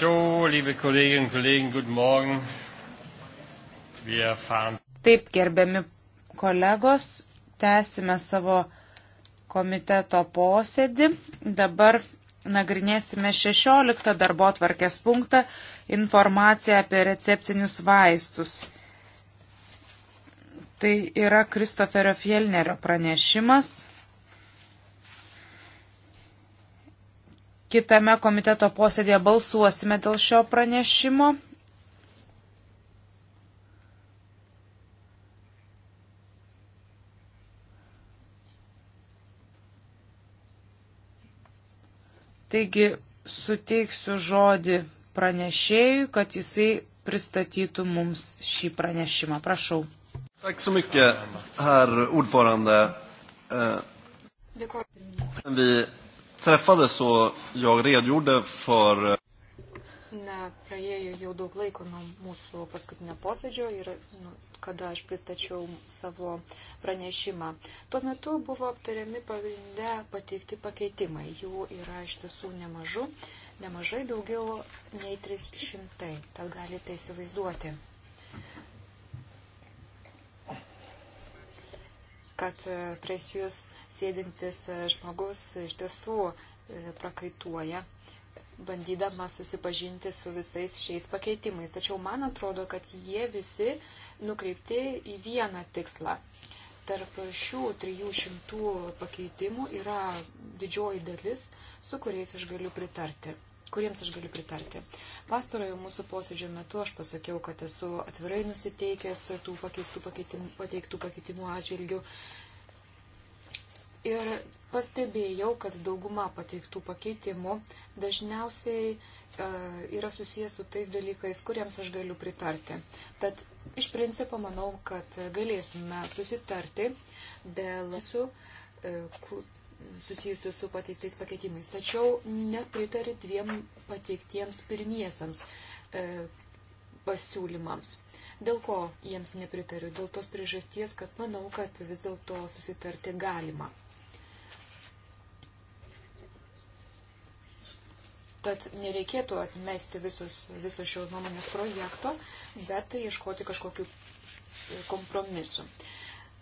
So, liebe Kolleginnen und Kollegen, guten Morgen. Wir fahren. Taip, gerbiami kolegos, tęsime savo komiteto posėdį. Dabar nagrinėsime 16 darbo tvarkės punktą - informaciją apie receptinius vaistus. Tai yra Kristoferio Fielnerio pranešimas. kitame komiteto posėdėje balsuosime dėl šio pranešimo. Taigi suteiksiu žodį pranešėjui, kad jisai pristatytų mums šį pranešimą. Prašau. Eh, Dėkuoju träffades så jag redogjorde för eh, Na, praėjo jau daug laiko nuo mūsų paskutinio posėdžio ir nu, kada aš pristačiau savo pranešimą. Tuo metu buvo aptariami pagrindę pateikti pakeitimai. Jų yra iš tiesų nemažu, nemažai daugiau nei 300. Tad galite įsivaizduoti, kad eh, presijus uh, sėdintis žmogus iš tiesų e, prakaituoja, bandydamas susipažinti su visais šiais pakeitimais. Tačiau man atrodo, kad jie visi nukreipti į vieną tikslą. Tarp šių 300 pakeitimų yra didžioji dalis, su kuriais aš galiu pritarti kuriems aš galiu pritarti. Pastarojo mūsų posėdžio metu aš pasakiau, kad esu atvirai nusiteikęs tų pakeistų pakeitimų, pateiktų pakeitimų atžvilgių. Uh, ir pastebėjau, kad dauguma pateiktų pakeitimų dažniausiai e, yra susijęs su tais dalykais, kuriems aš galiu pritarti. Tad iš principo manau, kad galėsime susitarti dėl su, e, susijusių su pateiktais pakeitimais. Tačiau nepritariu dviem pateiktiems pirmiesiams e, pasiūlymams. Dėl ko jiems nepritariu? Dėl tos priežasties, kad manau, kad vis dėlto susitarti galima. Tad nereikėtų atmesti visus, viso šio nuomonės projekto, bet tai iškoti kažkokiu e, kompromisu.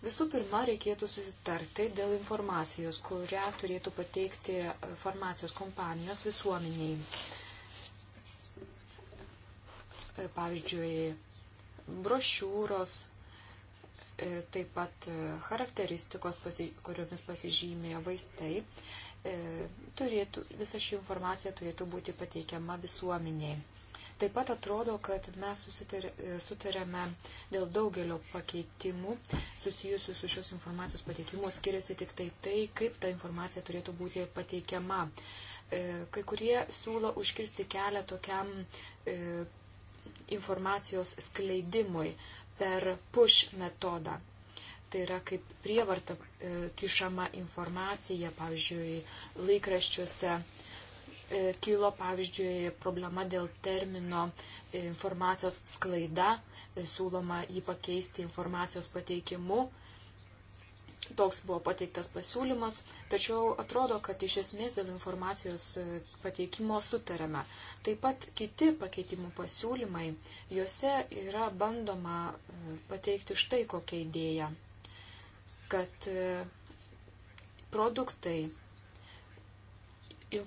Visų pirma, reikėtų susitarti dėl informacijos, kurią turėtų pateikti farmacijos kompanijos visuomeniai. E, pavyzdžiui, brošiūros, e, taip pat charakteristikos, kuriomis pasižymėjo vaistai E, turėtų, visa ši informacija turėtų būti pateikiama visuomeniai. Taip pat atrodo, kad mes e, sutarėme dėl daugelio pakeitimų susijusių su šios informacijos pateikimu. Skiriasi tik tai tai, kaip ta informacija turėtų būti pateikiama. E, kai kurie siūlo užkirsti kelią tokiam informacijos skleidimui per push metodą tai yra kaip prievarta e, kišama informacija, pavyzdžiui, laikraščiuose e, kilo, pavyzdžiui, problema dėl termino e, informacijos sklaida, siūloma jį pakeisti informacijos pateikimu. Toks buvo pateiktas pasiūlymas, tačiau atrodo, kad iš esmės dėl informacijos pateikimo sutarėme. Taip pat kiti pakeitimų pasiūlymai, juose yra bandoma pateikti štai kokią idėją kad e, produktai, e,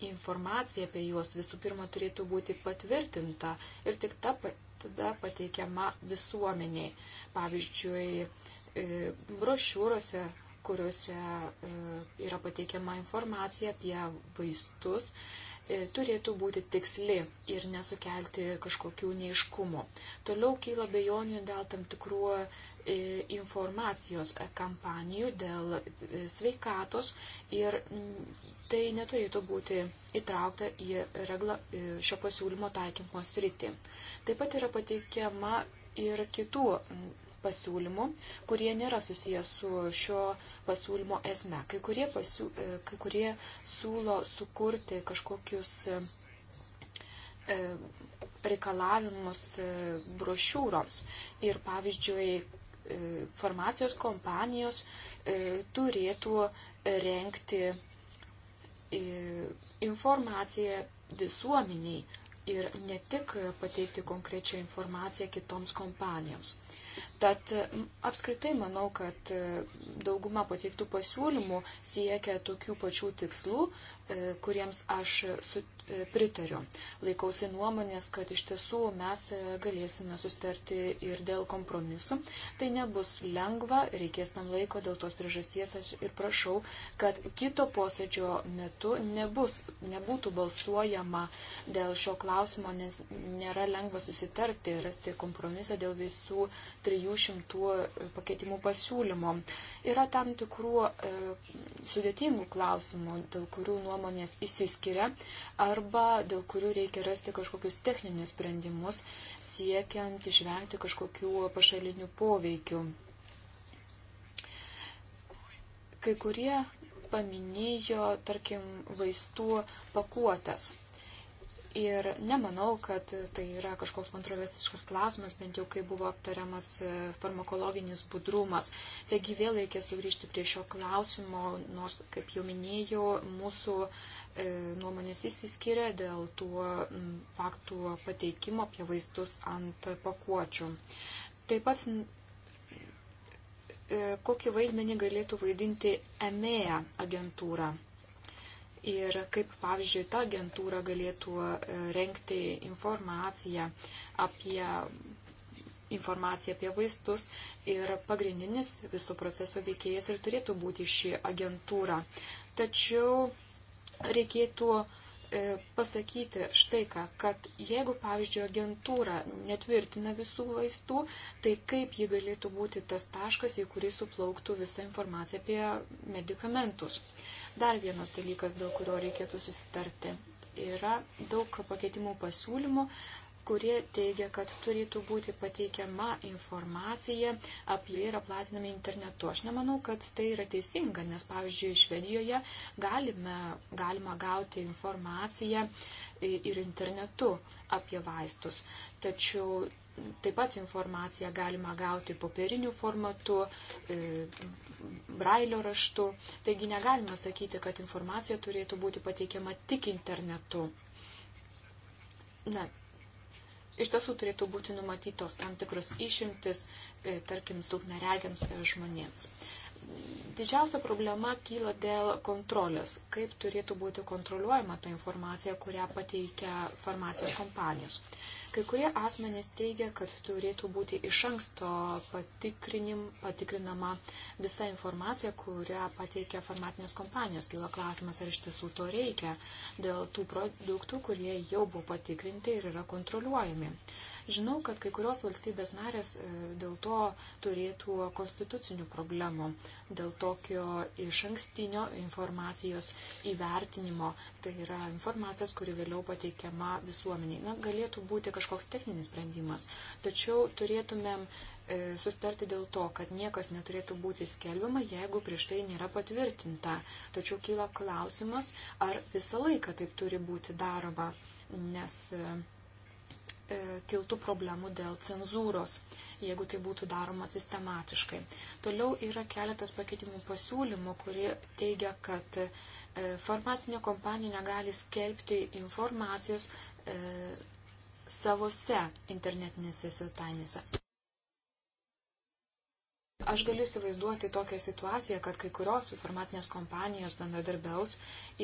informacija apie juos visų pirma turėtų būti patvirtinta ir tik ta, tada pateikiama visuomeniai. Pavyzdžiui, e, brošiūrose kuriuose yra pateikiama informacija apie vaistus, E, turėtų būti tiksli ir nesukelti kažkokių neiškumų. Toliau kyla bejonių dėl tam tikrų e, informacijos kampanijų, dėl e, sveikatos ir mm, tai neturėtų būti įtraukta į regla, šio pasiūlymo taikymo sritį. Taip pat yra pateikiama ir kitų mm, pasiūlymų, kurie nėra susijęs su šio pasiūlymo esme. Kai kurie, pasiū, e, kai kurie siūlo sukurti kažkokius e, e, reikalavimus brošiūroms. Ir pavyzdžiui, farmacijos kompanijos turėtų renkti informaciją visuomeniai ir ne tik pateikti konkrečią informaciją kitoms kompanijoms. Tad apskritai manau, kad e, dauguma pateiktų pasiūlymų siekia tokių pačių tikslų, e, kuriems aš su, e, pritariu. Laikausi nuomonės, kad iš tiesų mes galėsime sustarti ir dėl kompromisu. Tai nebus lengva, reikės tam laiko, dėl tos priežasties aš ir prašau, kad kito posėdžio metu nebus, nebūtų balsuojama dėl šio klausimo, nes nėra lengva susitarti, rasti kompromisą dėl visų 300 e, pakeitimų pasiūlymų. Yra tam tikrų e, sudėtingų klausimų, dėl kurių nuomonės įsiskiria arba dėl kurių reikia rasti kažkokius techninius sprendimus, siekiant išvengti kažkokių pašalinių poveikių. Kai kurie paminėjo, tarkim, vaistų pakuotas Ir nemanau, kad tai yra kažkoks kontroversiškas klausimas, bent jau kai buvo aptariamas e, farmakologinis budrumas. Taigi vėl reikia sugrįžti prie šio klausimo, nors, kaip jau minėjau, mūsų e, nuomonės įsiskiria dėl tų m, faktų pateikimo apie vaistus ant pakuočių. Taip pat e, kokį vaidmenį galėtų vaidinti EMEA agentūra ir kaip, pavyzdžiui, ta agentūra galėtų e, renkti informaciją apie informaciją apie vaistus ir pagrindinis viso proceso veikėjas ir turėtų būti ši agentūra. Tačiau reikėtų uh, E, pasakyti štai ką, kad jeigu, pavyzdžiui, agentūra netvirtina visų vaistų, tai kaip ji galėtų būti tas taškas, į kurį suplauktų visa informacija apie medikamentus. Dar vienas dalykas, dėl kurio reikėtų susitarti. Yra daug pakeitimų pasiūlymų, kurie teigia, kad turėtų būti pateikiama informacija apie ir aplatinami internetu. Aš nemanau, kad tai yra teisinga, nes, pavyzdžiui, Švedijoje galime, galima gauti informaciją ir internetu apie vaistus. Tačiau taip pat informaciją galima gauti popieriniu formatu, brailio raštu. Taigi negalima sakyti, kad informacija turėtų būti pateikiama tik internetu. Na, iš tiesų turėtų būti numatytos tam tikros išimtis, e, tarkim, silpnaregiams e, žmonėms. Didžiausia problema kyla dėl kontrolės, kaip turėtų būti kontroliuojama ta informacija, kurią pateikia farmacijos kompanijos. Kai kurie asmenys teigia, kad turėtų būti iš anksto patikrinama visa informacija, kurią pateikia farmatinės kompanijos. Kila klausimas, ar iš tiesų to reikia dėl tų produktų, kurie jau buvo patikrinti ir yra kontroliuojami. Žinau, kad kai kurios valstybės narės e, dėl to turėtų konstitucinių problemų, dėl tokio iš ankstinio informacijos įvertinimo, tai yra informacijos, kuri vėliau pateikiama visuomeniai. Na, galėtų būti, kad kažkoks techninis sprendimas. Tačiau turėtumėm e, sustarti dėl to, kad niekas neturėtų būti skelbiama, jeigu prieš tai nėra patvirtinta. Tačiau kyla klausimas, ar visą laiką taip turi būti daroma, nes e, e, kiltų problemų dėl cenzūros, jeigu tai būtų daroma sistematiškai. Toliau yra keletas pakeitimų pasiūlymų, kurie teigia, kad farmacinė kompanija negali skelbti informacijos savose internetinėse svetainėse. Aš galiu įsivaizduoti tokią situaciją, kad kai kurios informacinės kompanijos bendradarbiaus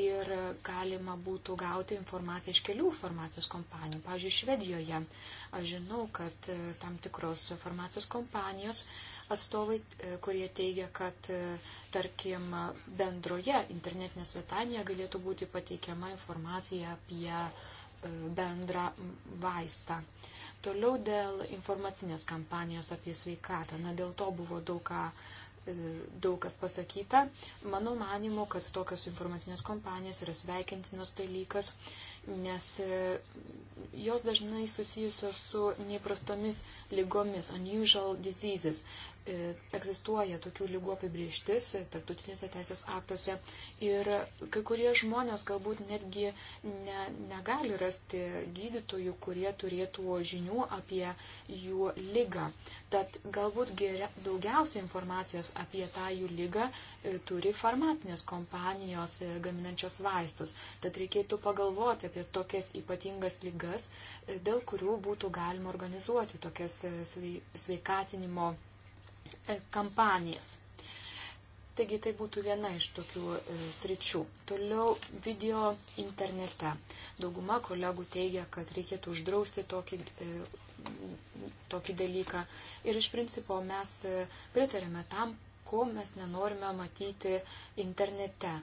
ir galima būtų gauti informaciją iš kelių informacijos kompanijų. Pavyzdžiui, Švedijoje aš žinau, kad e, tam tikros informacijos kompanijos atstovai, e, kurie teigia, kad, e, tarkim, bendroje internetinėje svetainėje galėtų būti pateikiama informacija apie bendrą vaistą. Toliau dėl informacinės kampanijos apie sveikatą. Na, dėl to buvo daug ką e, daug kas pasakyta. Mano manimu, kad tokios informacinės kompanijos yra sveikintinas dalykas, nes e, jos dažnai susijusios su neįprastomis lygomis, unusual diseases, E, egzistuoja tokių lygų apibrieštis e, tarptautinėse teisės aktuose ir kai kurie žmonės galbūt netgi ne, negali rasti gydytojų, kurie turėtų žinių apie jų lygą. Tad galbūt geria, daugiausia informacijos apie tą jų lygą e, turi farmacinės kompanijos gaminančios vaistus. Tad reikėtų pagalvoti apie tokias ypatingas lygas, dėl kurių būtų galima organizuoti tokias sveikatinimo E, kampanijas. Taigi tai būtų viena iš tokių e, sričių. Toliau video internete. Dauguma kolegų teigia, kad reikėtų uždrausti tokį, e, tokį dalyką. Ir iš principo mes pritarėme tam, ko mes nenorime matyti internete.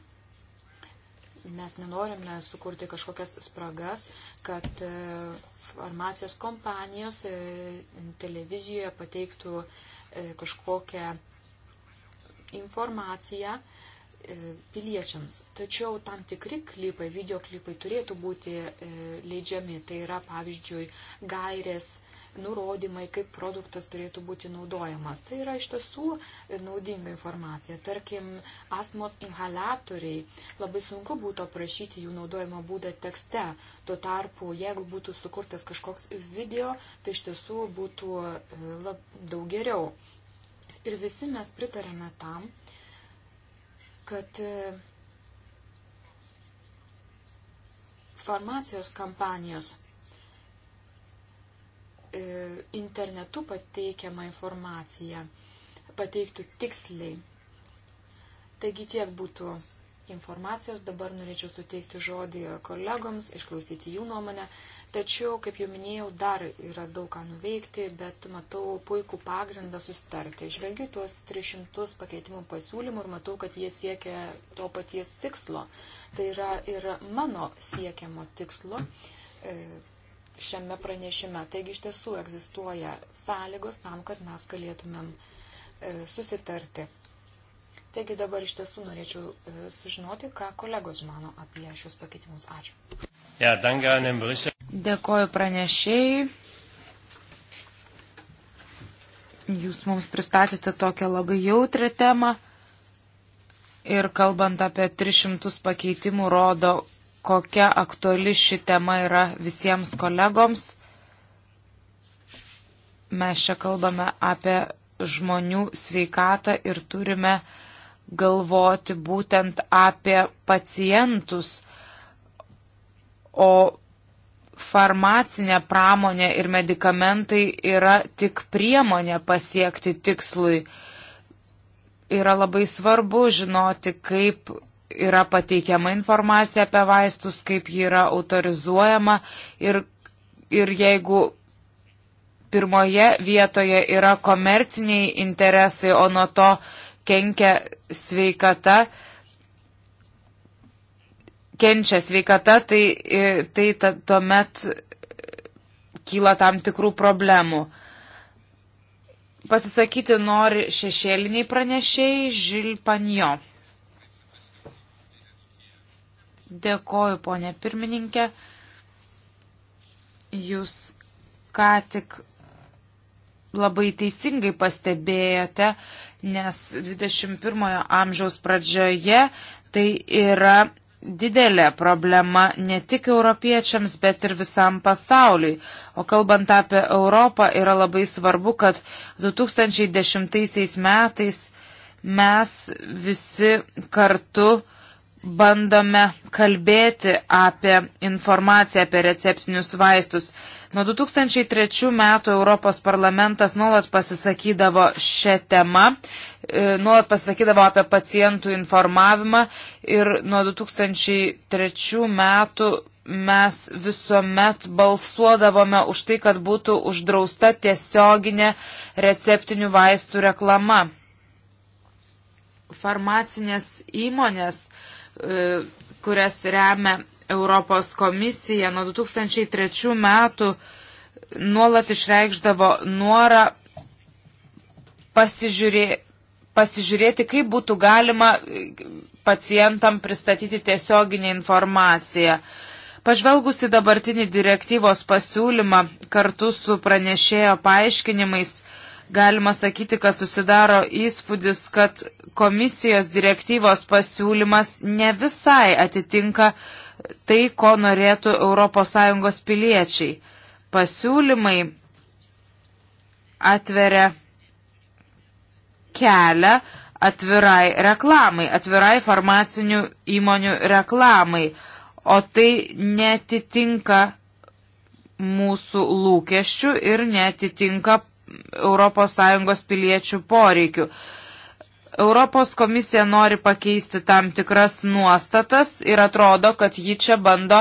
Mes nenorime sukurti kažkokias spragas, kad farmacijos kompanijos televizijoje pateiktų uh, E, kažkokią informaciją e, piliečiams. Tačiau tam tikri klipai, videoklipai turėtų būti e, leidžiami. Tai yra, pavyzdžiui, gairės nurodymai, kaip produktas turėtų būti naudojamas. Tai yra iš tiesų naudinga informacija. Tarkim, astmos inhalatoriai labai sunku būtų aprašyti jų naudojimo būdą tekste. Tuo tarpu, jeigu būtų sukurtas kažkoks video, tai iš tiesų būtų e, lab, daug geriau. Ir visi mes pritarėme tam, kad e, farmacijos kampanijos E, internetu pateikiamą informaciją pateiktų tiksliai. Taigi tiek būtų informacijos, dabar norėčiau suteikti žodį kolegoms, išklausyti jų nuomonę, tačiau, kaip jau minėjau, dar yra daug ką nuveikti, bet matau puikų pagrindą sustarti. Žvelgiu tuos 300 pakeitimų pasiūlymų ir matau, kad jie siekia to paties tikslo. Tai yra ir mano siekiamo tikslo. E, šiame pranešime. Taigi iš tiesų egzistuoja sąlygos tam, kad mes galėtumėm e, susitarti. Taigi dabar iš tiesų norėčiau e, sužinoti, ką kolegos mano apie šios pakeitimus. Ačiū. Ja, Dėkoju pranešėjai. Jūs mums pristatėte tokią labai jautrę temą ir kalbant apie 300 pakeitimų rodo, kokia aktuali ši tema yra visiems kolegoms. Mes čia kalbame apie žmonių sveikatą ir turime galvoti būtent apie pacientus, o farmacinė pramonė ir medikamentai yra tik priemonė pasiekti tikslui. Yra labai svarbu žinoti, kaip yra pateikiama informacija apie vaistus, kaip ji yra autorizuojama ir, ir jeigu pirmoje vietoje yra komerciniai interesai, o nuo to kenkia sveikata, kenčia sveikata, tai, tai ta, tuomet kyla tam tikrų problemų. Pasisakyti nori šešėliniai pranešėjai Žilpanjo. Dėkoju, ponė pirmininkė. Jūs ką tik labai teisingai pastebėjote, nes 21 amžiaus pradžioje tai yra didelė problema ne tik europiečiams, bet ir visam pasauliui. O kalbant apie Europą, yra labai svarbu, kad 2010 metais mes visi kartu bandome kalbėti apie informaciją apie receptinius vaistus. Nuo 2003 metų Europos parlamentas nuolat pasisakydavo šią temą, e, nuolat pasisakydavo apie pacientų informavimą ir nuo 2003 metų mes visuomet balsuodavome už tai, kad būtų uždrausta tiesioginė receptinių vaistų reklama. Farmacinės įmonės uh, E, kurias remia Europos komisija nuo 2003 metų nuolat išreikšdavo norą pasižiūrė, pasižiūrėti, kaip būtų galima pacientam pristatyti tiesioginę informaciją. Pažvelgusi dabartinį direktyvos pasiūlymą kartu su pranešėjo paaiškinimais, galima sakyti, kad susidaro įspūdis, kad komisijos direktyvos pasiūlymas ne visai atitinka tai, ko norėtų ES piliečiai. Pasiūlymai atveria kelią atvirai reklamai, atvirai farmacinių įmonių reklamai, o tai netitinka mūsų lūkesčių ir netitinka ES piliečių poreikių. Europos komisija nori pakeisti tam tikras nuostatas ir atrodo, kad ji čia bando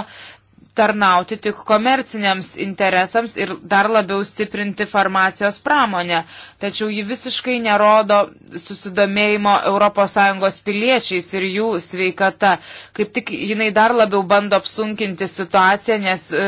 tarnauti tik komerciniams interesams ir dar labiau stiprinti farmacijos pramonę. Tačiau ji visiškai nerodo susidomėjimo ES piliečiais ir jų sveikata. Kaip tik jinai dar labiau bando apsunkinti situaciją, nes e,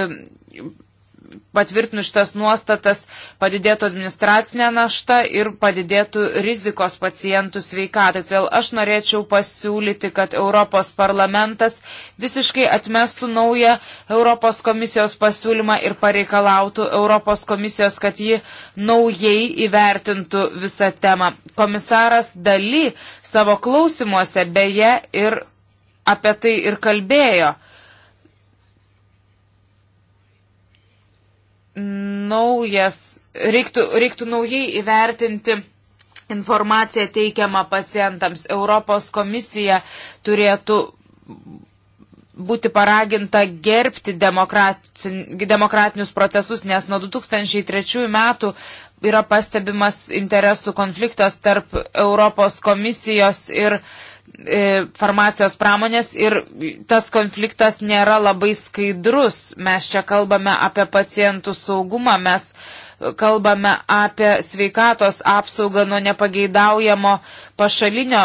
patvirtinus šitas nuostatas padidėtų administracinė našta ir padidėtų rizikos pacientų sveikatai. Todėl aš norėčiau pasiūlyti, kad Europos parlamentas visiškai atmestų naują Europos komisijos pasiūlymą ir pareikalautų Europos komisijos, kad ji naujai įvertintų visą temą. Komisaras daly savo klausimuose beje ir apie tai ir kalbėjo. naujas, reiktų, reiktų naujai įvertinti informaciją teikiamą pacientams. Europos komisija turėtų būti paraginta gerbti demokratinius procesus, nes nuo 2003 metų yra pastebimas interesų konfliktas tarp Europos komisijos ir uh, E, farmacijos pramonės ir tas konfliktas nėra labai skaidrus. Mes čia kalbame apie pacientų saugumą, mes kalbame apie sveikatos apsaugą nuo nepageidaujamo pašalinio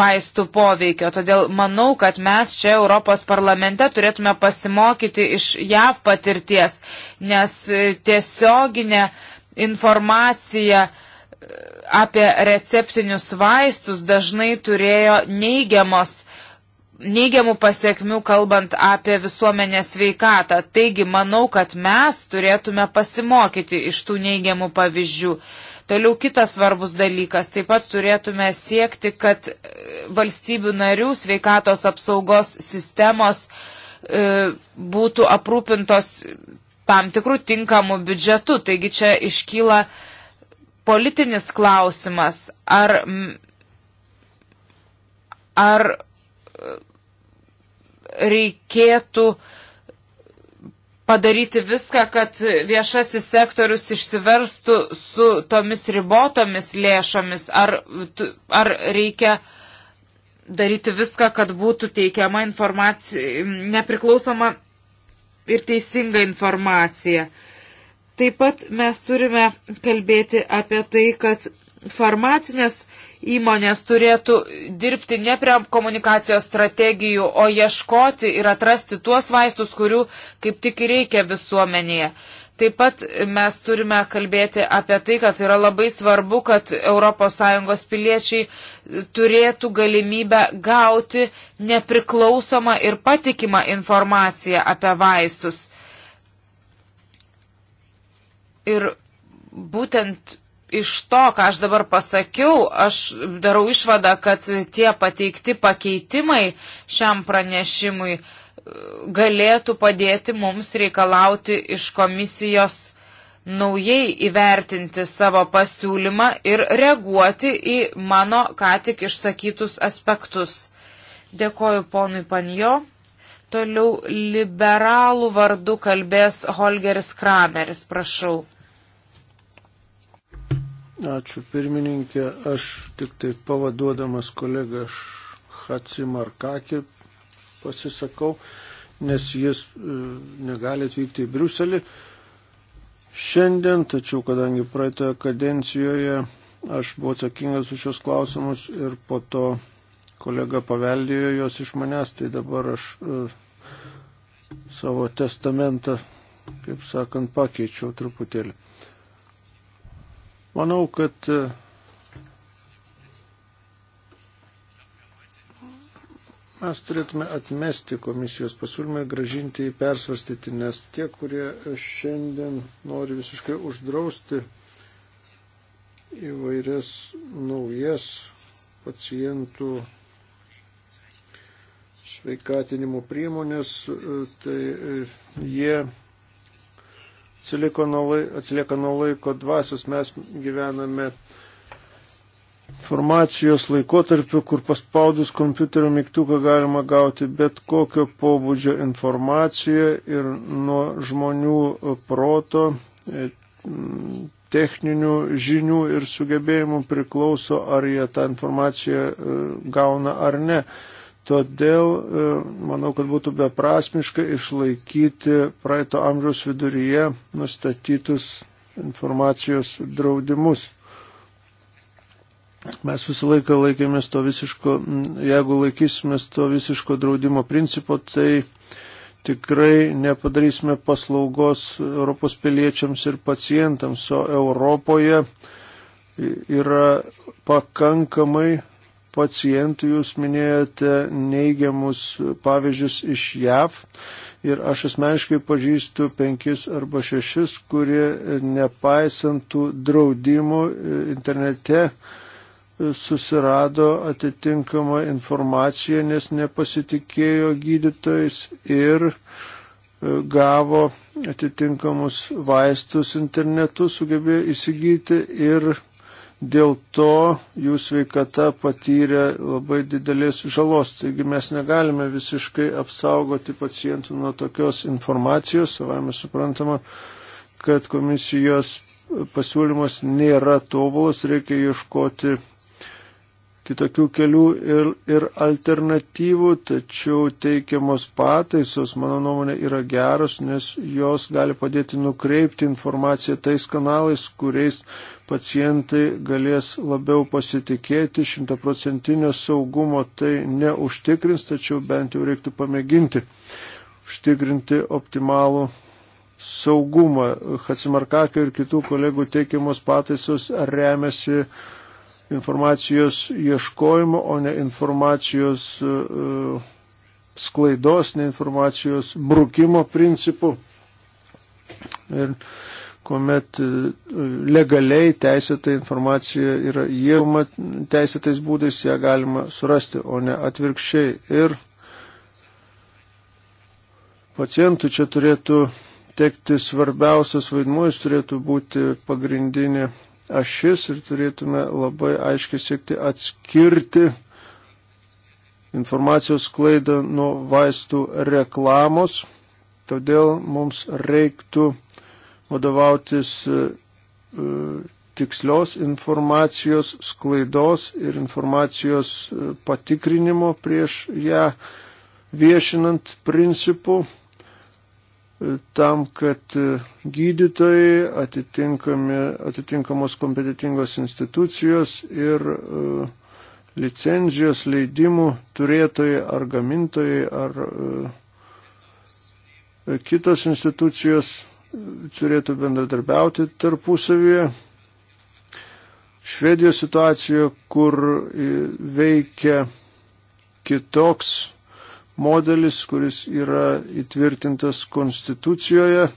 vaistų poveikio. Todėl manau, kad mes čia Europos parlamente turėtume pasimokyti iš JAV patirties, nes tiesioginė informacija apie receptinius vaistus dažnai turėjo neigiamos neigiamų pasiekmių, kalbant apie visuomenės sveikatą. Taigi, manau, kad mes turėtume pasimokyti iš tų neigiamų pavyzdžių. Toliau kitas svarbus dalykas, taip pat turėtume siekti, kad e, valstybių narių sveikatos apsaugos sistemos e, būtų aprūpintos tam tikrų tinkamų biudžetų. Taigi čia iškyla e, politinis klausimas, ar, ar e, reikėtų padaryti viską, kad viešasis sektorius išsiverstų su tomis ribotomis lėšomis, ar, ar reikia daryti viską, kad būtų teikiama informacija, nepriklausoma ir teisinga informacija. Uh, Taip pat mes turime kalbėti apie tai, kad farmacinės įmonės turėtų dirbti ne prie komunikacijos strategijų, o ieškoti ir atrasti tuos vaistus, kurių kaip tik reikia visuomenėje. Taip pat mes turime kalbėti apie tai, kad yra labai svarbu, kad ES piliečiai turėtų galimybę gauti nepriklausomą ir patikimą informaciją apie vaistus. Ir būtent iš to, ką aš dabar pasakiau, aš darau išvadą, kad tie pateikti pakeitimai šiam pranešimui e, galėtų padėti mums reikalauti iš komisijos naujai įvertinti savo pasiūlymą ir reaguoti į mano ką tik išsakytus aspektus. Dėkoju ponui Panjo. Toliau liberalų vardu kalbės Holgeris Krameris, prašau. Ačiū pirmininkė, aš tik tai pavaduodamas kolegą Hatsi Markakį pasisakau, nes jis e, negali atvykti į Briuselį šiandien, tačiau kadangi praeitoje kadencijoje aš buvau atsakingas už šios klausimus ir po to kolega paveldėjo jos iš manęs, tai dabar aš e, savo testamentą, kaip sakant, pakeičiau truputėlį. Manau, kad e, Mes turėtume atmesti komisijos pasiūlymą ir gražinti į persvarstyti, nes tie, kurie šiandien nori visiškai uždrausti įvairias naujas pacientų sveikatinimo priemonės, tai e, jie nuo laiko, atsilieka nuo laiko dvasios. Mes gyvename informacijos laikotarpiu, kur paspaudus kompiuterio mygtuką galima gauti bet kokio pobūdžio informaciją ir nuo žmonių proto, e, techninių žinių ir sugebėjimų priklauso, ar jie tą informaciją e, gauna ar ne. Todėl e, manau, kad būtų beprasmiška išlaikyti praeito amžiaus viduryje nustatytus informacijos draudimus. Mes visą laiką laikėmės to visiško, jeigu laikysimės to visiško draudimo principo, tai tikrai nepadarysime paslaugos Europos piliečiams ir pacientams, o Europoje yra pakankamai pacientų jūs minėjote neigiamus pavyzdžius iš JAV ir aš asmeniškai pažįstu penkis arba šešis, kurie nepaisantų draudimų e, internete e, susirado atitinkamą informaciją, nes nepasitikėjo gydytojais ir e, gavo atitinkamus vaistus internetu, sugebėjo įsigyti ir dėl to jų sveikata patyrė labai didelės žalos. Taigi mes negalime visiškai apsaugoti pacientų nuo tokios informacijos, savame suprantama, kad komisijos pasiūlymas nėra tobulas, reikia ieškoti kitokių kelių ir, ir alternatyvų, tačiau teikiamos pataisos, mano nuomonė, yra geros, nes jos gali padėti nukreipti informaciją tais kanalais, kuriais pacientai galės labiau pasitikėti, šimtaprocentinio saugumo tai neužtikrins, tačiau bent jau reiktų pamėginti užtikrinti optimalų saugumą. Hatsimarkakio ir kitų kolegų teikiamos pataisos remiasi informacijos ieškojimo, o ne informacijos uh, sklaidos, ne informacijos brukimo principų. Ir uh, kuomet e, legaliai teisėta informacija yra jėma teisėtais būdais, ją galima surasti, o ne atvirkščiai. Ir pacientų čia turėtų tekti svarbiausias vaidmuo, jis turėtų būti pagrindinė ašis ir turėtume labai aiškiai siekti atskirti informacijos klaidą nuo vaistų reklamos. Todėl mums reiktų vadovautis e, e, tikslios informacijos sklaidos ir informacijos e, patikrinimo prieš ją viešinant principų tam, kad gydytojai, atitinkamos kompetitingos institucijos ir licenzijos leidimų turėtojai ar gamintojai ar kitos institucijos turėtų bendradarbiauti tarpusavyje. Švedijos situacija, kur veikia kitoks modelis, kuris yra įtvirtintas konstitucijoje.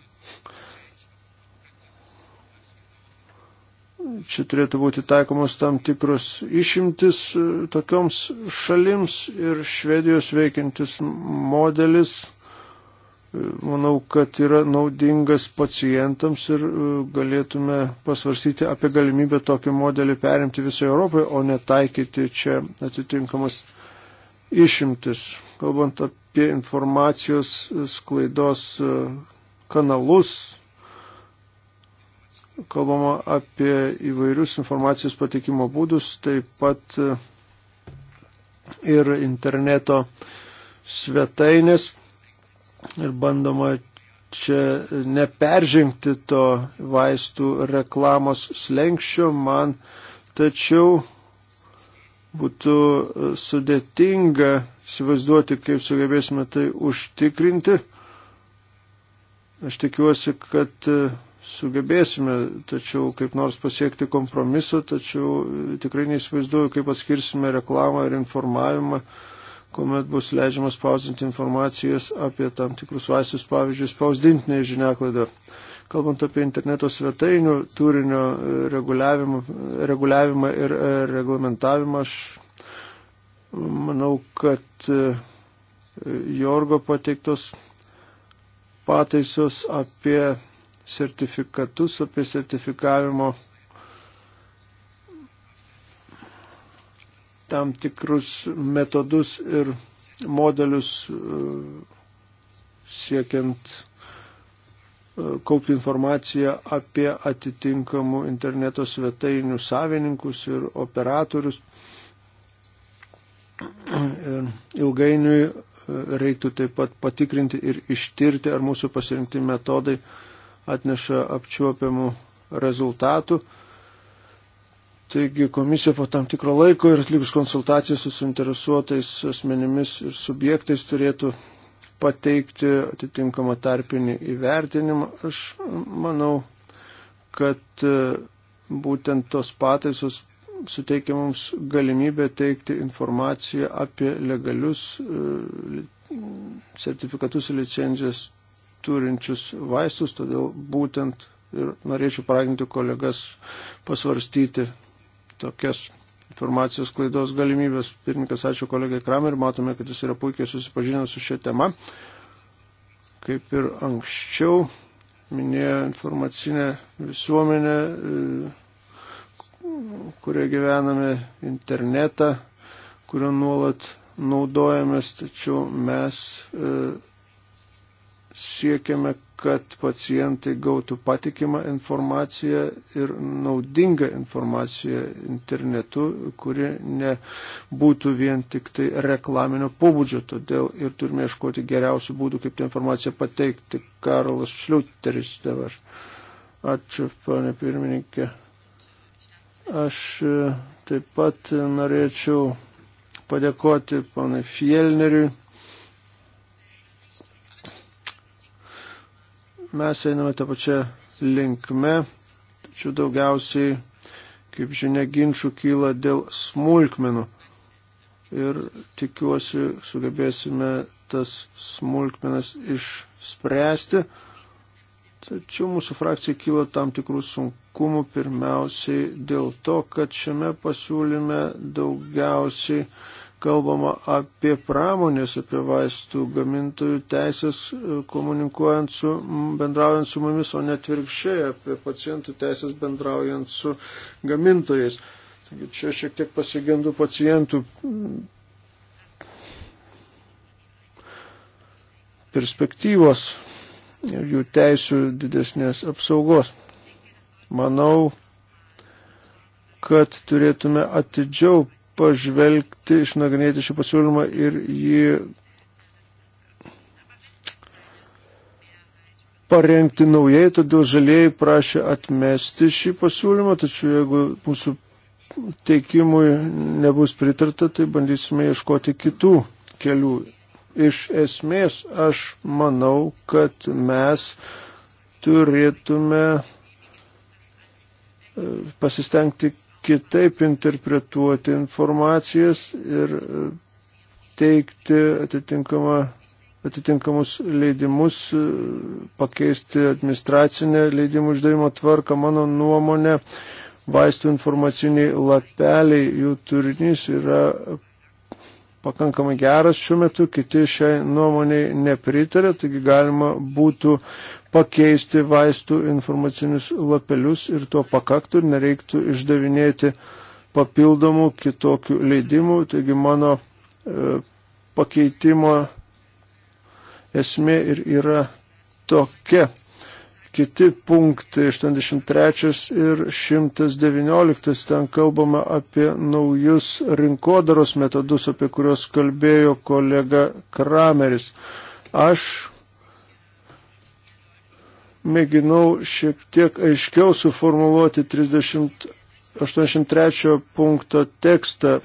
Čia turėtų būti taikomos tam tikros išimtis e, tokioms šalims ir Švedijos veikiantis modelis manau, kad yra naudingas pacientams ir e, galėtume pasvarsyti apie galimybę tokį modelį perimti visoje Europoje, o netaikyti čia atitinkamas išimtis. Kalbant apie informacijos sklaidos e, kanalus, kalbama apie įvairius informacijos pateikimo būdus, taip pat e, ir interneto svetainės ir bandoma čia neperžengti to vaistų reklamos slengščio man, tačiau būtų sudėtinga įsivaizduoti, kaip sugebėsime tai užtikrinti. Aš tikiuosi, kad sugebėsime, tačiau kaip nors pasiekti kompromiso, tačiau tikrai neįsivaizduoju, kaip atskirsime reklamą ir informavimą kuomet bus leidžiama spausdinti informacijos apie tam tikrus vaisius, pavyzdžiui, spausdintinėje žiniaklaidoje. Kalbant apie interneto svetainių turinio e, reguliavimą, reguliavimą ir e, reglamentavimą, aš manau, kad e, Jorgo pateiktos pataisos apie sertifikatus, apie sertifikavimo tam tikrus metodus ir modelius e, siekiant e, kaupti informaciją apie atitinkamų interneto svetainių savininkus ir operatorius. Ir ilgainiui e, reiktų taip pat patikrinti ir ištirti, ar mūsų pasirinkti metodai atneša apčiuopiamų rezultatų. Taigi komisija po tam tikro laiko ir atlikus konsultacijas su suinteresuotais asmenimis ir subjektais turėtų pateikti atitinkamą tarpinį įvertinimą. Aš manau, kad e, būtent tos pataisos suteikia mums galimybę teikti informaciją apie legalius e, sertifikatus ir licenzijas turinčius vaistus, todėl būtent ir norėčiau paraginti kolegas pasvarstyti tokias informacijos klaidos galimybės. Pirmininkas, ačiū kolegai Kramer, matome, kad jis yra puikiai susipažinęs su šia tema. Kaip ir anksčiau minėjo informacinė visuomenė, e, kurioje gyvename internetą, kurio nuolat naudojamės, tačiau mes e, siekiame, kad pacientai gautų patikimą informaciją ir naudingą informaciją internetu, kuri nebūtų vien tik tai reklaminio pobūdžio. Todėl ir turime ieškoti geriausių būdų, kaip tą informaciją pateikti. Karlas Šliuteris dabar. Ačiū, ponė pirmininkė. Aš e, taip pat norėčiau padėkoti ponai Fielneriui mes einame tą pačią linkmę, tačiau daugiausiai, kaip žinia, ginčių kyla dėl smulkmenų. Ir tikiuosi, sugebėsime tas smulkmenas išspręsti. Tačiau mūsų frakcija kyla tam tikrų sunkumų pirmiausiai dėl to, kad šiame pasiūlyme daugiausiai kalbama apie pramonės, apie vaistų gamintojų teisės, e, komunikuojant su, bendraujant su mumis, o net virkščiai apie pacientų teisės bendraujant su gamintojais. Taigi čia šiek tiek pasigendu pacientų perspektyvos ir jų teisų didesnės apsaugos. Manau, kad turėtume atidžiau pažvelgti, išnagrinėti šį pasiūlymą ir jį parengti naujai, todėl žalieji prašė atmesti šį pasiūlymą, tačiau jeigu mūsų teikimui nebus pritarta, tai bandysime ieškoti kitų kelių. Iš esmės aš manau, kad mes turėtume e, pasistengti kitaip interpretuoti informacijas ir e, teikti atitinkamą atitinkamus leidimus, e, pakeisti administracinę leidimų išdavimo tvarką. Mano nuomonė, vaistų informaciniai lapeliai, jų turinys yra pakankamai geras šiuo metu, kiti šiai nuomoniai nepritarė, taigi galima būtų pakeisti vaistų informacinius lapelius ir to pakaktų ir nereiktų išdavinėti papildomų kitokių leidimų. Taigi mano e, pakeitimo esmė ir yra tokia kiti punktai 83 ir 119. Ten kalbama apie naujus rinkodaros metodus, apie kuriuos kalbėjo kolega Krameris. Aš mėginau šiek tiek aiškiau suformuoluoti 30, 83 punkto tekstą.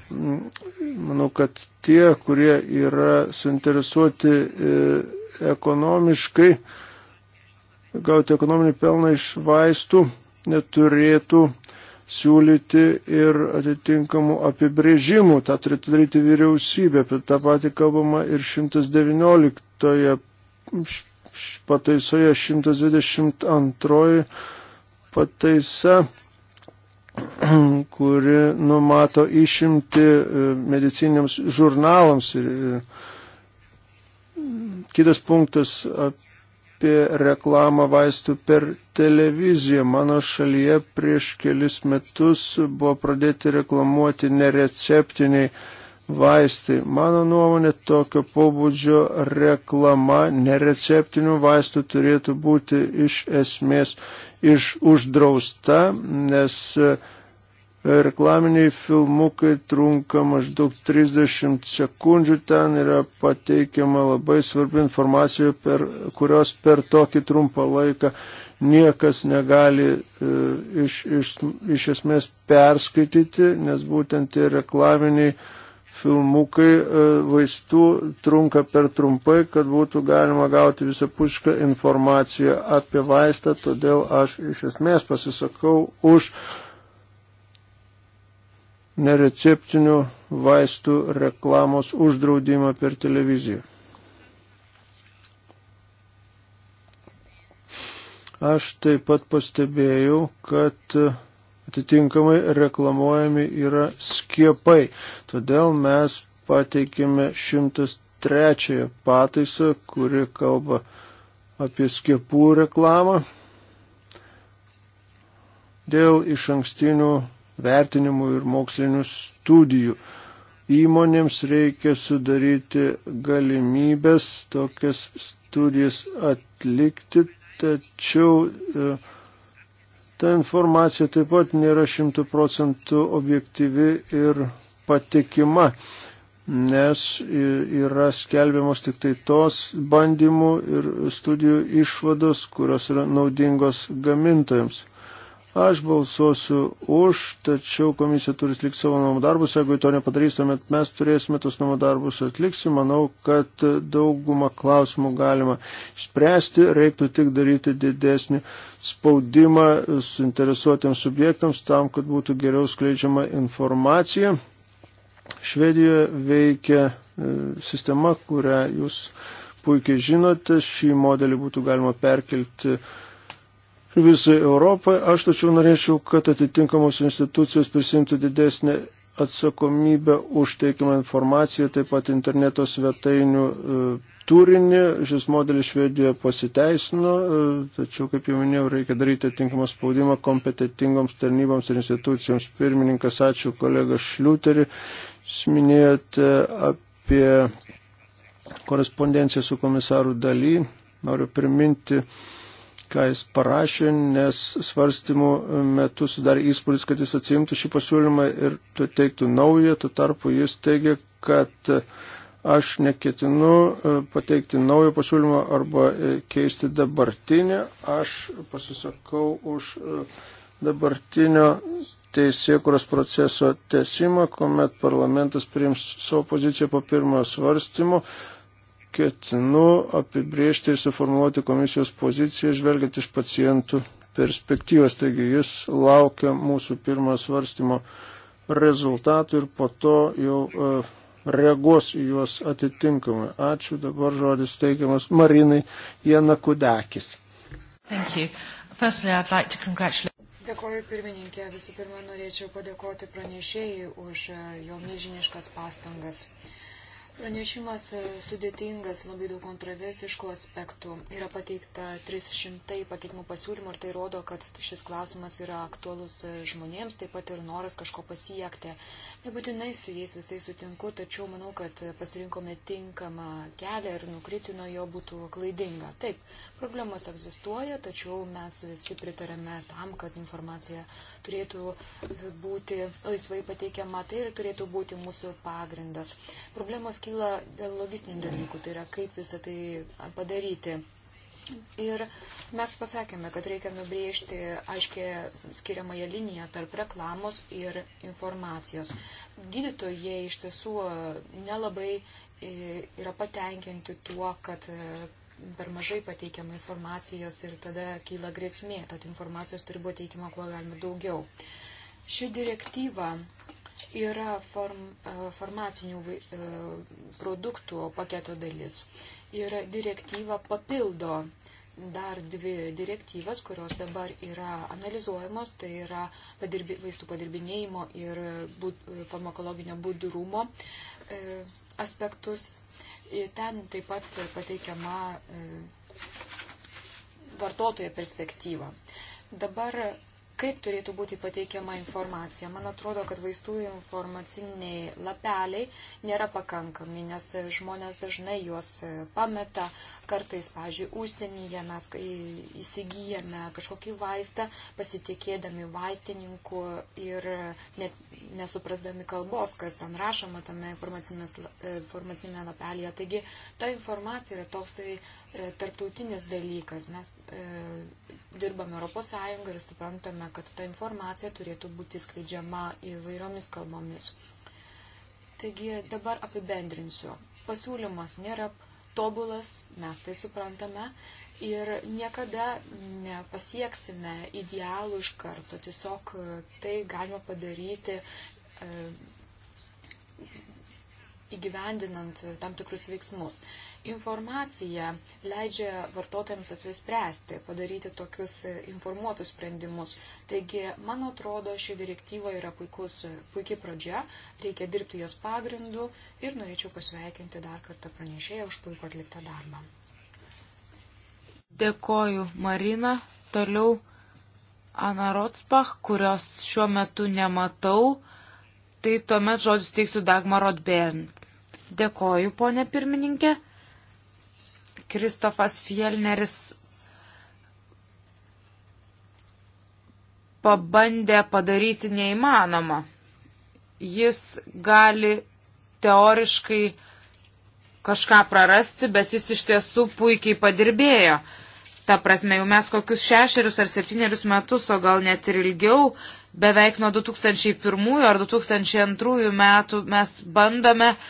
Manau, kad tie, kurie yra suinteresuoti e, ekonomiškai, gauti ekonominį pelną iš vaistų, neturėtų siūlyti ir atitinkamų apibrėžimų. Ta turėtų daryti vyriausybė. Apie tą patį kalbama ir 119 pataisoje 122 pataisa kuri numato išimti e, mediciniams žurnalams. Ir e, kitas punktas apie apie reklamą vaistų per televiziją. Mano šalyje prieš kelis metus buvo pradėti reklamuoti nereceptiniai vaistai. Mano nuomonė, tokio pobūdžio reklama nereceptinių vaistų turėtų būti iš esmės iš uždrausta, nes uh, Reklaminiai filmukai trunka maždaug 30 sekundžių, ten yra pateikiama labai svarbi informacija, per, kurios per tokį trumpą laiką niekas negali e, iš, iš, iš esmės perskaityti, nes būtent tie reklaminiai filmukai e, vaistų trunka per trumpai, kad būtų galima gauti visapušką informaciją apie vaistą, todėl aš iš esmės pasisakau už nereceptinių vaistų reklamos uždraudimą per televiziją. Aš taip pat pastebėjau, kad atitinkamai reklamuojami yra skiepai. Todėl mes pateikėme 103 pataisą, kuri kalba apie skiepų reklamą dėl iš ankstinių vertinimų ir mokslinių studijų. Įmonėms reikia sudaryti galimybės tokias studijas atlikti, tačiau e, ta informacija taip pat nėra šimtų procentų objektyvi ir patikima, nes yra skelbiamos tik tai tos bandymų ir studijų išvados, kurios yra naudingos gamintojams. Aš balsuosiu už, tačiau komisija turi atlikti savo namų darbus. Jeigu to nepadarys, tuomet mes turėsime tos namų darbus atlikti. Manau, kad daugumą klausimų galima spręsti, reiktų tik daryti didesnį spaudimą suinteresuotiems subjektams tam, kad būtų geriau skleidžiama informacija. Švedijoje veikia e, sistema, kurią jūs puikiai žinote. Šį modelį būtų galima perkelti visai Europai. Aš tačiau norėčiau, kad atitinkamos institucijos prisimtų didesnį atsakomybę už teikimą informaciją, taip pat interneto svetainių e, turinį. Šis modelis Švedijoje pasiteisino, e, tačiau, kaip jau minėjau, reikia daryti atitinkamą spaudimą kompetitingoms tarnyboms ir institucijoms. Pirmininkas, ačiū kolega Šliuterį. Jūs minėjote apie korespondenciją su komisaru daly. Noriu priminti, ką jis parašė, nes svarstymų metu sudarė įspūdis, kad jis atsimtų šį pasiūlymą ir teiktų naują, tuo tarpu jis teigia, kad aš neketinu e, pateikti naujo pasiūlymo arba e, keisti dabartinį, aš pasisakau už e, dabartinio teisėkuros proceso tesimą, kuomet parlamentas priims savo poziciją po pirmojo svarstymo ketinu apibriežti ir suformuoti komisijos poziciją, žvelgiant iš pacientų perspektyvas. Taigi jis laukia mūsų pirmo svarstymo rezultatų ir po to jau uh, reaguos į juos atitinkamai. Ačiū, dabar žodis teikiamas Marinai Janakudakis. Firstly, like congratulate... Dėkoju pirmininkė. Visų pirma, norėčiau padėkoti pranešėjai už e, jo milžiniškas pastangas. Uh, Pranešimas e, sudėtingas, labai daug kontroversiškų aspektų. Yra pateikta 300 pakeitimų pasiūlymų ir tai rodo, kad šis klausimas yra aktuolus e, žmonėms, taip pat ir noras kažko pasiekti. Nebūtinai su jais visai sutinku, tačiau manau, kad pasirinkome tinkamą kelią ir nukritino jo būtų klaidinga. Taip, problemos egzistuoja, tačiau mes visi pritarėme tam, kad informacija turėtų būti laisvai pateikiama, tai ir turėtų būti mūsų pagrindas. Problemos kyla dėl logistinių dalykų, tai yra kaip visą tai padaryti. Ir mes pasakėme, kad reikia nubriežti aiškiai skiriamąją liniją tarp reklamos ir informacijos. Gydytojai iš tiesų nelabai e, yra patenkinti tuo, kad per mažai pateikiama informacijos ir tada kyla grėsmė, tad informacijos turi būti teikiama kuo galima daugiau. Ši direktyva yra form, e, farmacinių e, produktų paketo dalis ir direktyva papildo dar dvi direktyvas, kurios dabar yra analizuojamos, tai yra padirbi, vaistų padirbinėjimo ir e, būd, farmakologinio budrumo e, aspektus Ten taip pat pateikiama e, vartotojo perspektyva. Dabar kaip turėtų būti pateikiama informacija. Man atrodo, kad vaistų informaciniai lapeliai nėra pakankami, nes žmonės dažnai juos pameta. Kartais, pažiūrėjau, užsienyje mes įsigijame kažkokį vaistą, pasitikėdami vaistininku ir net nesuprasdami kalbos, kas ten rašoma tame informacinėme lapelėje. Taigi, ta informacija yra toksai E, tarptautinis dalykas. Mes e, dirbame Europos Sąjungą ir suprantame, kad ta informacija turėtų būti skleidžiama įvairiomis kalbomis. Taigi dabar apibendrinsiu. Pasiūlymas nėra tobulas, mes tai suprantame ir niekada nepasieksime idealų iš karto. Tiesiog e, tai galima padaryti e, įgyvendinant tam tikrus veiksmus. E, Informacija leidžia vartotojams apsispręsti, padaryti tokius informuotus sprendimus. Taigi, man atrodo, ši direktyva yra puikus, puikiai pradžia, reikia dirbti jos pagrindu ir norėčiau pasveikinti dar kartą pranešėją už puikų atliktą darbą. Dėkoju, Marina. Toliau Ana Rotspach, kurios šiuo metu nematau, tai tuomet žodžius teiksiu Dagmarot Bern. Dėkoju, ponė pirmininkė. Kristofas Fielneris pabandė padaryti neįmanomą. Jis gali teoriškai kažką prarasti, bet jis iš tiesų puikiai padirbėjo. Ta prasme, jau mes kokius šešerius ar septynerius metus, o gal net ir ilgiau, beveik nuo 2001 ar 2002 metų mes bandome uh,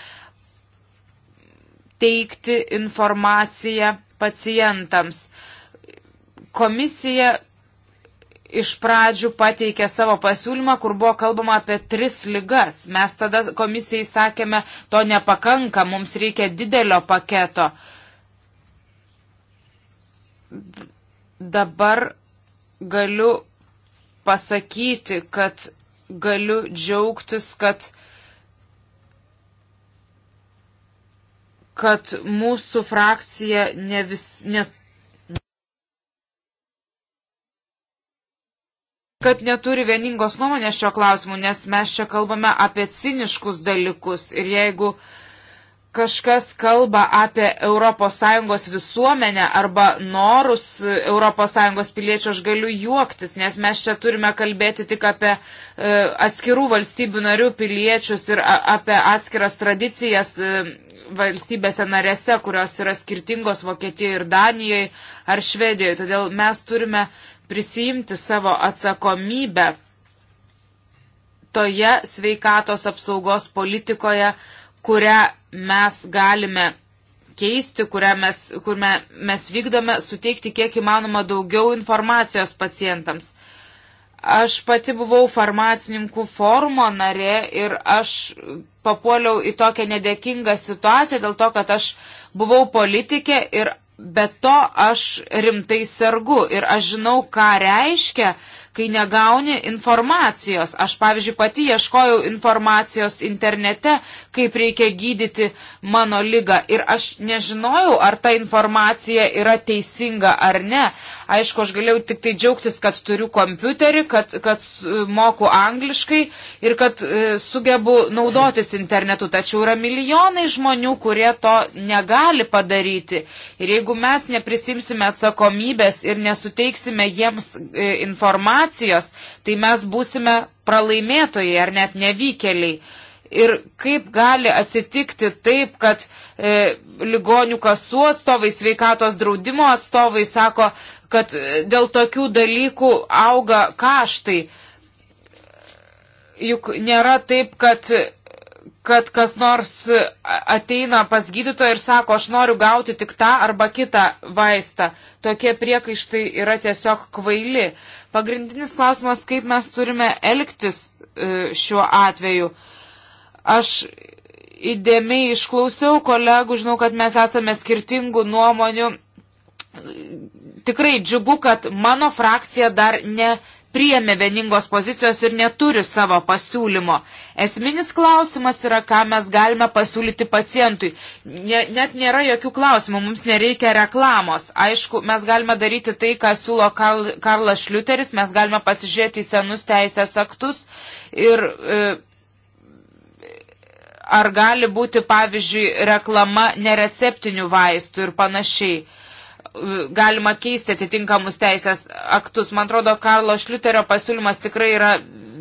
teikti informaciją pacientams. Komisija iš pradžių pateikė savo pasiūlymą, kur buvo kalbama apie tris lygas. Mes tada komisijai sakėme, to nepakanka, mums reikia didelio paketo. Dabar galiu pasakyti, kad galiu džiaugtis, kad kad mūsų frakcija ne vis, net kad neturi vieningos nuomonės šio klausimu, nes mes čia kalbame apie ciniškus dalykus ir jeigu uh, kažkas kalba apie ES visuomenę arba norus ES piliečių, aš galiu juoktis, nes mes čia turime kalbėti tik apie e, atskirų valstybių narių piliečius ir apie atskiras tradicijas e, valstybėse narėse, kurios yra skirtingos Vokietijoje ir Danijoje ar Švedijoje. Todėl mes turime prisijimti savo atsakomybę toje sveikatos apsaugos politikoje, uh, kurią mes galime keisti, kurią mes, kur me, mes vykdome, suteikti kiek įmanoma daugiau informacijos pacientams. Aš pati buvau farmacininkų forumo narė ir aš papuoliau į tokią nedėkingą situaciją dėl to, kad aš buvau politikė ir be to aš rimtai sergu ir aš žinau, ką reiškia, kai negauni informacijos. Aš, pavyzdžiui, pati ieškojau informacijos internete, kaip reikia gydyti mano lygą. Ir aš nežinojau, ar ta informacija yra teisinga ar ne. Aišku, aš galėjau tik tai džiaugtis, kad turiu kompiuterį, kad, kad e, moku angliškai ir kad e, sugebu naudotis internetu. Tačiau yra milijonai žmonių, kurie to negali padaryti. Ir jeigu mes neprisimsime atsakomybės ir nesuteiksime jiems e, informacijos, tai mes būsime pralaimėtojai ar net nevykėliai ir kaip gali atsitikti taip, kad e, ligonių kasų atstovai, sveikatos draudimo atstovai sako, kad e, dėl tokių dalykų auga kaštai. Juk nėra taip, kad kad kas nors ateina pas gydytoją ir sako, aš noriu gauti tik tą arba kitą vaistą. Tokie priekaištai yra tiesiog kvaili. Pagrindinis klausimas, kaip mes turime elgtis e, šiuo atveju. Aš įdėmiai išklausiau kolegų, žinau, kad mes esame skirtingų nuomonių. Tikrai džiugu, kad mano frakcija dar ne priėmė vieningos pozicijos ir neturi savo pasiūlymo. Esminis klausimas yra, ką mes galime pasiūlyti pacientui. Ne, net nėra jokių klausimų, mums nereikia reklamos. Aišku, mes galime daryti tai, ką siūlo Karl, Karlas Šliuteris, mes galime pasižiūrėti į senus teisės aktus ir e, ar gali būti, pavyzdžiui, reklama nereceptinių vaistų ir panašiai. Galima keisti atitinkamus teisės aktus. Man atrodo, Karlo Šliuterio pasiūlymas tikrai yra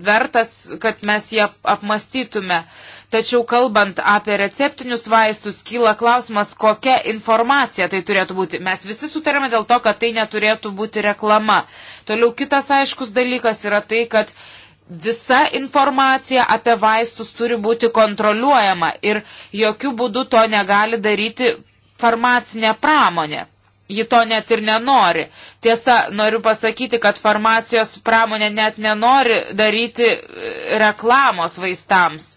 vertas, kad mes jį apmastytume. Tačiau kalbant apie receptinius vaistus, kyla klausimas, kokia informacija tai turėtų būti. Mes visi sutarėme dėl to, kad tai neturėtų būti reklama. Toliau kitas aiškus dalykas yra tai, kad visa informacija apie vaistus turi būti kontroliuojama ir jokių būdų to negali daryti farmacinė pramonė. Ji to net ir nenori. Tiesa, noriu pasakyti, kad farmacijos pramonė net nenori daryti e, reklamos vaistams.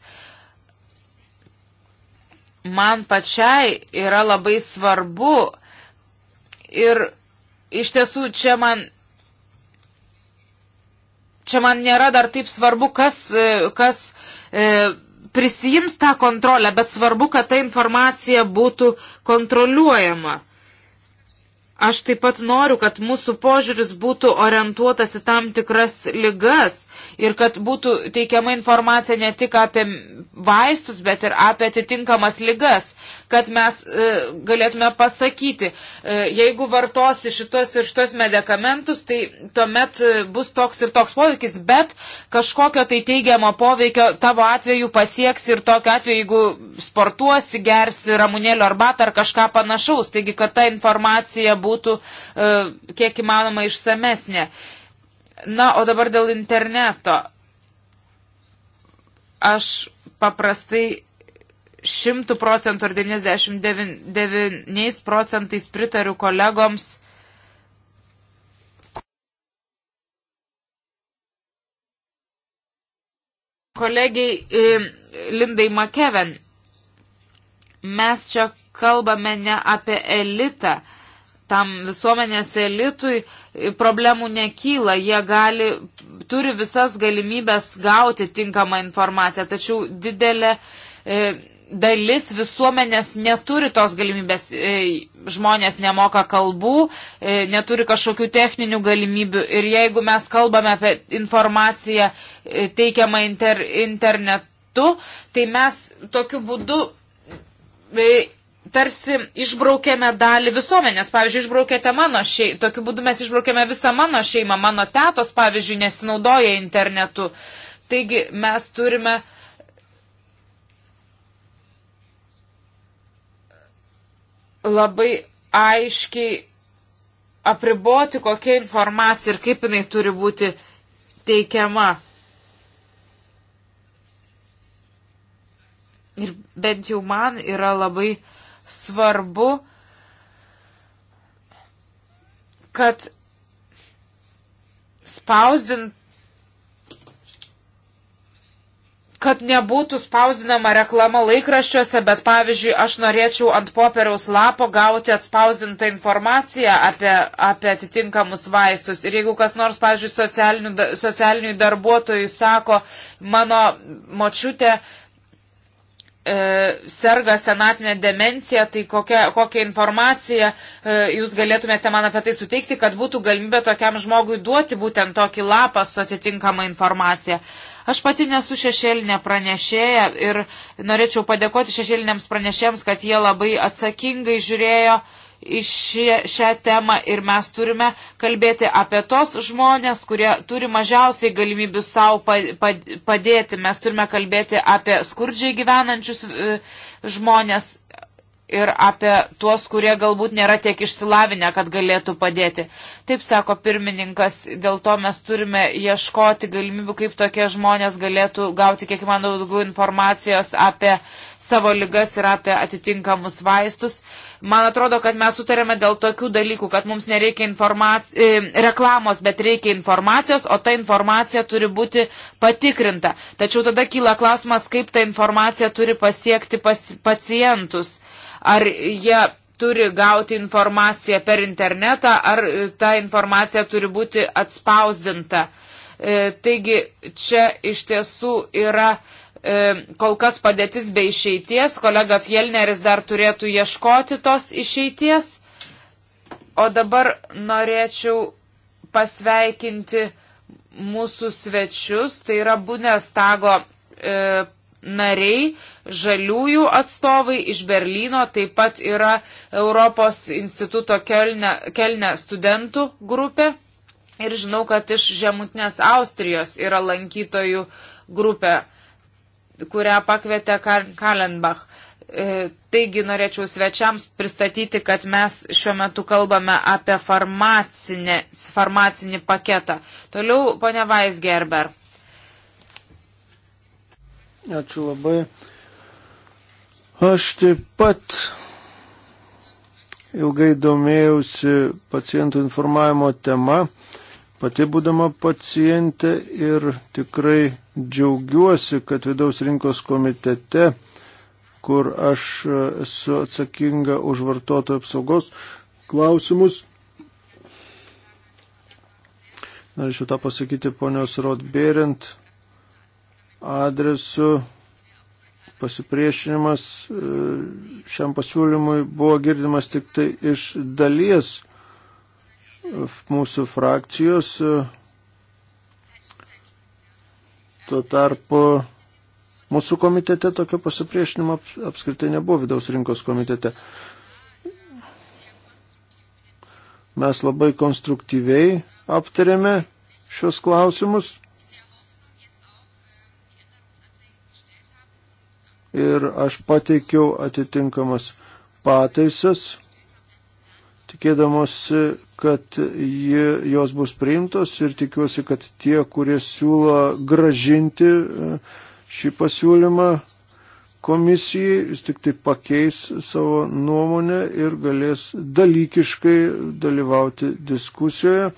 Man pačiai yra labai svarbu ir iš tiesų čia man čia man nėra dar taip svarbu, kas, e, kas e, prisijims tą kontrolę, bet svarbu, kad ta informacija būtų kontroliuojama. Aš taip pat noriu, kad mūsų požiūris būtų orientuotas į tam tikras ligas ir kad būtų teikiama informacija ne tik apie vaistus, bet ir apie atitinkamas lygas, kad mes e, galėtume pasakyti, e, jeigu vartosi šitos ir šitos medikamentus, tai tuomet e, bus toks ir toks poveikis, bet kažkokio tai teigiamo poveikio tavo atveju pasieks ir tokiu atveju, jeigu sportuosi, gersi ramunėlio arbatą ar kažką panašaus. Taigi, kad ta informacija būtų e, kiek įmanoma išsamesnė. E, Na, o dabar dėl interneto. Aš paprastai 100 procentų ar 99 procentais pritariu kolegoms. Kolegiai e, Lindai Makeven, mes čia kalbame ne apie elitą, tam visuomenės elitui, problemų nekyla, jie gali, turi visas galimybės gauti tinkamą informaciją, tačiau didelė e, dalis visuomenės neturi tos galimybės, e, žmonės nemoka kalbų, e, neturi kažkokių techninių galimybių ir jeigu mes kalbame apie informaciją e, teikiamą inter, internetu, tai mes tokiu būdu e, tarsi išbraukėme dalį visuomenės. Pavyzdžiui, išbraukėte mano šeimą. Tokiu būdu mes išbraukėme visą mano šeimą. Mano tetos, pavyzdžiui, nesinaudoja internetu. Taigi mes turime. labai aiškiai apriboti, kokia informacija ir kaip jinai turi būti teikiama. Ir bent jau man yra labai uh, svarbu, kad spausdint kad nebūtų spausdinama reklama laikraščiuose, bet pavyzdžiui, aš norėčiau ant popieriaus lapo gauti atspausdintą informaciją apie, apie atitinkamus vaistus. Ir jeigu kas nors, pavyzdžiui, socialinių, socialinių darbuotojų sako, mano močiutė E, serga senatinė demencija, tai kokia, kokią informaciją e, jūs galėtumėte man apie tai suteikti, kad būtų galimybė tokiam žmogui duoti būtent tokį lapą su atitinkama informacija. Aš pati nesu šešėlinė pranešėja ir norėčiau padėkoti šešėliniams pranešėjams, kad jie labai atsakingai žiūrėjo uh, šie, šią temą ir mes turime kalbėti apie tos žmonės, kurie turi mažiausiai galimybių savo padėti. Mes turime kalbėti apie skurdžiai gyvenančius e, žmonės ir apie tuos, kurie galbūt nėra tiek išsilavinę, kad galėtų padėti. Taip sako pirmininkas, dėl to mes turime ieškoti galimybių, kaip tokie žmonės galėtų gauti kiek įmanoma daugiau informacijos apie savo lygas ir apie atitinkamus vaistus. Man atrodo, kad mes sutarėme dėl tokių dalykų, kad mums nereikia informac... E, reklamos, bet reikia informacijos, o ta informacija turi būti patikrinta. Tačiau tada kyla klausimas, kaip ta informacija turi pasiekti pas... pacientus. Ar jie turi gauti informaciją per internetą, ar e, ta informacija turi būti atspausdinta. E, taigi čia iš tiesų yra e, kol kas padėtis be išeities, kolega Fielneris dar turėtų ieškoti tos išeities. O dabar norėčiau pasveikinti mūsų svečius, tai yra Bunestago e, nariai, žaliųjų atstovai iš Berlyno, taip pat yra Europos instituto Kelne, Kelne studentų grupė. Ir žinau, kad iš Žemutinės Austrijos yra lankytojų grupė, kurią pakvietė Kalenbach. E, taigi norėčiau svečiams pristatyti, kad mes šiuo metu kalbame apie farmacinį paketą. Toliau, ponia Vaisgerber. Ačiū labai. Aš taip pat ilgai domėjausi pacientų informavimo tema, pati būdama pacientė ir tikrai džiaugiuosi, kad vidaus rinkos komitete, kur aš esu atsakinga už vartotojų apsaugos klausimus, norėčiau tą pasakyti ponios Rotbėrint, adresu pasipriešinimas e, šiam pasiūlymui buvo girdimas tik tai iš dalies e, mūsų frakcijos. E. Tuo tarpu mūsų komitete tokio pasipriešinimo apskritai nebuvo vidaus rinkos komitete. Mes labai konstruktyviai aptarėme šios klausimus ir aš pateikiau atitinkamas pataisas, tikėdamosi, kad ji, jos bus priimtos ir tikiuosi, kad tie, kurie siūlo gražinti e, šį pasiūlymą komisijai, vis tik tai pakeis savo nuomonę ir galės dalykiškai dalyvauti diskusijoje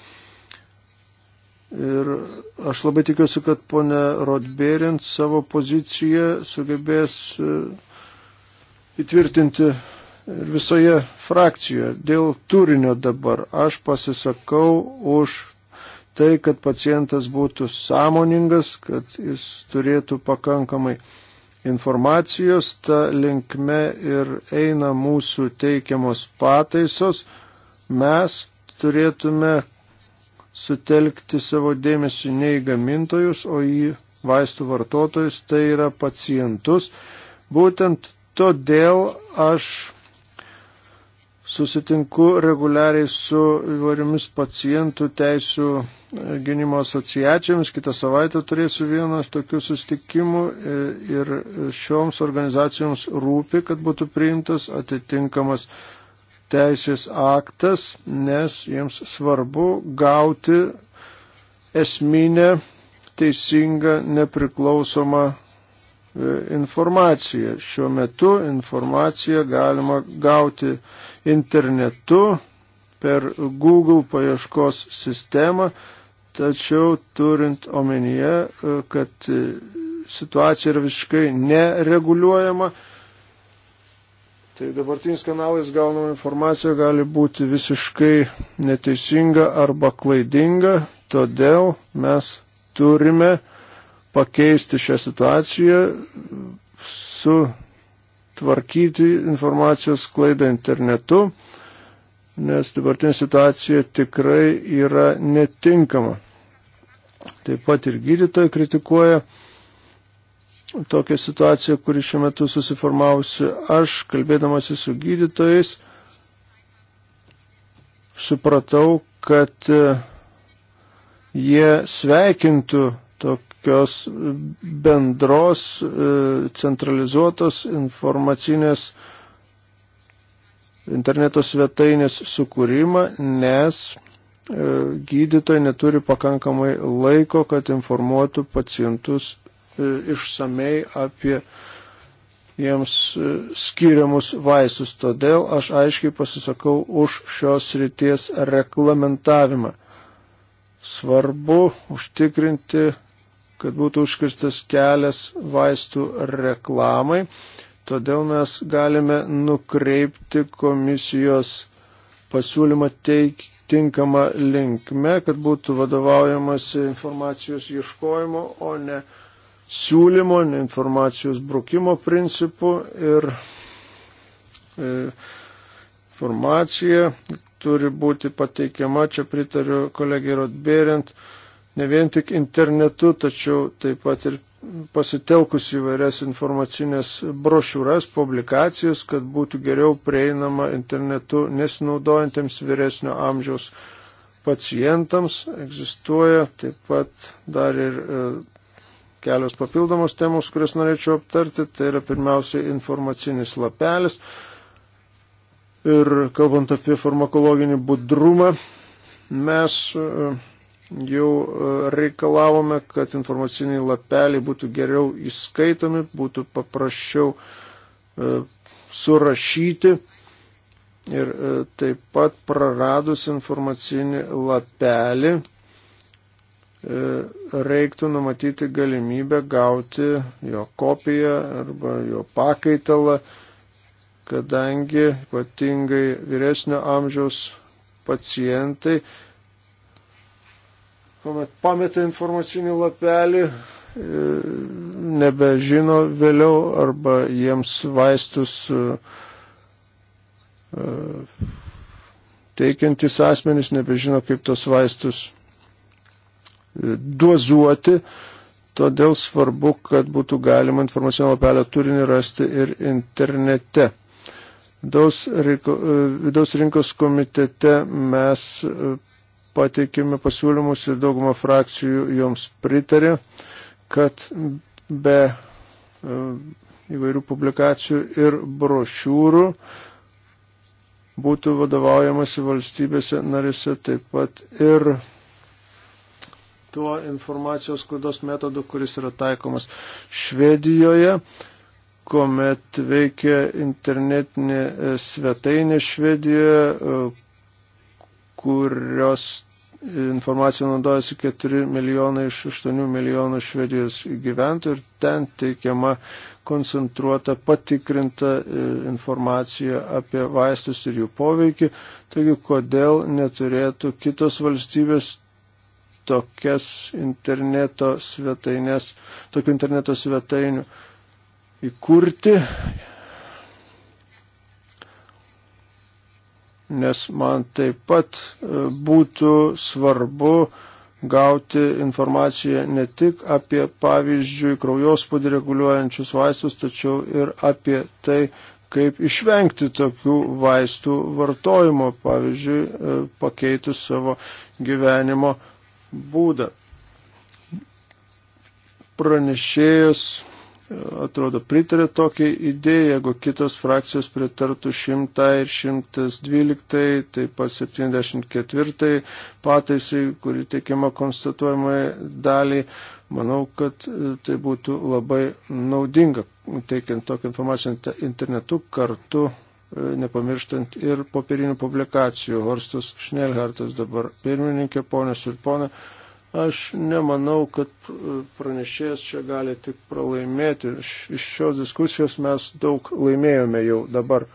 Ir aš labai tikiuosi, kad ponė Rodbėrint savo poziciją sugebės e, įtvirtinti visoje frakcijoje. Dėl turinio dabar aš pasisakau už tai, kad pacientas būtų sąmoningas, kad jis turėtų pakankamai informacijos, ta linkme ir eina mūsų teikiamos pataisos. Mes turėtume sutelkti savo dėmesį ne į gamintojus, o į vaistų vartotojus, tai yra pacientus. Būtent todėl aš susitinku reguliariai su įvairiomis pacientų teisų gynimo asociacijomis. Kitą savaitę turėsiu vienas tokių sustikimų e, ir šioms organizacijoms rūpi, kad būtų priimtas atitinkamas teisės aktas, nes jiems svarbu gauti esminę, teisingą, nepriklausomą e, informaciją. Šiuo metu informaciją galima gauti internetu per Google paieškos sistemą, tačiau turint omenyje, e, kad e, situacija yra visiškai nereguliuojama, Tai dabartinis kanalais gaunama informacija gali būti visiškai neteisinga arba klaidinga, todėl mes turime pakeisti šią situaciją, sutvarkyti informacijos klaidą internetu, nes dabartinė situacija tikrai yra netinkama. Taip pat ir gydytojai kritikuoja tokią situaciją, kuri šiuo metu susiformavusi aš, kalbėdamasi su gydytojais, supratau, kad e, jie sveikintų tokios bendros e, centralizuotos informacinės interneto svetainės sukūrimą, nes e, gydytojai neturi pakankamai laiko, kad informuotų pacientus E, išsamei apie jiems e, skiriamus vaistus. Todėl aš aiškiai pasisakau už šios ryties reglamentavimą. Svarbu užtikrinti, kad būtų užkirstas kelias vaistų reklamai. Todėl mes galime nukreipti komisijos pasiūlymą teik, tinkama linkme, kad būtų vadovaujamasi informacijos ieškojimo, o ne uh, siūlymo, informacijos brukimo principų ir e, informacija turi būti pateikiama, čia pritariu kolegai Rodbėrint, ne vien tik internetu, tačiau taip pat ir pasitelkus įvairias informacinės brošiūras, publikacijas, kad būtų geriau prieinama internetu nesinaudojantiems vyresnio amžiaus pacientams. Egzistuoja taip pat dar ir e, kelios papildomos temos, kurias norėčiau aptarti. Tai yra pirmiausia informacinis lapelis. Ir kalbant apie farmakologinį budrumą, mes e, jau e, reikalavome, kad informaciniai lapeliai būtų geriau įskaitomi, būtų paprasčiau e, surašyti. Ir taip pat praradus informacinį lapelį E, reiktų numatyti galimybę gauti jo kopiją arba jo pakaitalą, kadangi ypatingai vyresnio amžiaus pacientai, kuomet pameta informacinį lapelį, e, nebežino vėliau arba jiems vaistus e, teikiantis asmenys nebežino, kaip tos vaistus duozuoti, todėl svarbu, kad būtų galima informacinio lapelio turinį rasti ir internete. Vidaus rinkos komitete mes e, pateikėme pasiūlymus ir dauguma frakcijų joms pritarė, kad be e, įvairių publikacijų ir brošiūrų būtų vadovaujamasi valstybėse narise taip pat ir tuo informacijos klaidos metodu, kuris yra taikomas Švedijoje, kuomet veikia internetinė e, svetainė Švedijoje, e, kurios informaciją naudojasi 4 milijonai iš 8 milijonų Švedijos gyventojų ir ten teikiama koncentruota, patikrinta e, informacija apie vaistus ir jų poveikį. Taigi, kodėl neturėtų kitos valstybės tokias interneto svetainės, tokių interneto svetainių įkurti, nes man taip pat e, būtų svarbu gauti informaciją ne tik apie, pavyzdžiui, kraujospūdį reguliuojančius vaistus, tačiau ir apie tai, kaip išvengti tokių vaistų vartojimo, pavyzdžiui, e, pakeitus savo gyvenimo būdą. Pranešėjas e, atrodo pritarė tokiai idėjai, jeigu kitos frakcijos pritartų 100 ir 112, taip pat 74 pataisai, kuri teikiama konstatuojamai daliai, manau, kad e, tai būtų labai naudinga, teikiant tokią informaciją internetu kartu E, nepamirštant ir popierinių publikacijų. Horstas Šnelhartas dabar pirmininkė, ponios ir ponai. Aš nemanau, kad pranešėjas čia gali tik pralaimėti. Iš šios diskusijos mes daug laimėjome jau dabar.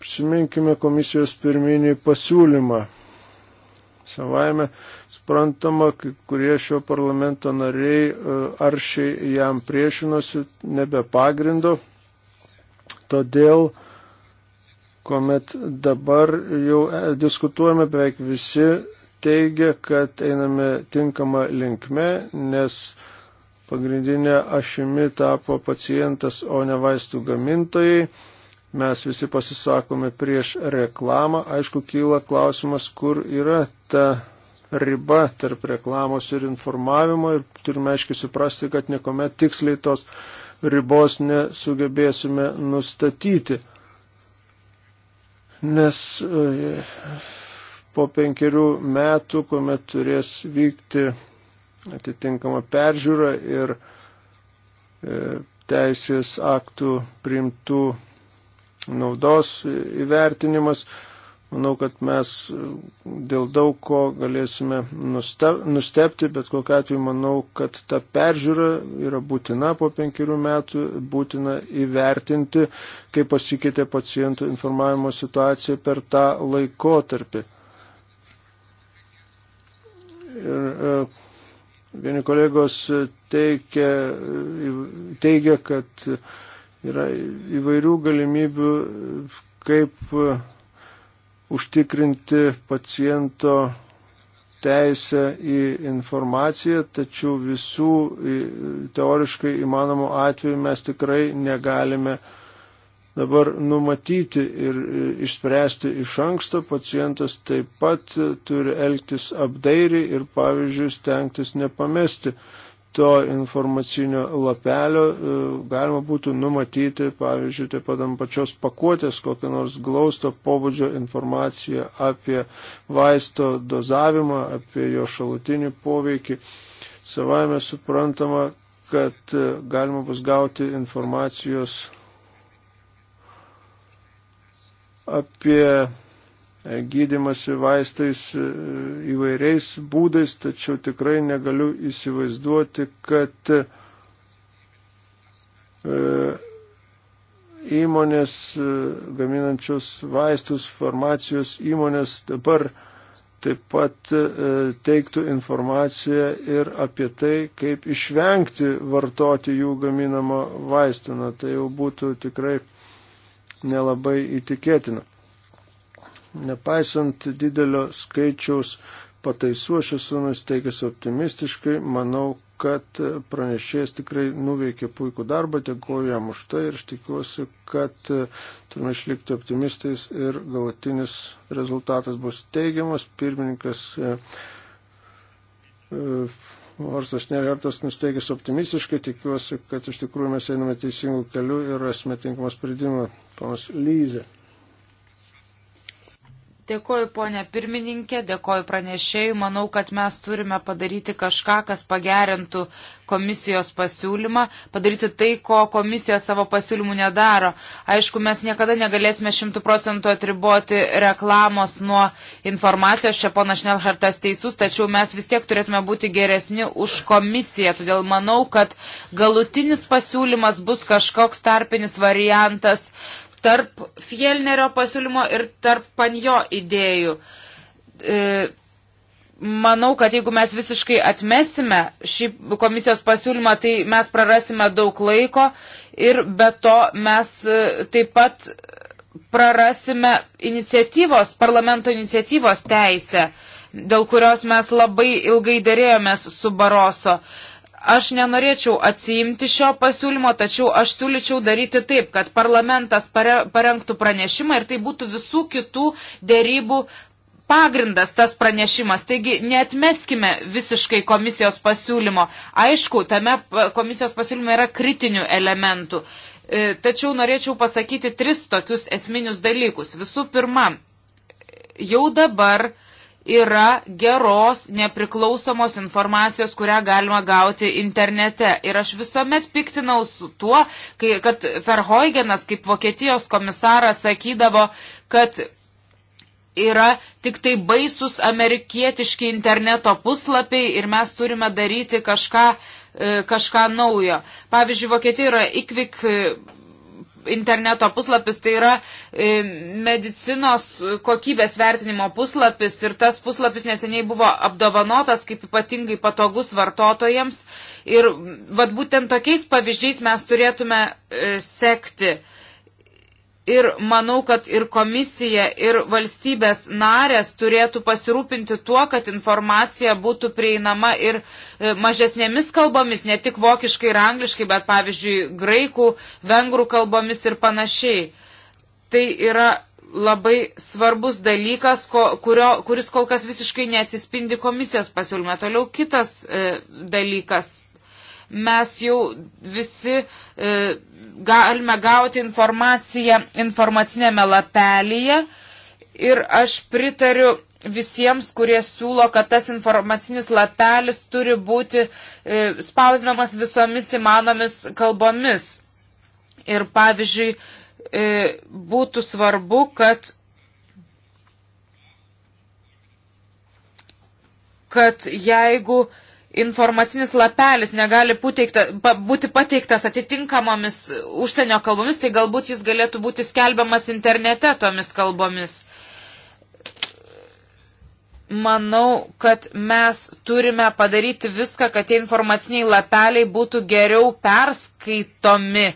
Prisiminkime komisijos pirminį pasiūlymą. Savaime suprantama, kurie šio parlamento nariai e, aršiai jam priešinosi nebe pagrindo. Todėl kuomet dabar jau e, diskutuojame, beveik visi teigia, kad einame tinkamą linkmę, nes pagrindinė ašimi tapo pacientas, o ne vaistų gamintojai. Mes visi pasisakome prieš reklamą. Aišku, kyla klausimas, kur yra ta riba tarp reklamos ir informavimo ir turime aiškiai suprasti, kad niekuomet tiksliai tos ribos nesugebėsime nustatyti nes e, po penkerių metų, kuomet turės vykti atitinkama peržiūra ir e, teisės aktų priimtų naudos įvertinimas, Manau, kad mes e, dėl daug ko galėsime nustepti, bet kokiu atveju manau, kad ta peržiūra yra būtina po penkerių metų, būtina įvertinti, kaip pasikeitė pacientų informavimo situacija per tą laikotarpį. Ir e, vieni kolegos teikia, e, teigia, kad yra įvairių galimybių, kaip užtikrinti paciento teisę į informaciją, tačiau visų teoriškai įmanomų atvejų mes tikrai negalime dabar numatyti ir e, išspręsti iš anksto. Pacientas taip pat turi elgtis apdairiai ir, pavyzdžiui, stengtis nepamesti to informacinio lapelio e, galima būtų numatyti, pavyzdžiui, taip pat ant pačios pakuotės kokią nors glausto pobūdžio informaciją apie vaisto dozavimą, apie jo šalutinį poveikį. Savame suprantama, kad e, galima bus gauti informacijos apie gydimasi vaistais e, įvairiais būdais, tačiau tikrai negaliu įsivaizduoti, kad e, įmonės e, gaminančios vaistus, farmacijos įmonės dabar taip pat teiktų informaciją ir apie tai, kaip išvengti vartoti jų gaminamą vaistiną. Tai jau būtų tikrai nelabai įtikėtina. Nepaisant didelio skaičiaus pataisų, aš esu nusteikęs optimistiškai, manau, kad pranešėjas tikrai nuveikė puikų darbą, dėkoju jam už tai ir aš tikiuosi, kad turime išlikti optimistais ir galutinis rezultatas bus teigiamas. Pirmininkas e, e, Orsas Nevertas nusteikęs optimistiškai, tikiuosi, kad iš tikrųjų mes einame teisingų kelių ir rasime tinkamas pridimą. Panas Lyze. Dėkoju, ponė pirmininkė, dėkoju pranešėjui. Manau, kad mes turime padaryti kažką, kas pagerintų komisijos pasiūlymą, padaryti tai, ko komisija savo pasiūlymų nedaro. Aišku, mes niekada negalėsime šimtų procentų atriboti reklamos nuo informacijos, čia pona Šnelhartas teisus, tačiau mes vis tiek turėtume būti geresni už komisiją. Todėl manau, kad galutinis pasiūlymas bus kažkoks tarpinis variantas, tarp Fielnerio pasiūlymo ir tarp Panjo idėjų. E, manau, kad jeigu mes visiškai atmesime šį komisijos pasiūlymą, tai mes prarasime daug laiko ir be to mes e, taip pat prarasime iniciatyvos, parlamento iniciatyvos teisę, dėl kurios mes labai ilgai dėrėjomės su Baroso. E, Aš nenorėčiau atsiimti šio pasiūlymo, tačiau aš siūlyčiau daryti taip, kad parlamentas pare, parengtų pranešimą ir tai būtų visų kitų dėrybų pagrindas tas pranešimas. Taigi netmeskime visiškai komisijos pasiūlymo. Aišku, tame komisijos pasiūlyme yra kritinių elementų. E, tačiau norėčiau pasakyti tris tokius esminius dalykus. Visų pirma, jau dabar yra geros, nepriklausomos informacijos, kurią galima gauti internete. Ir aš visuomet piktinau su tuo, kai, kad Ferhoigenas kaip Vokietijos komisaras sakydavo, kad yra tik tai baisus amerikietiški interneto puslapiai ir mes turime daryti kažką, e, kažką naujo. Pavyzdžiui, Vokietijoje yra ikvik interneto puslapis, tai yra e, medicinos kokybės vertinimo puslapis ir tas puslapis neseniai buvo apdovanotas kaip ypatingai patogus vartotojams. Ir vat būtent tokiais pavyzdžiais mes turėtume e, sekti. Ir manau, kad ir komisija, ir valstybės narės turėtų pasirūpinti tuo, kad informacija būtų prieinama ir e, mažesnėmis kalbomis, ne tik vokiškai ir angliškai, bet pavyzdžiui, graikų, vengrų kalbomis ir panašiai. Tai yra labai svarbus dalykas, ko, kurio, kuris kol kas visiškai neatsispindi komisijos pasiūlyme. Toliau kitas e, dalykas mes jau visi e, galime gauti informaciją informacinėme lapelyje ir aš pritariu visiems, kurie siūlo, kad tas informacinis lapelis turi būti e, spausinamas visomis įmanomis kalbomis. Ir pavyzdžiui, e, būtų svarbu, kad kad jeigu e, informacinis lapelis negali puteikta, pa, būti pateiktas atitinkamomis užsienio kalbomis, tai galbūt jis galėtų būti skelbiamas internete tomis kalbomis. Manau, kad mes turime padaryti viską, kad tie informaciniai lapeliai būtų geriau perskaitomi,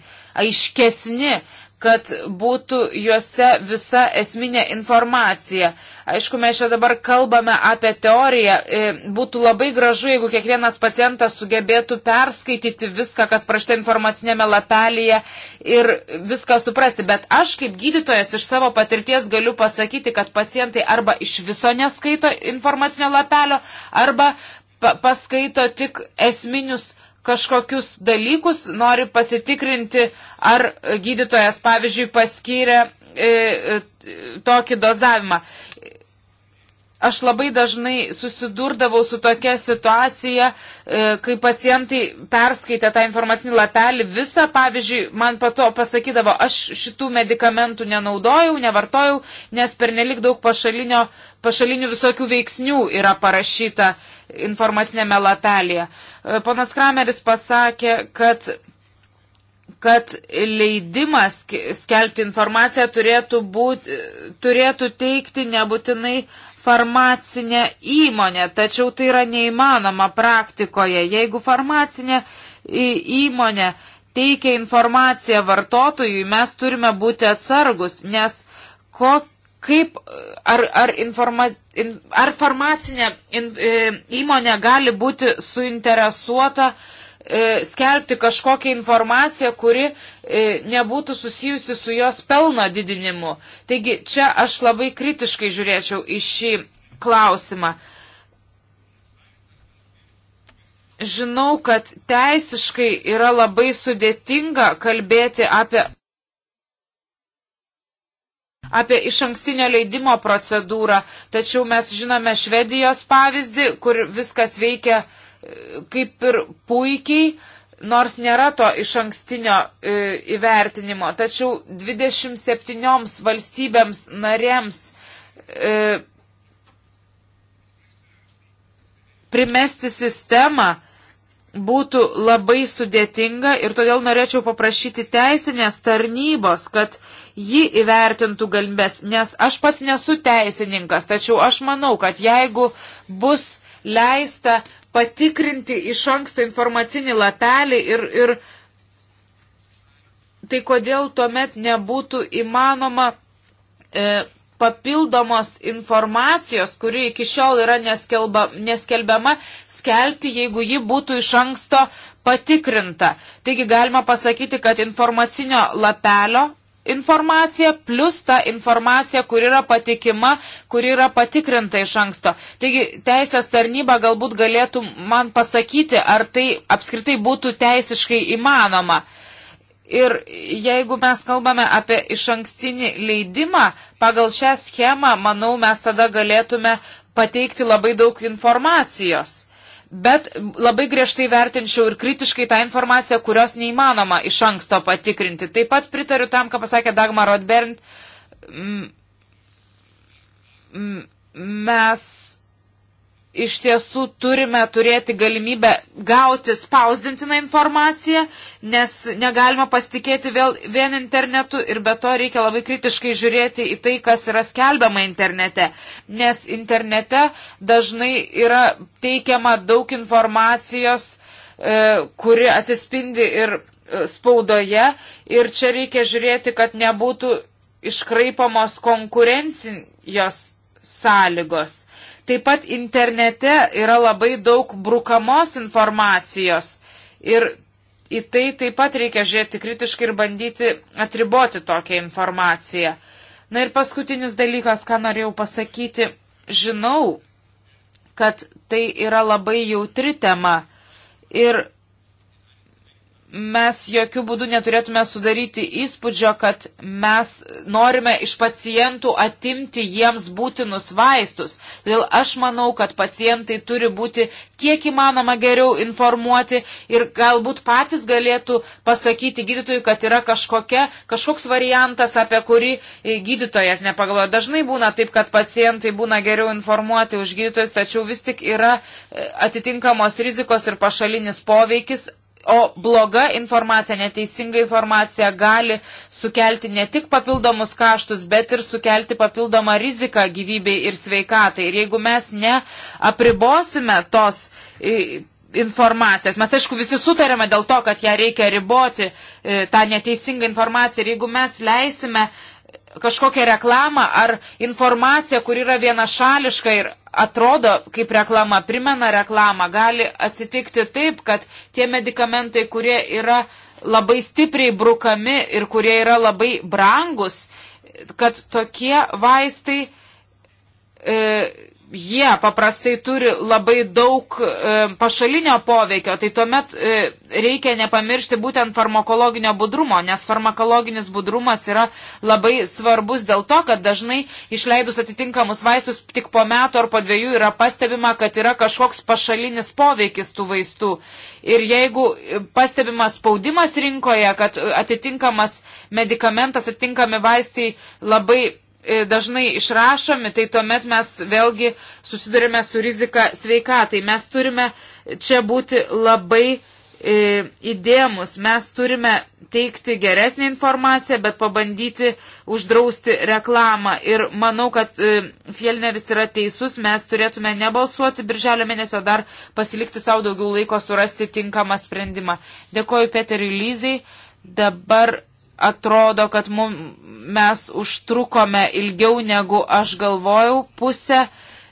aiškesni kad būtų juose visa esminė informacija. Aišku, mes čia dabar kalbame apie teoriją. E, būtų labai gražu, jeigu kiekvienas pacientas sugebėtų perskaityti viską, kas prašta informacinėme lapelėje ir viską suprasti. Bet aš kaip gydytojas iš savo patirties galiu pasakyti, kad pacientai arba iš viso neskaito informacinio lapelio, arba paskaito tik esminius kažkokius dalykus, nori pasitikrinti, ar gydytojas, pavyzdžiui, paskyrė e, e, tokį dozavimą aš labai dažnai susidurdavau su tokia situacija, e, kai pacientai perskaitė tą informacinį lapelį visą, pavyzdžiui, man pato pasakydavo, aš šitų medikamentų nenaudojau, nevartojau, nes pernelik daug pašalinio, pašalinių visokių veiksnių yra parašyta informacinėme lapelėje. E, ponas Krameris pasakė, kad kad leidimas skelbti informaciją turėtų, būt, turėtų teikti nebūtinai uh, farmacinę įmonę, tačiau tai yra neįmanoma praktikoje. Jeigu farmacinė įmonė teikia informaciją vartotojui, mes turime būti atsargus, nes ko, kaip, ar, ar, informa, in, ar farmacinė in, e, įmonė gali būti suinteresuota uh, E, skelbti kažkokią informaciją, kuri e, nebūtų susijusi su jos pelno didinimu. Taigi čia aš labai kritiškai žiūrėčiau į šį klausimą. Žinau, kad teisiškai yra labai sudėtinga kalbėti apie, apie iš ankstinio leidimo procedūrą, tačiau mes žinome Švedijos pavyzdį, kur viskas veikia uh, kaip ir puikiai, nors nėra to iš ankstinio e, įvertinimo, tačiau 27 valstybėms narėms e, primesti sistemą būtų labai sudėtinga ir todėl norėčiau paprašyti teisinės tarnybos, kad ji įvertintų galimybės, nes aš pats nesu teisininkas, tačiau aš manau, kad jeigu bus leista patikrinti iš anksto informacinį lapelį ir, ir tai kodėl tuomet nebūtų įmanoma e, papildomos informacijos, kuri iki šiol yra neskelba, neskelbiama, skelbti, jeigu ji būtų iš anksto patikrinta. Taigi galima pasakyti, kad informacinio lapelio informacija, plus ta informacija, kur yra patikima, kur yra patikrinta iš anksto. Taigi teisės tarnyba galbūt galėtų man pasakyti, ar tai apskritai būtų teisiškai įmanoma. Ir jeigu mes kalbame apie iš ankstinį leidimą, pagal šią schemą, manau, mes tada galėtume pateikti labai daug informacijos bet labai griežtai vertinčiau ir kritiškai tą informaciją, kurios neįmanoma iš anksto patikrinti. Taip pat pritariu tam, ką pasakė Dagmar Rodbernt. Mes iš tiesų turime turėti galimybę gauti spausdintiną informaciją, nes negalima pasitikėti vėl, vien internetu ir be to reikia labai kritiškai žiūrėti į tai, kas yra skelbiama internete, nes internete dažnai yra teikiama daug informacijos, e, kuri atsispindi ir e, spaudoje ir čia reikia žiūrėti, kad nebūtų iškraipamos konkurencijos sąlygos Taip pat internete yra labai daug brukamos informacijos ir į tai taip pat reikia žiūrėti kritiškai ir bandyti atriboti tokią informaciją. Na ir paskutinis dalykas, ką norėjau pasakyti, žinau, kad tai yra labai jautri tema ir mes jokių būdų neturėtume sudaryti įspūdžio, kad mes norime iš pacientų atimti jiems būtinus vaistus. Todėl aš manau, kad pacientai turi būti kiek įmanoma geriau informuoti ir galbūt patys galėtų pasakyti gydytojui, kad yra kažkokia, kažkoks variantas, apie kurį gydytojas nepagalvoja. Dažnai būna taip, kad pacientai būna geriau informuoti už gydytojus, tačiau vis tik yra e, atitinkamos rizikos ir pašalinis poveikis O bloga informacija, neteisinga informacija gali sukelti ne tik papildomus kaštus, bet ir sukelti papildomą riziką gyvybei ir sveikatai. Ir jeigu mes neapribosime tos informacijos, mes aišku visi sutarėme dėl to, kad ją reikia riboti, tą neteisingą informaciją, ir jeigu mes leisime kažkokią reklamą ar informaciją, kur yra vienašališka ir atrodo kaip reklama, primena reklamą, gali atsitikti taip, kad tie medikamentai, kurie yra labai stipriai brukami ir kurie yra labai brangus, kad tokie vaistai e, jie paprastai turi labai daug e, pašalinio poveikio, tai tuomet e, reikia nepamiršti būtent farmakologinio budrumo, nes farmakologinis budrumas yra labai svarbus dėl to, kad dažnai išleidus atitinkamus vaistus tik po metų ar po dviejų yra pastebima, kad yra kažkoks pašalinis poveikis tų vaistų. Ir jeigu e, pastebimas spaudimas rinkoje, kad e, atitinkamas medikamentas, atitinkami vaistai labai E, dažnai išrašomi, tai tuomet mes vėlgi susidurime su rizika sveikatai. Mes turime čia būti labai e, įdėmus. Mes turime teikti geresnį informaciją, bet pabandyti uždrausti reklamą. Ir manau, kad e, Fielneris yra teisus, mes turėtume nebalsuoti birželio mėnesio, dar pasilikti savo daugiau laiko surasti tinkamą sprendimą. Dėkoju Peteriui Lyzai. Dabar atrodo, kad mum, mes užtrukome ilgiau negu aš galvojau. Pusę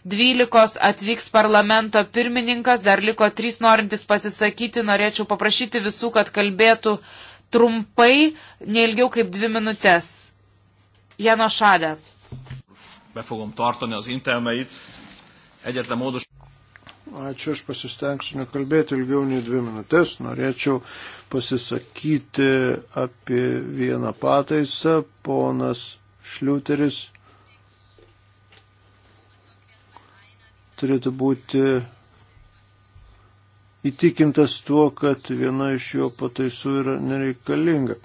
dvylikos atvyks parlamento pirmininkas, dar liko trys norintys pasisakyti. Norėčiau paprašyti visų, kad kalbėtų trumpai, neilgiau kaip dvi minutės. Jano Šadė. Befogom tartani az intelmeit. Egyetlen módos. Ačiū, aš pasistengsiu nekalbėti ilgiau nei dvi minutės. Norėčiau uh, pasisakyti apie vieną pataisą. Ponas Šliuteris turėtų būti įtikintas tuo, kad viena iš jo pataisų yra nereikalinga.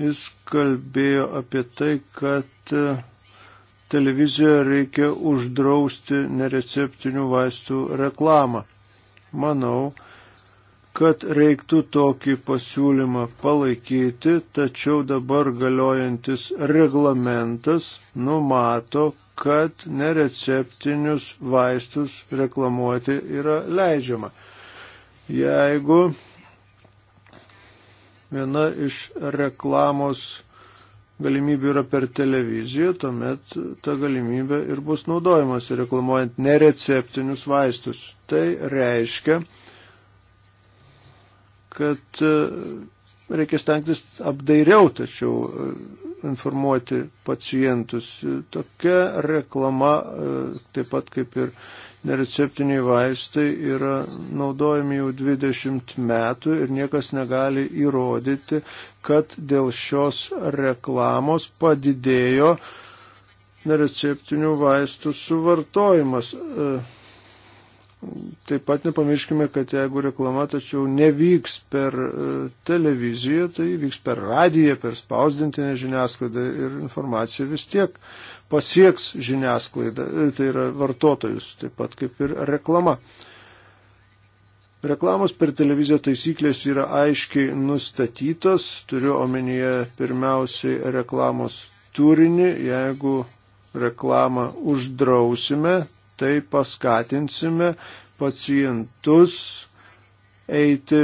Jis kalbėjo apie tai, kad e, televizijoje reikia uždrausti nereceptinių vaistų reklamą. Manau, kad reiktų tokį pasiūlymą palaikyti, tačiau dabar galiojantis reglamentas numato, kad nereceptinius vaistus reklamuoti yra leidžiama. Jeigu viena iš reklamos galimybių yra per televiziją, tuomet ta galimybė ir bus naudojamas reklamuojant nereceptinius vaistus. Tai reiškia, kad e, reikia stengtis apdairiau, tačiau e, informuoti pacientus. Tokia reklama, e, taip pat kaip ir nereceptiniai vaistai, yra naudojami jau 20 metų ir niekas negali įrodyti, kad dėl šios reklamos padidėjo nereceptinių vaistų suvartojimas. E, Taip pat nepamirškime, kad jeigu reklama tačiau nevyks per e, televiziją, tai vyks per radiją, per spausdintinę žiniasklaidą ir informacija vis tiek pasieks žiniasklaidą, e, tai yra vartotojus, taip pat kaip ir reklama. Reklamos per televiziją taisyklės yra aiškiai nustatytos, turiu omenyje pirmiausiai reklamos turinį, jeigu reklamą uždrausime, tai paskatinsime pacientus eiti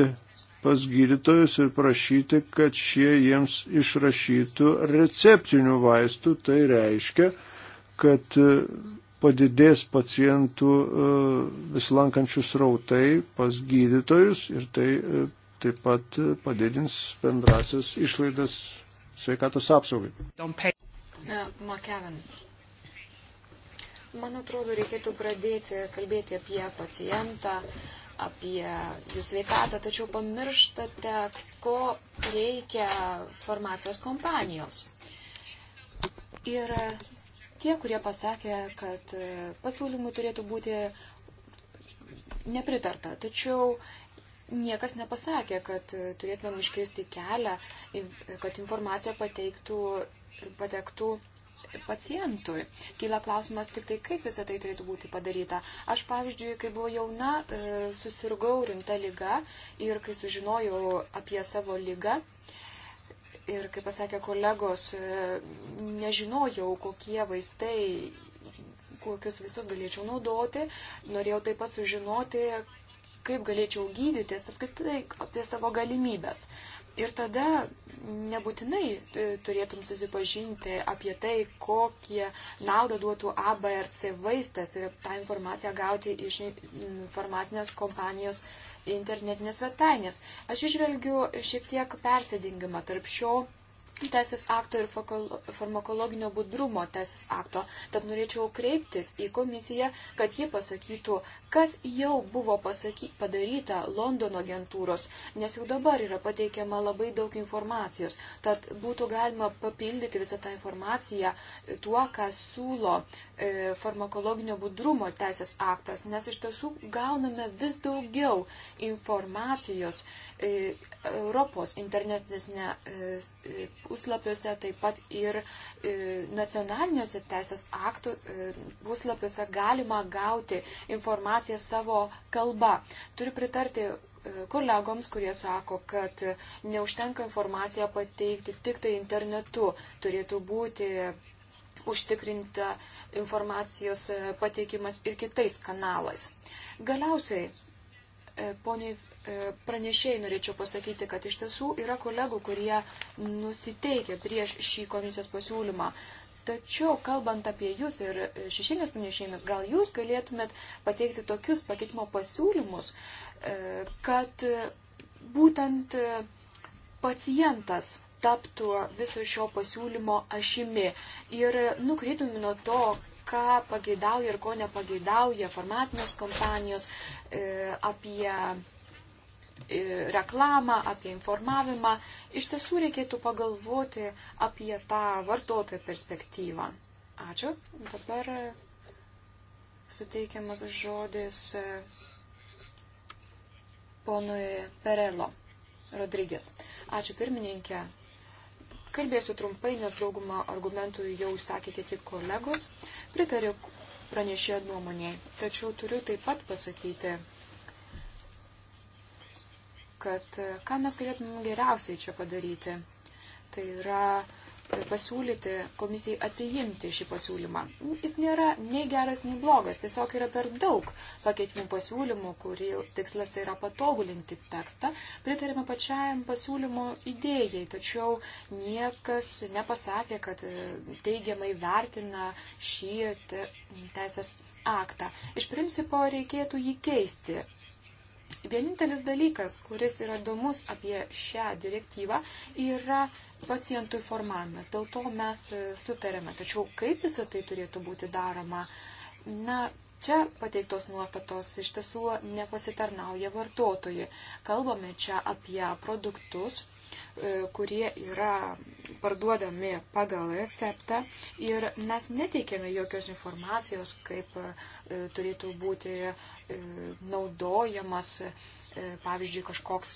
pas gydytojus ir prašyti, kad šie jiems išrašytų receptinių vaistų. Tai reiškia, kad e, padidės pacientų vislankančių e, srautai pas gydytojus ir tai e, taip pat padidins bendrasias išlaidas sveikatos apsaugai. Uh, Makevin, Man atrodo, reikėtų pradėti kalbėti apie pacientą, apie jų sveikatą, tačiau pamirštate, ko reikia farmacijos kompanijoms. Ir tie, kurie pasakė, kad pasiūlymų turėtų būti nepritarta, tačiau niekas nepasakė, kad turėtumėm iškirsti kelią, kad informacija pateiktų, patektų pacientui. Kyla klausimas tik tai, kaip visą tai turėtų būti padaryta. Aš, pavyzdžiui, kai buvau jauna, e, susirgau rimta lyga ir kai sužinojau apie savo lygą, ir, kaip pasakė kolegos, e, nežinojau, kokie vaistai, kokius vaistus galėčiau naudoti. Norėjau taip pat sužinoti, kaip galėčiau gydytis ir kaip tai apie savo galimybės. Ir tada nebūtinai e, turėtum susipažinti apie tai, kokie naudą duotų A, B ir C vaistas ir tą informaciją gauti iš informacinės kompanijos internetinės svetainės. Aš išvelgiu šiek tiek persidingimą tarp šio teisės akto ir farmakologinio budrumo teisės akto. Tad norėčiau kreiptis į komisiją, kad ji pasakytų, kas jau buvo pasaky, padaryta Londono agentūros, nes jau dabar yra pateikiama labai daug informacijos. Tad būtų galima papildyti visą tą informaciją tuo, ką siūlo e, farmakologinio budrumo teisės aktas, nes iš tiesų gauname vis daugiau informacijos. E, E, Europos internetinėse e, e, puslapiuose, taip pat ir nacionaliniuose teisės aktų puslapiuose galima gauti informaciją savo kalba. Turiu pritarti kolegoms, kurie sako, kad neužtenka informaciją pateikti tik tai internetu. Turėtų būti užtikrinta informacijos pateikimas ir kitais kanalais. Galiausiai, poniai E, pranešėjai norėčiau pasakyti, kad iš tiesų yra kolegų, kurie nusiteikia prieš šį komisijos pasiūlymą. Tačiau, kalbant apie jūs ir šešėlės pranešėjimus, gal jūs galėtumėt pateikti tokius pakeitimo pasiūlymus, e, kad būtent pacientas taptų viso šio pasiūlymo ašimi ir nukryptumi nuo to, ką pageidauja ir ko nepageidauja farmacinės kompanijos e, apie reklamą, apie informavimą, iš tiesų reikėtų pagalvoti apie tą vartotojo perspektyvą. Ačiū. Dabar suteikiamas žodis e, ponui Perelo Rodrygės. Ačiū pirmininkė. Kalbėsiu trumpai, nes daugumą argumentų jau išsakė kiti kolegos. Pritariu pranešėjo nuomonėje. Tačiau turiu taip pat pasakyti, kad e, ką mes galėtume geriausiai čia padaryti. Tai yra pasiūlyti komisijai atsijimti šį pasiūlymą. Jis nėra nei geras, nei blogas, tiesiog yra per daug pakeitimų pasiūlymų, kurių tikslas yra patobulinti tekstą. Pritarėme pačiam pasiūlymo idėjai, tačiau niekas nepasakė, kad e, teigiamai vertina šį teisės aktą. Iš principo reikėtų jį keisti Vienintelis dalykas, kuris yra įdomus apie šią direktyvą, yra pacientų informavimas. Dėl to mes e, sutarėme. Tačiau kaip visą tai turėtų būti daroma? Na, čia pateiktos nuostatos iš tiesų nepasitarnauja vartotojai. Kalbame čia apie produktus, E, kurie yra parduodami pagal receptą ir mes neteikėme jokios informacijos, kaip e, turėtų būti e, naudojamas, pavyzdžiui, kažkoks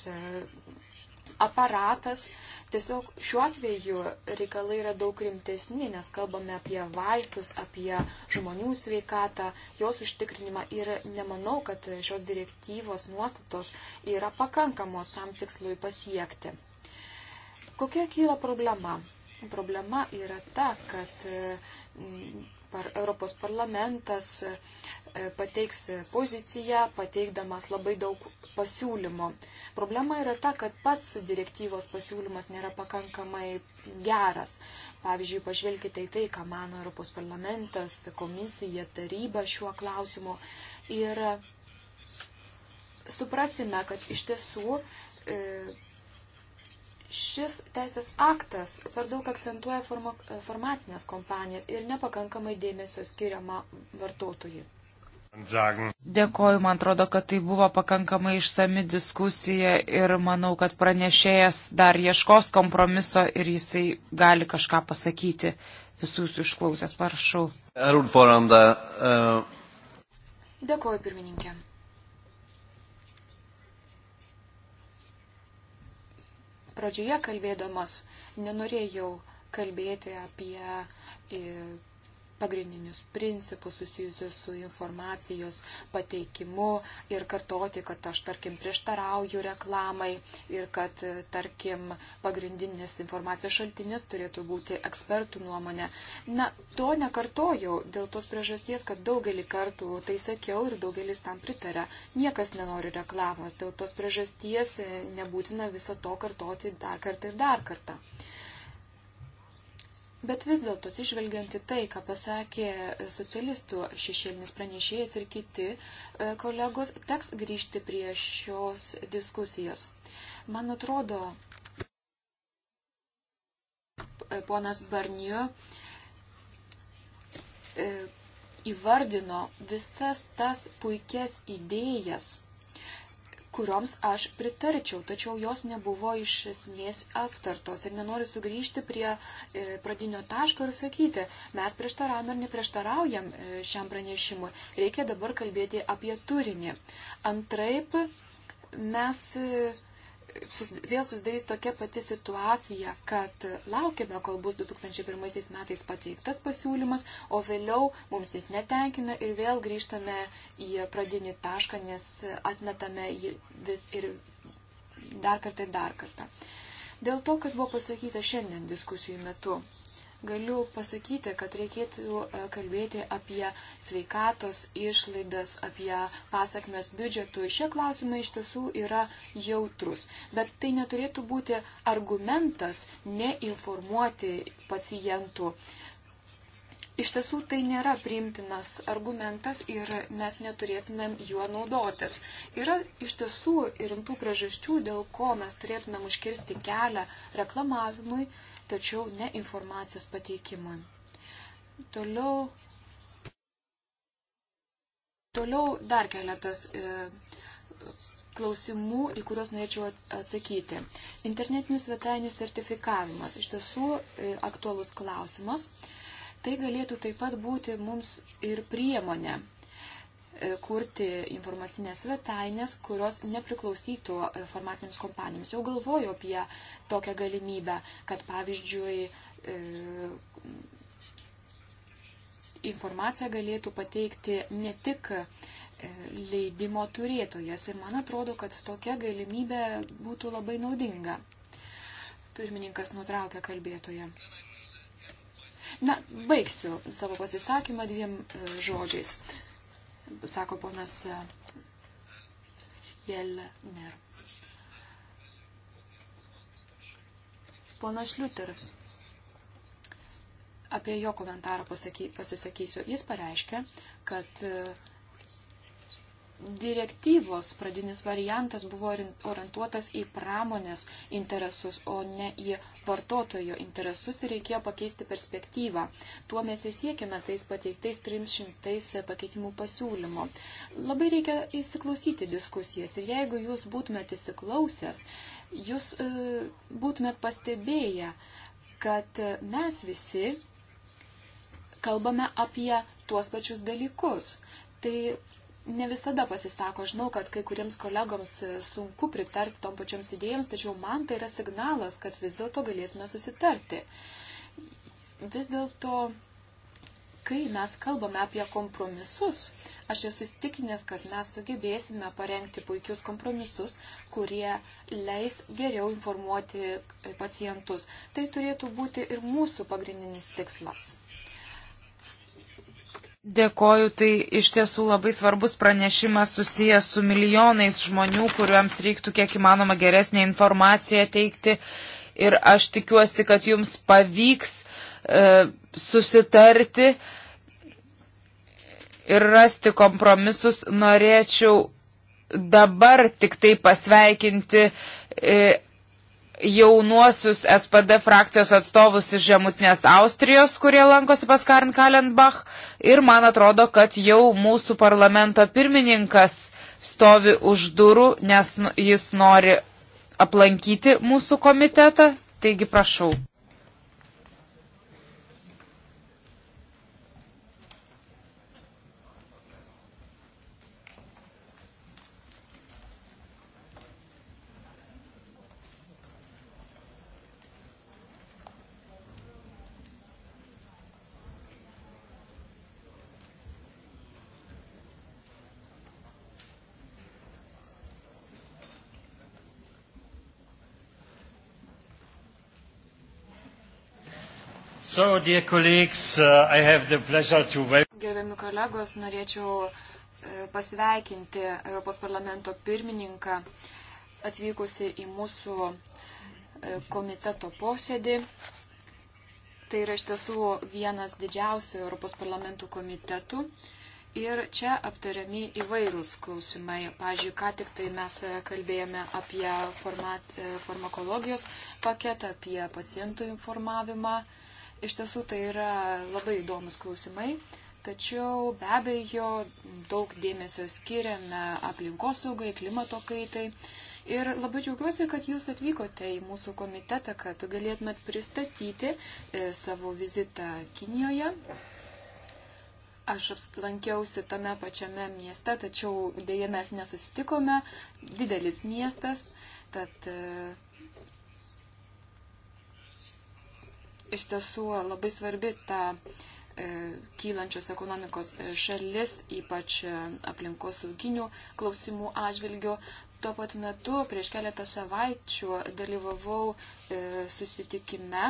aparatas. Tiesiog šiuo atveju reikalai yra daug rimtesni, nes kalbame apie vaistus, apie žmonių sveikatą, jos užtikrinimą ir nemanau, kad šios direktyvos nuostatos yra pakankamos tam tikslui pasiekti. Kokia kyla problema? Problema yra ta, kad e, par Europos parlamentas e, pateiks poziciją, pateikdamas labai daug pasiūlymų. Problema yra ta, kad pats direktyvos pasiūlymas nėra pakankamai geras. Pavyzdžiui, pažvelkite į tai, ką mano Europos parlamentas, komisija, taryba šiuo klausimu. Ir suprasime, kad iš tiesų e, Šis teisės aktas per daug akcentuoja farmacinės kompanijas ir nepakankamai dėmesio skiriama vartotojui. Dėkoju, man atrodo, kad tai buvo pakankamai išsami diskusija ir manau, kad pranešėjas dar ieškos kompromiso ir jisai gali kažką pasakyti visus išklausęs, prašau. Eh, Dėkoju, pirmininkė. pradžioje kalbėdamas nenorėjau kalbėti apie e, pagrindinius principus susijusius su informacijos pateikimu ir kartoti, kad aš, tarkim, prieštarauju reklamai ir kad, tarkim, pagrindinis informacijos šaltinis turėtų būti ekspertų nuomonė. Na, to nekartojau dėl tos priežasties, kad daugelį kartų tai sakiau ir daugelis tam pritarė. Niekas nenori reklamos, dėl tos priežasties e, nebūtina viso to kartoti dar kartą ir dar kartą. Bet vis dėlto, atsižvelgiant į tai, ką pasakė socialistų šešėlinis pranešėjas ir kiti e, kolegos, teks grįžti prie šios diskusijos. Man atrodo, e, ponas Barniu e, įvardino visas tas puikias idėjas kurioms aš pritarčiau, tačiau jos nebuvo iš esmės aptartos ir nenoriu sugrįžti prie e, pradinio taško ir sakyti, mes prieštaraujam ar neprieštaraujam e, šiam pranešimui. Reikia dabar kalbėti apie turinį. Antraip mes e, sus, vėl susidarys tokia pati situacija, kad laukime, kol bus 2001 metais pateiktas pasiūlymas, o vėliau mums jis netenkina ir vėl grįžtame į pradinį tašką, nes atmetame jį vis ir dar kartą ir dar kartą. Dėl to, kas buvo pasakyta šiandien diskusijų metu, galiu pasakyti, kad reikėtų e, kalbėti apie sveikatos išlaidas, apie pasakmes biudžetų. Šie klausimai iš tiesų yra jautrus, bet tai neturėtų būti argumentas neinformuoti pacientų. Iš tiesų tai nėra priimtinas argumentas ir mes neturėtumėm juo naudotis. Yra iš tiesų rimtų priežasčių, dėl ko mes turėtumėm užkirsti kelią reklamavimui tačiau ne informacijos pateikimui. Toliau, toliau dar keletas e, klausimų, į kuriuos norėčiau atsakyti. Internetinių svetainių sertifikavimas iš tiesų e, aktualus klausimas. Tai galėtų taip pat būti mums ir priemonė E, kurti informacinės svetainės, kurios nepriklausytų e, farmacinėms kompanijoms. Jau galvoju apie tokią galimybę, kad pavyzdžiui e, informaciją galėtų pateikti ne tik leidimo turėtojas. Ir man atrodo, kad tokia galimybė būtų labai naudinga. Pirmininkas nutraukė kalbėtoje. Na, baigsiu savo pasisakymą dviem žodžiais sako ponas Jelner. Ponas Šliuter, apie jo komentarą pasaky, pasisakysiu. Jis pareiškia, kad uh, direktyvos pradinis variantas buvo orientuotas į pramonės interesus, o ne į vartotojo interesus ir reikėjo pakeisti perspektyvą. Tuo mes ir siekime tais pateiktais 300 pakeitimų pasiūlymo. Labai reikia įsiklausyti diskusijas ir jeigu jūs būtumėt įsiklausęs, jūs e, būtumėt pastebėję, kad mes visi kalbame apie tuos pačius dalykus. Tai ne visada pasisako. Žinau, kad kai kuriems kolegoms e, sunku pritarti tom pačioms idėjams, tačiau man tai yra signalas, kad vis dėlto galėsime susitarti. Vis dėlto, kai mes kalbame apie kompromisus, aš esu įstikinęs, kad mes sugebėsime parengti puikius kompromisus, kurie leis geriau informuoti pacientus. Tai turėtų būti ir mūsų pagrindinis tikslas. Dėkoju, tai iš tiesų labai svarbus pranešimas susijęs su milijonais žmonių, kuriuoms reiktų kiek įmanoma geresnė informacija teikti. Ir aš tikiuosi, kad jums pavyks e, susitarti ir rasti kompromisus. Norėčiau dabar tik tai pasveikinti e, jaunuosius SPD frakcijos atstovus iš Žemutinės Austrijos, kurie lankosi pas Karin Kalenbach. Ir man atrodo, kad jau mūsų parlamento pirmininkas stovi už durų, nes nu, jis nori aplankyti mūsų komitetą. Taigi prašau. So, dear colleagues, uh, I have the pleasure to welcome. Gerbiami kolegos, norėčiau e, pasveikinti Europos parlamento pirmininką atvykusi į mūsų e, komiteto posėdį. Tai yra iš tiesų vienas didžiausių Europos parlamentų komitetų. Ir čia aptariami įvairūs klausimai. Pavyzdžiui, ką tik tai mes kalbėjome apie format, e, farmakologijos paketą, apie pacientų informavimą. Uh, Iš tiesų tai yra labai įdomus klausimai, tačiau be abejo daug dėmesio skiriame aplinkosaugai, klimato kaitai. Ir labai džiaugiuosi, kad jūs atvykote į mūsų komitetą, kad galėtumėt pristatyti e, savo vizitą Kinijoje. Aš lankiausi tame pačiame mieste, tačiau dėje mes nesusitikome. Didelis miestas, tad e, iš tiesų labai svarbi ta e, kylančios ekonomikos e, šalis, ypač e, aplinkos sauginių klausimų atžvilgių. Tuo pat metu prieš keletą savaičių dalyvavau susitikime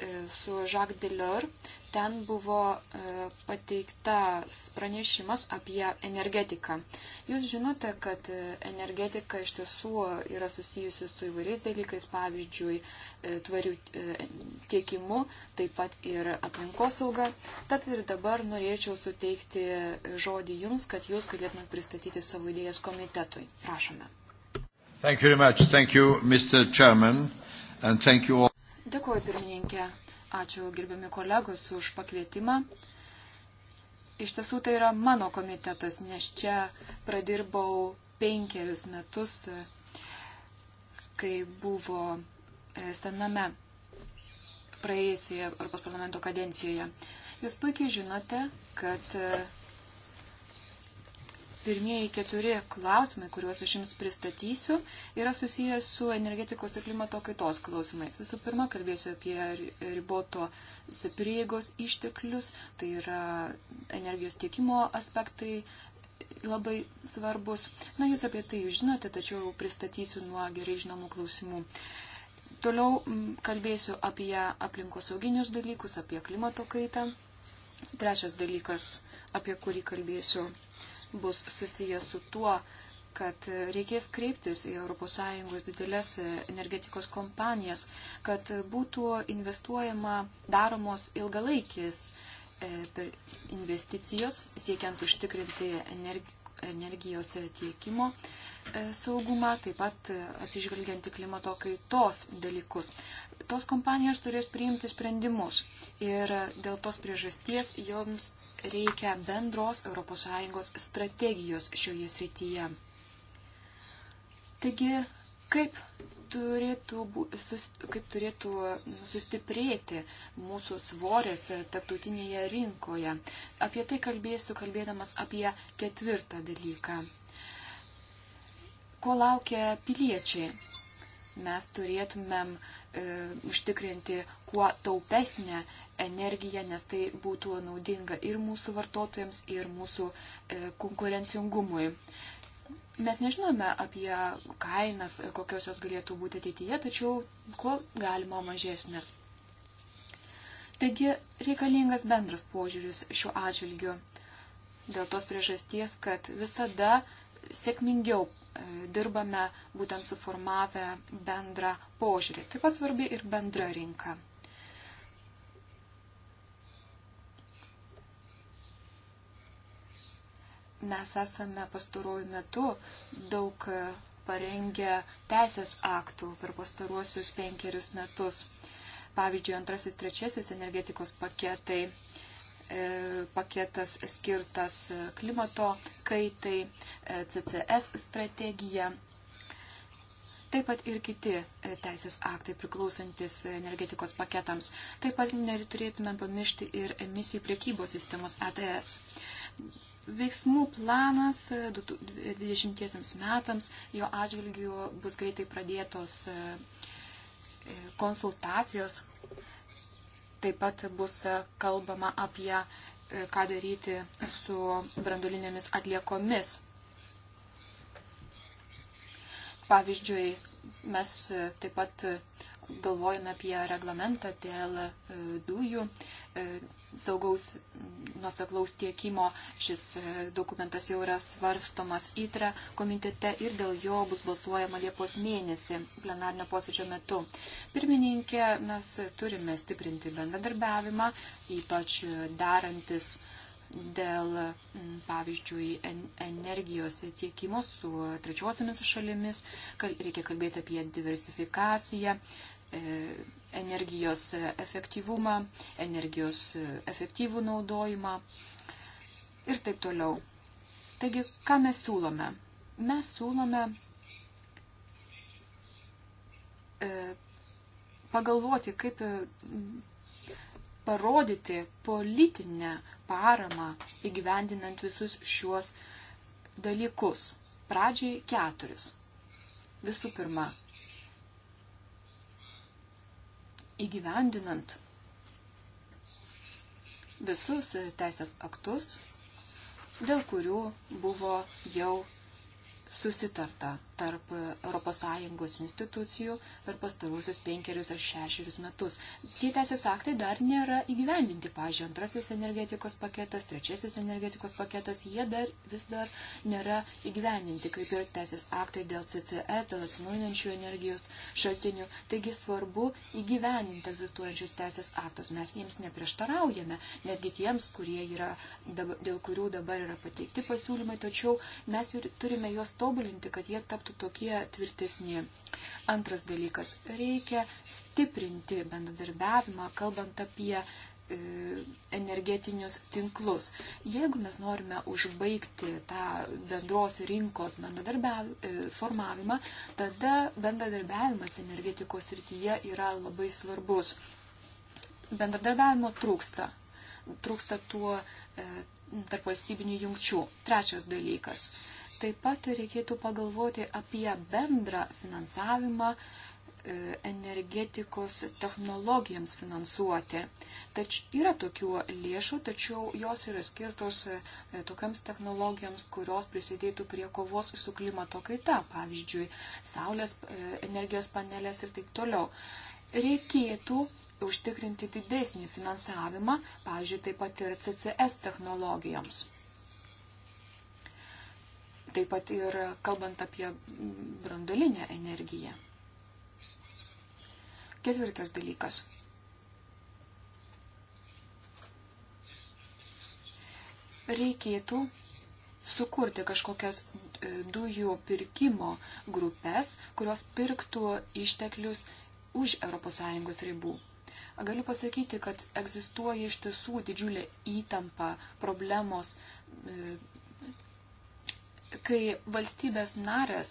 E, su Jacques Delors. Ten buvo e, pateiktas pranešimas apie energetiką. Jūs žinote, kad e, energetika iš tiesų yra susijusi su įvairiais dalykais, pavyzdžiui, tvarių tiekimu, taip pat ir aplinkosauga. Tad ir dabar norėčiau suteikti žodį Jums, kad Jūs galėtumėt pristatyti savo idėjas komitetui. Prašome. Thank you very much. Thank you, Mr. Chairman, and thank you all. Dėkuoju, pirmininkė. Ačiū gerbiami kolegos už pakvietimą. Iš tiesų tai yra mano komitetas, nes čia pradirbau penkerius metus, kai buvo e, sename praėjusioje Europos parlamento kadencijoje. Jūs puikiai žinote, kad e, Pirmieji keturi klausimai, kuriuos aš jums pristatysiu, yra susijęs su energetikos ir klimato kaitos klausimais. Visų pirma, kalbėsiu apie riboto prieigos išteklius, tai yra energijos tiekimo aspektai labai svarbus. Na, jūs apie tai žinote, tačiau pristatysiu nuo gerai žinomų klausimų. Toliau kalbėsiu apie aplinkosauginius dalykus, apie klimato kaitą. Trečias dalykas, apie kurį kalbėsiu bus susijęs su tuo, kad reikės kreiptis į ES didelės energetikos kompanijas, kad būtų investuojama daromos ilgalaikis e, investicijos, siekiant užtikrinti energijos tiekimo e, saugumą, taip pat atsižvelgiant į klimato kaitos dalykus. Tos kompanijos turės priimti sprendimus ir dėl tos priežasties joms reikia bendros ES strategijos šioje srityje. Taigi, kaip turėtų, sus, kaip turėtų sustiprėti mūsų svorės tarptautinėje rinkoje? Apie tai kalbėsiu, kalbėdamas apie ketvirtą dalyką. Ko laukia piliečiai? mes turėtumėm e, užtikrinti kuo taupesnę energiją, nes tai būtų naudinga ir mūsų vartotojams, ir mūsų e, konkurencingumui. Mes nežinome apie kainas, e, kokios jos galėtų būti ateityje, tačiau kuo galima mažesnės. Taigi reikalingas bendras požiūris šiuo atžvilgiu. Dėl tos priežasties, kad visada sėkmingiau dirbame būtent suformavę bendrą požiūrį. Taip pat svarbi ir bendra rinka. Mes esame pastaruoju metu daug parengę teisės aktų per pastaruosius penkerius metus. Pavyzdžiui, antrasis, trečiasis energetikos paketai E, paketas skirtas klimato kaitai, e, CCS strategija, taip pat ir kiti e, teisės aktai priklausantis energetikos paketams. Taip pat neturėtume pamiršti ir emisijų priekybos sistemos ETS. Veiksmų planas 20 metams, jo atžvilgiu bus greitai pradėtos konsultacijos, Taip pat bus kalbama apie e, ką daryti su brandulinėmis atliekomis. Pavyzdžiui, mes e, taip pat galvojame apie reglamentą dėl e, dujų e, saugaus nuoseklaus tiekimo. Šis e, dokumentas jau yra svarstomas įtre komitete ir dėl jo bus balsuojama Liepos mėnesį plenarnio posėdžio metu. Pirmininkė, mes turime stiprinti bendradarbiavimą, ypač darantis dėl, pavyzdžiui, energijos tiekimo su trečiosiamis šalimis, reikia kalbėti apie diversifikaciją, E, energijos efektyvumą, energijos efektyvų naudojimą ir taip toliau. Taigi, ką mes siūlome? Mes siūlome e, pagalvoti, kaip parodyti politinę paramą įgyvendinant visus šiuos dalykus. Pradžiai keturis. Visų pirma, įgyvendinant visus teisės aktus, dėl kurių buvo jau susitarta tarp ES institucijų per pastarusius penkerius ar šešerius metus. Tie teisės aktai dar nėra įgyvendinti. Pavyzdžiui, antrasis energetikos paketas, trečiasis energetikos paketas, jie dar vis dar nėra įgyvendinti, kaip ir teisės aktai dėl CCS, e, dėl atsinaujinančių energijos šaltinių. Taigi svarbu įgyvendinti egzistuojančius teisės aktus. Mes jiems neprieštaraujame, netgi tiems, kurie yra, dėl kurių dabar yra pateikti pasiūlymai, tačiau mes turime juos tobulinti, kad jie taptų taptų tokie tvirtesni. Antras dalykas - reikia stiprinti bendradarbiavimą, kalbant apie e, energetinius tinklus. Jeigu mes norime užbaigti tą bendros rinkos e, formavimą, tada bendradarbiavimas energetikos rytyje yra labai svarbus. Bendradarbiavimo trūksta. Trūksta tuo e, tarp valstybinių jungčių. Trečias dalykas - Taip pat reikėtų pagalvoti apie bendrą finansavimą e, energetikos technologijams finansuoti. Tač yra tokių lėšų, tačiau jos yra skirtos e, tokiams technologijams, kurios prisidėtų prie kovos su klimato kaita, pavyzdžiui, saulės e, energijos panelės ir taip toliau. Reikėtų užtikrinti didesnį finansavimą, pavyzdžiui, taip pat ir CCS technologijoms taip pat ir kalbant apie brandolinę energiją. Ketvirtas dalykas. Reikėtų sukurti kažkokias e, dujų pirkimo grupės, kurios pirktų išteklius už ES ribų. Galiu pasakyti, kad egzistuoja iš tiesų didžiulė įtampa problemos e, kai valstybės narės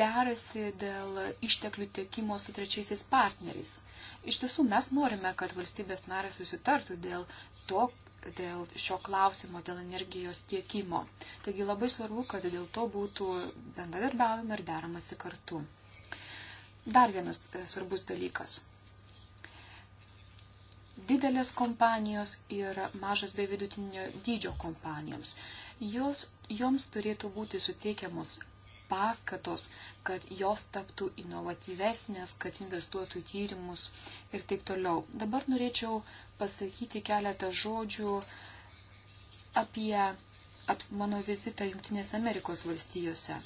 derasi dėl išteklių tiekimo su trečiaisiais partneriais. Iš tiesų mes norime, kad valstybės narės susitartų dėl to, dėl šio klausimo, dėl energijos tiekimo. Taigi labai svarbu, kad dėl to būtų bendradarbiaujama ir deramasi kartu. Dar vienas e, svarbus dalykas didelės kompanijos ir mažas bei vidutinio dydžio kompanijoms. Jos, joms turėtų būti suteikiamos paskatos, kad jos taptų inovatyvesnės, kad investuotų į tyrimus ir taip toliau. Dabar norėčiau pasakyti keletą žodžių apie mano vizitą Junktinės Amerikos valstijose.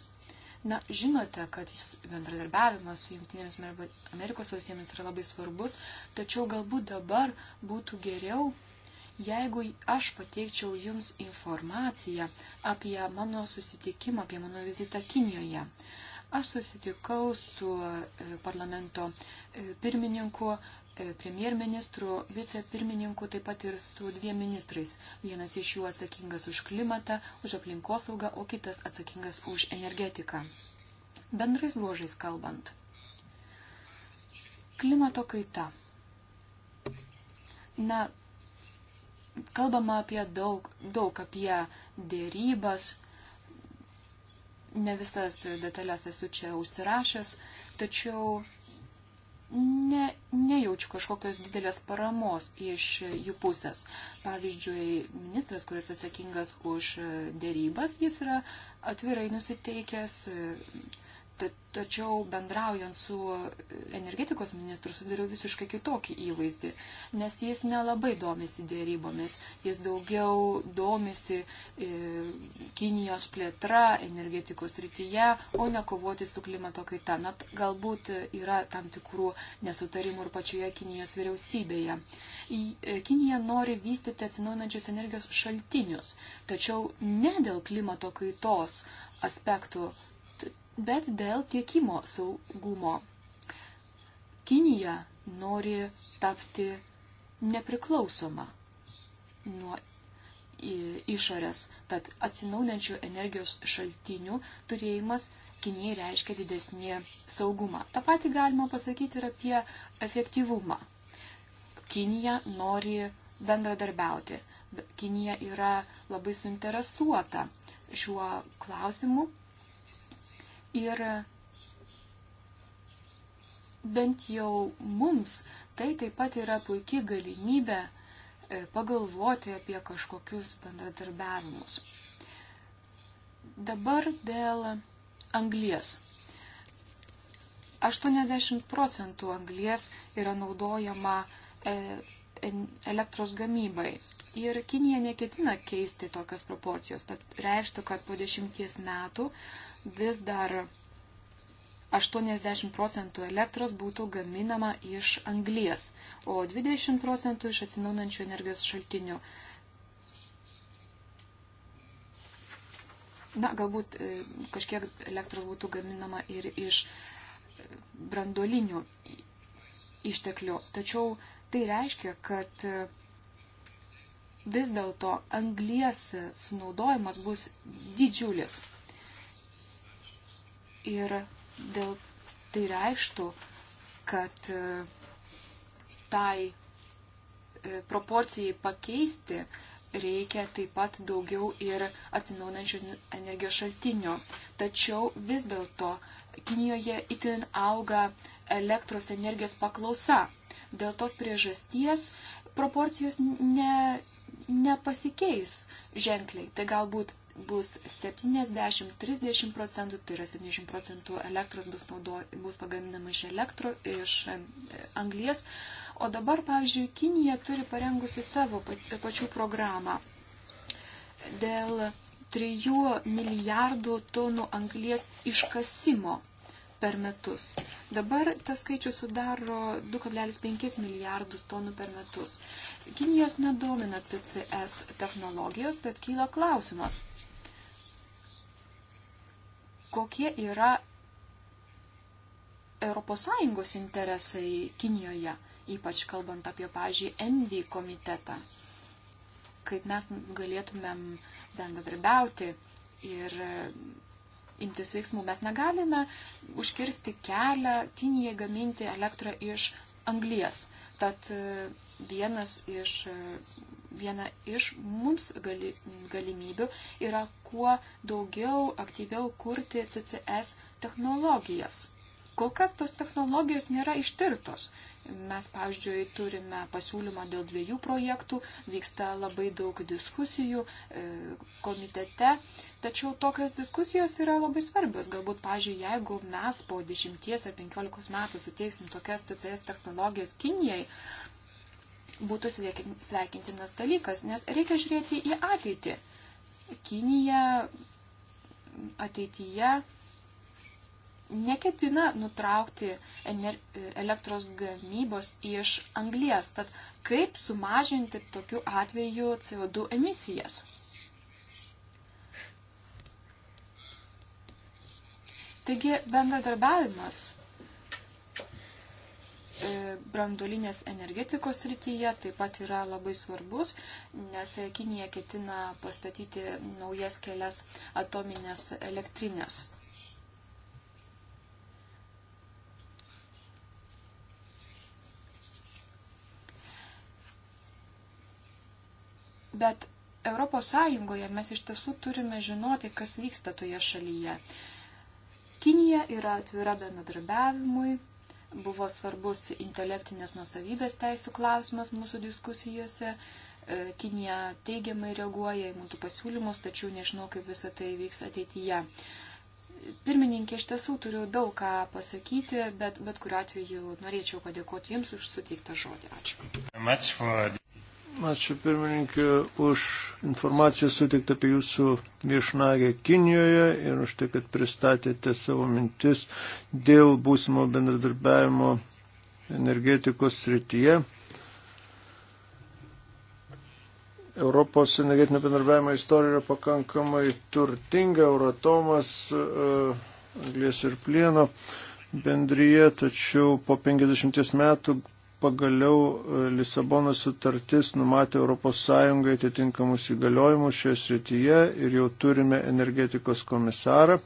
Na, žinote, kad bendradarbiavimas su Junktinėmis Amerikos valstybėmis yra labai svarbus, tačiau galbūt dabar būtų geriau, jeigu aš pateikčiau jums informaciją apie mano susitikimą, apie mano vizitą Kinijoje. Aš susitikau su e, parlamento e, pirmininku, E, premjerministru, vicepirmininku, taip pat ir su dviem ministrais. Vienas iš jų atsakingas už klimatą, už aplinkosaugą, o kitas atsakingas už energetiką. Bendrais luožais kalbant. Klimato kaita. Na, kalbama apie daug, daug apie dėrybas, ne visas detalės esu čia užsirašęs, tačiau ne, nejaučiu kažkokios didelės paramos iš jų pusės. Pavyzdžiui, ministras, kuris atsakingas už dėrybas, jis yra atvirai nusiteikęs, Tačiau bendraujant su energetikos ministru sudariau visiškai kitokį įvaizdį, nes jis nelabai domisi dėrybomis, jis daugiau domisi e, Kinijos plėtra energetikos rytyje, o ne kovoti su klimato kaita. Net galbūt yra tam tikrų nesutarimų ir pačioje Kinijos vyriausybėje. E, Kinija nori vystyti atsinaujinančius energijos šaltinius, tačiau ne dėl klimato kaitos aspektų bet dėl tiekimo saugumo. Kinija nori tapti nepriklausoma nuo išorės, tad atsinaujančių energijos šaltinių turėjimas Kinijai reiškia didesnį saugumą. Ta pati galima pasakyti ir apie efektyvumą. Kinija nori bendradarbiauti. Kinija yra labai suinteresuota šiuo klausimu Ir bent jau mums tai taip pat yra puikia galimybė e, pagalvoti apie kažkokius bendradarbiavimus. Dabar dėl anglies. 80 procentų anglies yra naudojama e, elektros gamybai. Ir Kinija neketina keisti tokios proporcijos. Tad reiškia, kad po dešimties metų vis dar 80 procentų elektros būtų gaminama iš anglies, o 20 procentų iš atsinaunančių energijos šaltinių. Na, galbūt e, kažkiek elektros būtų gaminama ir iš e, brandolinių išteklių. Tačiau tai reiškia, kad e, vis dėlto anglies sunaudojimas bus didžiulis. Ir dėl tai reikštų, kad e, tai e, proporcijai pakeisti reikia taip pat daugiau ir atsinaujančių energijos šaltinių. Tačiau vis dėlto Kinijoje itin auga elektros energijos paklausa. Dėl tos priežasties proporcijos ne, nepasikeis ženkliai. Tai galbūt bus 70-30 procentų, tai yra 70 procentų elektros bus, naudo, bus pagaminama iš, elektro, iš anglies. O dabar, pavyzdžiui, Kinija turi parengusi savo pačių programą dėl 3 milijardų tonų anglies iškasimo per metus. Dabar tas skaičius sudaro 2,5 milijardus tonų per metus. Kinijos nedomina CCS technologijos, bet kyla klausimas, kokie yra ES interesai Kinijoje, ypač kalbant apie, pažiūrėjau, Envy komitetą, kaip mes galėtumėm bendradarbiauti ir imtis veiksmų. Mes negalime užkirsti kelią Kinijai gaminti elektrą iš anglies. Tad vienas iš viena iš mums gali, galimybių yra kuo daugiau aktyviau kurti CCS technologijas. Kol kas tos technologijos nėra ištirtos. Mes, pavyzdžiui, turime pasiūlymą dėl dviejų projektų, vyksta labai daug diskusijų e, komitete, tačiau tokios diskusijos yra labai svarbios. Galbūt, pavyzdžiui, jeigu mes po 10 ar 15 metų suteiksim tokias CCS technologijas Kinijai, būtų sveikintinas dalykas, nes reikia žiūrėti į ateitį. Kinija ateityje neketina nutraukti ener, elektros gamybos iš anglies. Tad kaip sumažinti tokiu atveju CO2 emisijas? Taigi bendradarbiavimas E, brandolinės energetikos rytyje taip pat yra labai svarbus, nes Kinija ketina pastatyti naujas kelias atominės elektrinės. Bet ES mes iš tiesų turime žinoti, kas vyksta toje šalyje. Kinija yra atvira bendradarbiavimui, buvo svarbus intelektinės nusavybės teisų klausimas mūsų diskusijose. E, Kinija teigiamai reaguoja į mūsų pasiūlymus, tačiau nežinau, kaip visą tai vyks ateityje. Pirmininkė, iš tiesų turiu daug ką pasakyti, bet bet kuriu atveju norėčiau padėkoti Jums už suteiktą žodį. Ačiū. Ačiū pirmininkė už informaciją sutiktą apie jūsų viešnagę Kinijoje ir už tai, kad pristatėte savo mintis dėl būsimo bendradarbiavimo energetikos srityje. Europos energetinio bendradarbiavimo istorija yra pakankamai turtinga, Euratomas, e, anglės ir plieno bendryje, tačiau po 50 metų pagaliau e, Lisabono sutartis numatė ES atitinkamus įgaliojimus šioje srityje ir jau turime energetikos komisarą.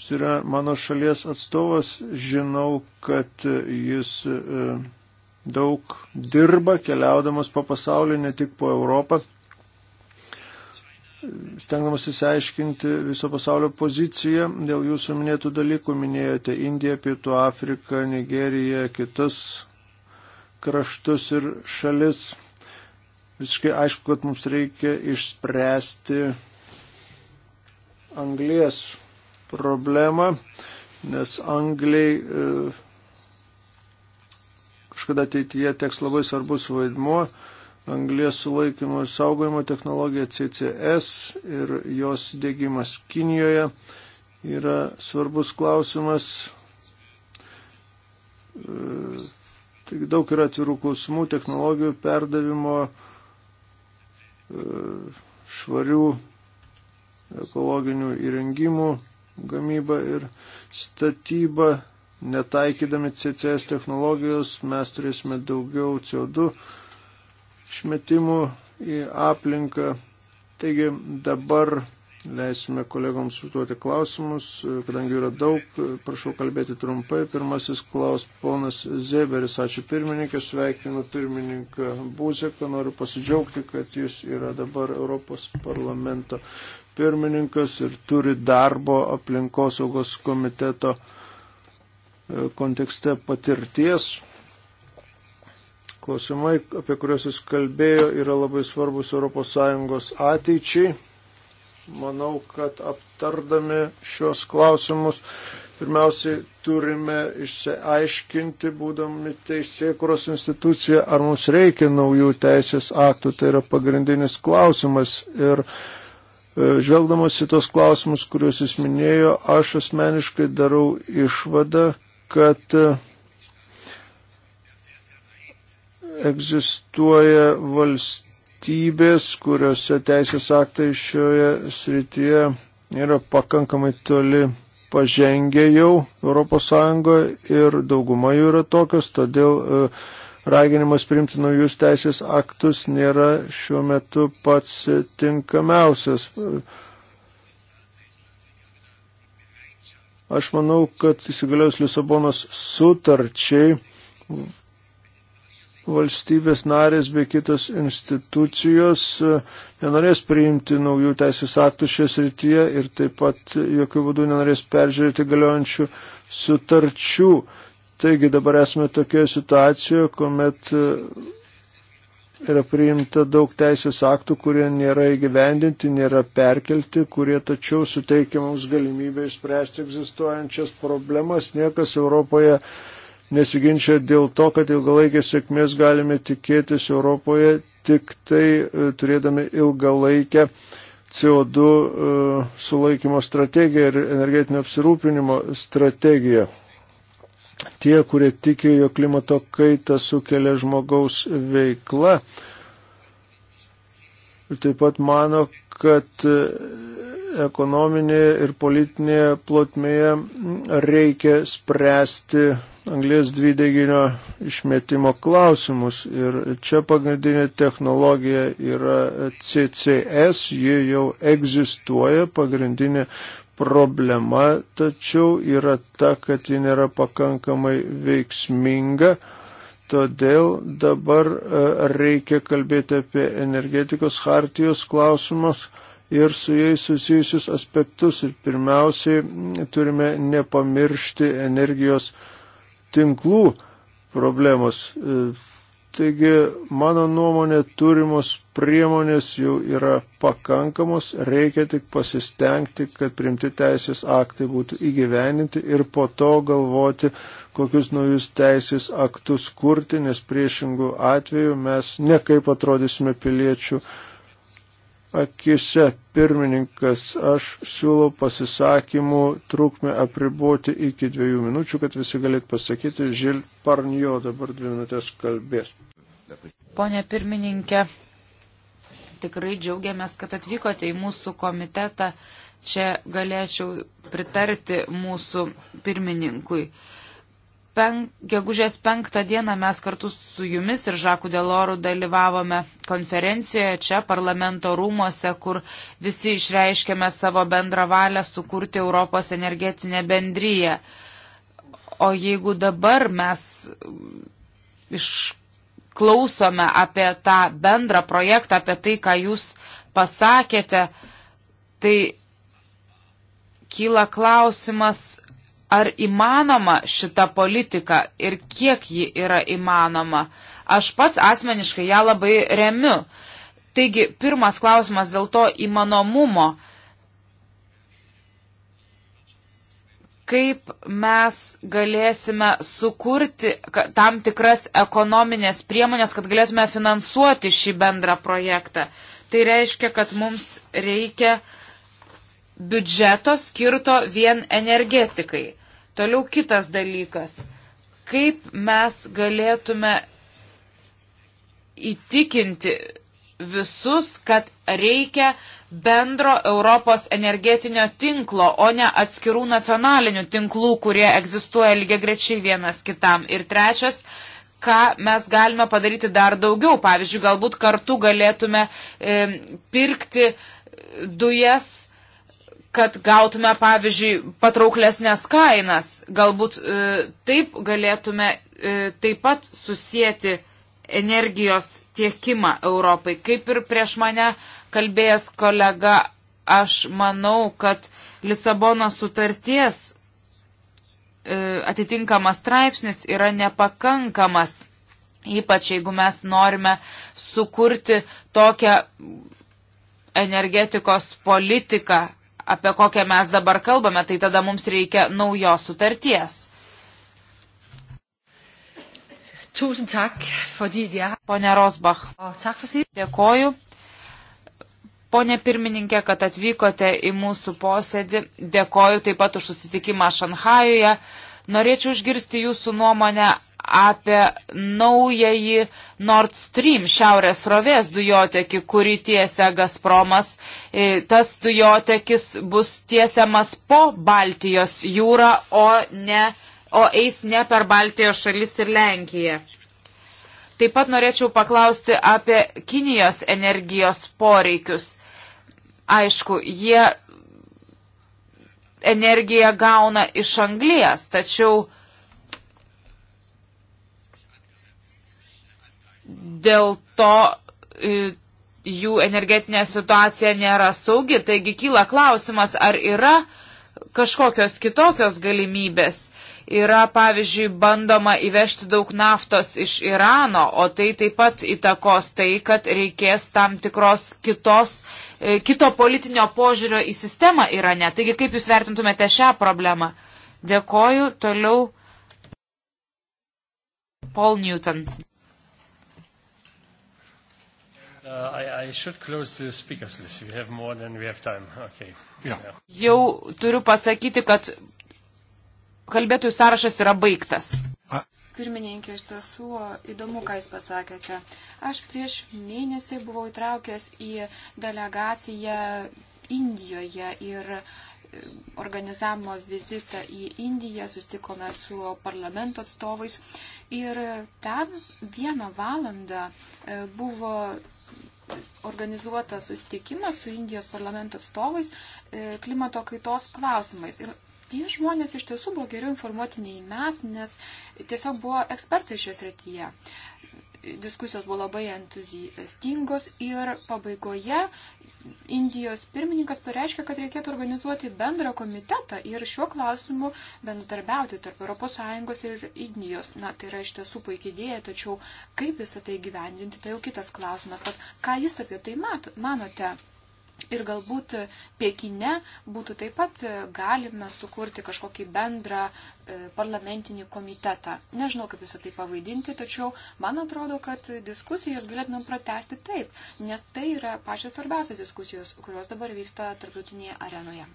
Jis yra mano šalies atstovas, žinau, kad jis e, daug dirba keliaudamas po pasaulį, ne tik po Europą stengdamas įsiaiškinti viso pasaulio poziciją dėl jūsų minėtų dalykų, minėjote Indiją, Pietų Afriką, Nigeriją, kitas kraštus ir šalis. Visiškai aišku, kad mums reikia išspręsti anglės problemą, nes angliai e, kažkada ateityje teks labai svarbus vaidmuo anglės sulaikymo ir saugojimo technologija CCS ir jos dėgymas Kinijoje yra svarbus klausimas. E, Taigi daug yra atvirų klausimų, technologijų perdavimo, e, švarių ekologinių įrengimų gamyba ir statyba. Netaikydami CCS technologijos mes turėsime daugiau CO2 išmetimų į aplinką. Taigi dabar leisime kolegoms užduoti klausimus, kadangi yra daug, prašau kalbėti trumpai. Pirmasis klaus ponas Zeberis, ačiū pirmininkė, sveikinu pirmininką Būzeką, noriu pasidžiaugti, kad jis yra dabar Europos parlamento pirmininkas ir turi darbo aplinkosaugos komiteto e, kontekste patirties. Klausimai, apie kuriuos jis kalbėjo, yra labai svarbus ES ateičiai Manau, kad aptardami šios klausimus pirmiausiai turime išsiaiškinti, būdami teisėkuros institucija, ar mums reikia naujų teisės aktų. Tai yra pagrindinis klausimas. Ir e, žvelgdamas į tos klausimus, kuriuos jis minėjo, aš asmeniškai darau išvadą, kad e, egzistuoja valstybė valstybės, kuriuose teisės aktai šioje srityje yra pakankamai toli pažengę jau ES ir dauguma jų yra tokios, todėl e, raginimas priimti naujus teisės aktus nėra šiuo metu pats tinkamiausias. Aš manau, kad įsigaliaus Lisabonos sutarčiai valstybės narės bei kitos institucijos e, nenorės priimti naujų teisės aktų šioje srityje ir taip pat jokių būdų nenorės peržiūrėti galiojančių sutarčių. Taigi dabar esame tokioje situacijoje, kuomet e, yra priimta daug teisės aktų, kurie nėra įgyvendinti, nėra perkelti, kurie tačiau suteikia mums galimybę išspręsti egzistuojančias problemas. Niekas Europoje nesiginčia dėl to, kad ilgalaikės sėkmės galime tikėtis Europoje tik tai e, turėdami ilgalaikę CO2 e, sulaikymo strategiją ir energetinio apsirūpinimo strategiją. Tie, kurie tiki, jo klimato kaitą sukelia žmogaus veikla, ir taip pat mano, kad e, ekonominėje ir politinėje plotmėje reikia spręsti anglės dvideginio išmetimo klausimus. Ir čia pagrindinė technologija yra CCS, ji jau egzistuoja, pagrindinė problema, tačiau yra ta, kad ji nėra pakankamai veiksminga. Todėl dabar e, reikia kalbėti apie energetikos hartijos klausimus ir su jais susijusius aspektus. Ir pirmiausiai turime nepamiršti energijos hartijos tinklų problemos. E, taigi, mano nuomonė, turimos priemonės jau yra pakankamos, reikia tik pasistengti, kad primti teisės aktai būtų įgyveninti ir po to galvoti, kokius naujus teisės aktus kurti, nes priešingų atveju mes nekaip atrodysime piliečių akise pirmininkas, aš siūlau pasisakymų trukmę apriboti iki dviejų minučių, kad visi galėt pasakyti. Žil Parnio dabar dvi minutės kalbės. Pone pirmininkė, tikrai džiaugiamės, kad atvykote į mūsų komitetą. Čia galėčiau pritarti mūsų pirmininkui. Uh, penk, gegužės penktą dieną mes kartu su jumis ir Žaku Deloru dalyvavome konferencijoje čia parlamento rūmose, kur visi išreiškėme savo bendrą valią sukurti Europos energetinę bendryją. O jeigu dabar mes išklausome apie tą bendrą projektą, apie tai, ką jūs pasakėte, tai kyla klausimas, ar įmanoma šita politika ir kiek ji yra įmanoma. Aš pats asmeniškai ją labai remiu. Taigi, pirmas klausimas dėl to įmanomumo. Kaip mes galėsime sukurti tam tikras ekonominės priemonės, kad galėtume finansuoti šį bendrą projektą. Tai reiškia, kad mums reikia biudžeto skirto vien energetikai. Toliau kitas dalykas. Kaip mes galėtume įtikinti visus, kad reikia bendro Europos energetinio tinklo, o ne atskirų nacionalinių tinklų, kurie egzistuoja lygiai grečiai vienas kitam. Ir trečias, ką mes galime padaryti dar daugiau. Pavyzdžiui, galbūt kartu galėtume e, pirkti dujas kad gautume, pavyzdžiui, patrauklesnės kainas. Galbūt e, taip galėtume e, taip pat susijęti energijos tiekimą Europai. Kaip ir prieš mane kalbėjęs kolega, aš manau, kad Lisabono sutarties e, atitinkamas straipsnis yra nepakankamas, ypač jeigu mes norime sukurti tokią energetikos politiką apie kokią mes dabar kalbame, tai tada mums reikia naujos sutarties. Er Pone Rosbach, dėkoju. Pone pirmininkė, kad atvykote į mūsų posėdį. Dėkoju taip pat už susitikimą Šanhajuje. Norėčiau išgirsti jūsų nuomonę apie naująjį Nord Stream šiaurės rovės dujotekį, kurį tiesia Gazpromas. E, tas dujotekis bus tiesiamas po Baltijos jūrą, o, ne, o eis ne per Baltijos šalis ir Lenkiją. Taip pat norėčiau paklausti apie Kinijos energijos poreikius. Aišku, jie energiją gauna iš anglijas, tačiau dėl to e, jų energetinė situacija nėra saugi, taigi kyla klausimas, ar yra kažkokios kitokios galimybės. Yra, pavyzdžiui, bandoma įvežti daug naftos iš Irano, o tai taip pat įtakos tai, kad reikės tam tikros kitos, e, kito politinio požiūrio į sistemą Irane. Taigi, kaip Jūs vertintumėte šią problemą? Dėkoju, toliau Paul Newton. Uh, I, I should close the speakers list. We have more than we have time. Okay. Yeah. Yeah. Jau turiu pasakyti, kad kalbėtojų sąrašas yra baigtas. A. Pirmininkė, iš tiesų įdomu, ką jūs pasakėte. Aš prieš mėnesį buvau įtraukęs į delegaciją Indijoje ir e, organizavimo vizitą į Indiją, sustikome su parlamento atstovais ir ten vieną valandą e, buvo organizuotą susitikimą su Indijos parlamento atstovais e, klimato kaitos klausimais. Ir tie žmonės iš tiesų buvo geriau informuoti nei mes, nes tiesiog buvo ekspertai šios rytyje diskusijos buvo labai entuziastingos ir pabaigoje Indijos pirmininkas pareiškė, kad reikėtų organizuoti bendrą komitetą ir šiuo klausimu bendradarbiauti tarp ES ir Indijos. Na, tai yra iš tiesų puikiai idėja, tačiau kaip visą tai gyvendinti, tai jau kitas klausimas. Tad ką jūs apie tai mat, manote? Ir galbūt Pekine būtų taip pat galime sukurti kažkokį bendrą e, parlamentinį komitetą. Nežinau, kaip visą tai pavadinti, tačiau man atrodo, kad diskusijas galėtumėm pratesti taip, nes tai yra pačios svarbiausios diskusijos, kurios dabar vyksta tarptautinėje arenoje.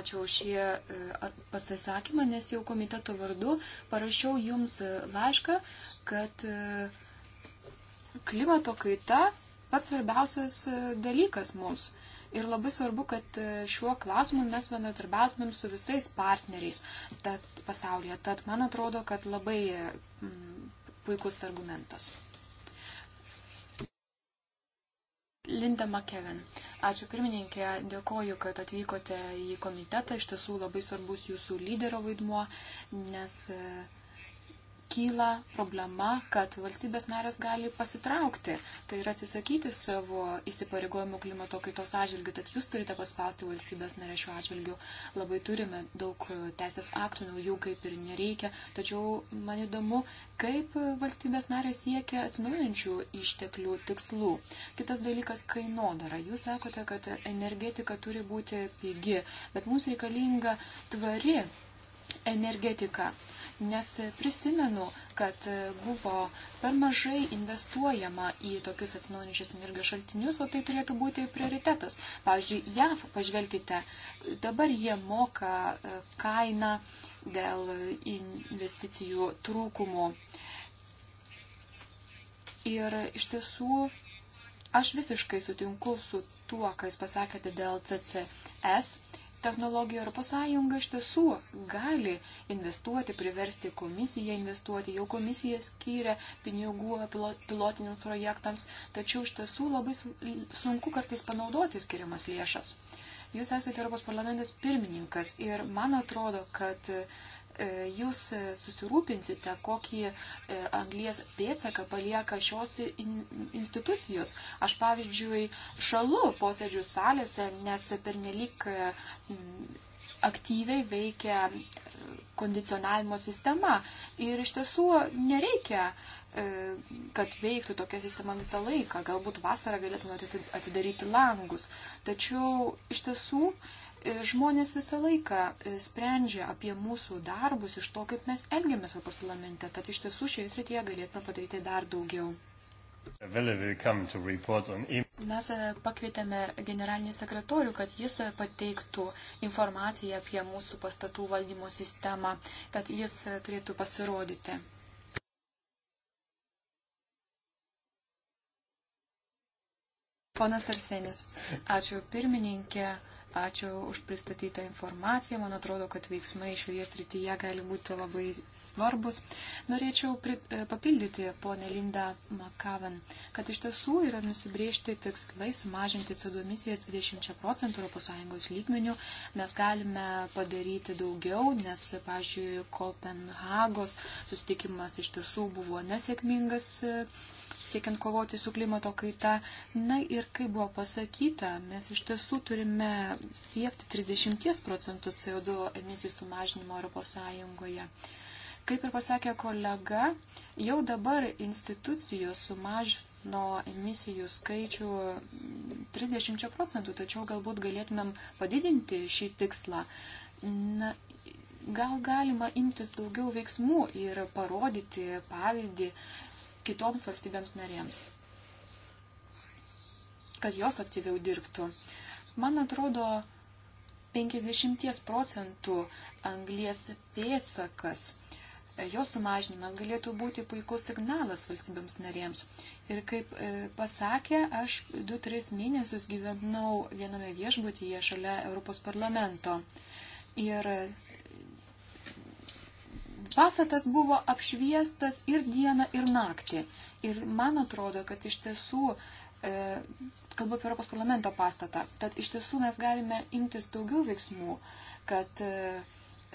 Ačiū už šį e, pasisakymą, nes jau komiteto vardu parašiau jums laišką, kad e, klimato kaita pats svarbiausias e, dalykas mums. Ir labai svarbu, kad e, šiuo klausimu mes bendradarbiautumėm su visais partneriais tad, pasaulyje. Tad man atrodo, kad labai mm, puikus argumentas. Linda McKevin. Ačiū pirmininkė, dėkoju, kad atvykote į komitetą. Iš tiesų labai svarbus jūsų lyderio vaidmuo, nes. E, kyla problema, kad valstybės narės gali pasitraukti, tai yra atsisakyti savo įsipareigojimų klimato kaitos atžvilgių, tad jūs turite paspausti valstybės narės šiuo atžvilgiu. Labai turime daug teisės aktų, naujų kaip ir nereikia, tačiau man įdomu, kaip valstybės narės siekia atsinaujinančių išteklių tikslų. Kitas dalykas - kainodara. Jūs sakote, kad energetika turi būti pigi, bet mums reikalinga tvari energetika nes prisimenu, kad buvo per mažai investuojama į tokius atsinaujančius energijos šaltinius, o tai turėtų būti prioritetas. Pavyzdžiui, JAV, pažvelkite, dabar jie moka e, kainą dėl investicijų trūkumų. Ir iš tiesų, aš visiškai sutinku su tuo, ką jūs pasakėte dėl CCS technologijų Europos Sąjunga iš tiesų gali investuoti, priversti komisiją investuoti, jau komisija skyrė pinigų pilotiniams projektams, tačiau iš tiesų labai sunku kartais panaudoti skiriamas lėšas. Jūs esate Europos parlamentas pirmininkas ir man atrodo, kad E, jūs e, susirūpinsite, kokį e, anglies pėtsaką palieka šios institucijos. Aš, pavyzdžiui, šalu posėdžių salėse, nes pernelyg aktyviai veikia kondicionavimo sistema. Ir iš tiesų nereikia, kad veiktų tokia sistema visą laiką. Galbūt vasarą galėtume atidaryti langus. Tačiau iš tiesų žmonės visą laiką e, sprendžia apie mūsų darbus iš to, kaip mes elgiamės Europos parlamente, tad iš tiesų šioje srityje galėtume padaryti dar daugiau. Mes e, pakvietėme generalinį sekretorių, kad jis e, pateiktų informaciją apie mūsų pastatų valdymo sistemą, tad jis turėtų pasirodyti. Ponas Arsenis, ačiū pirmininkė. Ačiū už pristatytą informaciją. Man atrodo, kad veiksmai šioje srityje gali būti labai svarbus. Norėčiau pri, e, papildyti ponę Lindą Makavan, kad iš tiesų yra nusibriežti tikslai sumažinti CO2 emisijas 20 procentų ES lygmenių. Mes galime padaryti daugiau, nes, pavyzdžiui, Kopenhagos susitikimas iš tiesų buvo nesėkmingas. E, siekiant kovoti su klimato kaita. Na ir kaip buvo pasakyta, mes iš tiesų turime siekti 30 procentų CO2 emisijų sumažinimo ES. Kaip ir pasakė kolega, jau dabar institucijos sumažino emisijų skaičių 30 procentų, tačiau galbūt galėtumėm padidinti šį tikslą. Na, gal galima imtis daugiau veiksmų ir parodyti pavyzdį kitoms valstybėms narėms, kad jos aktyviau dirbtų. Man atrodo, 50 procentų anglies pėtsakas, jo sumažinimas galėtų būti puikus signalas valstybėms narėms. Ir kaip e, pasakė, aš 2-3 mėnesius gyvenau viename viešbutyje šalia Europos parlamento. Ir pastatas buvo apšviestas ir dieną, ir naktį. Ir man atrodo, kad iš tiesų, e, kalbu apie Europos parlamento pastatą, tad iš tiesų mes galime imtis daugiau veiksmų, kad e,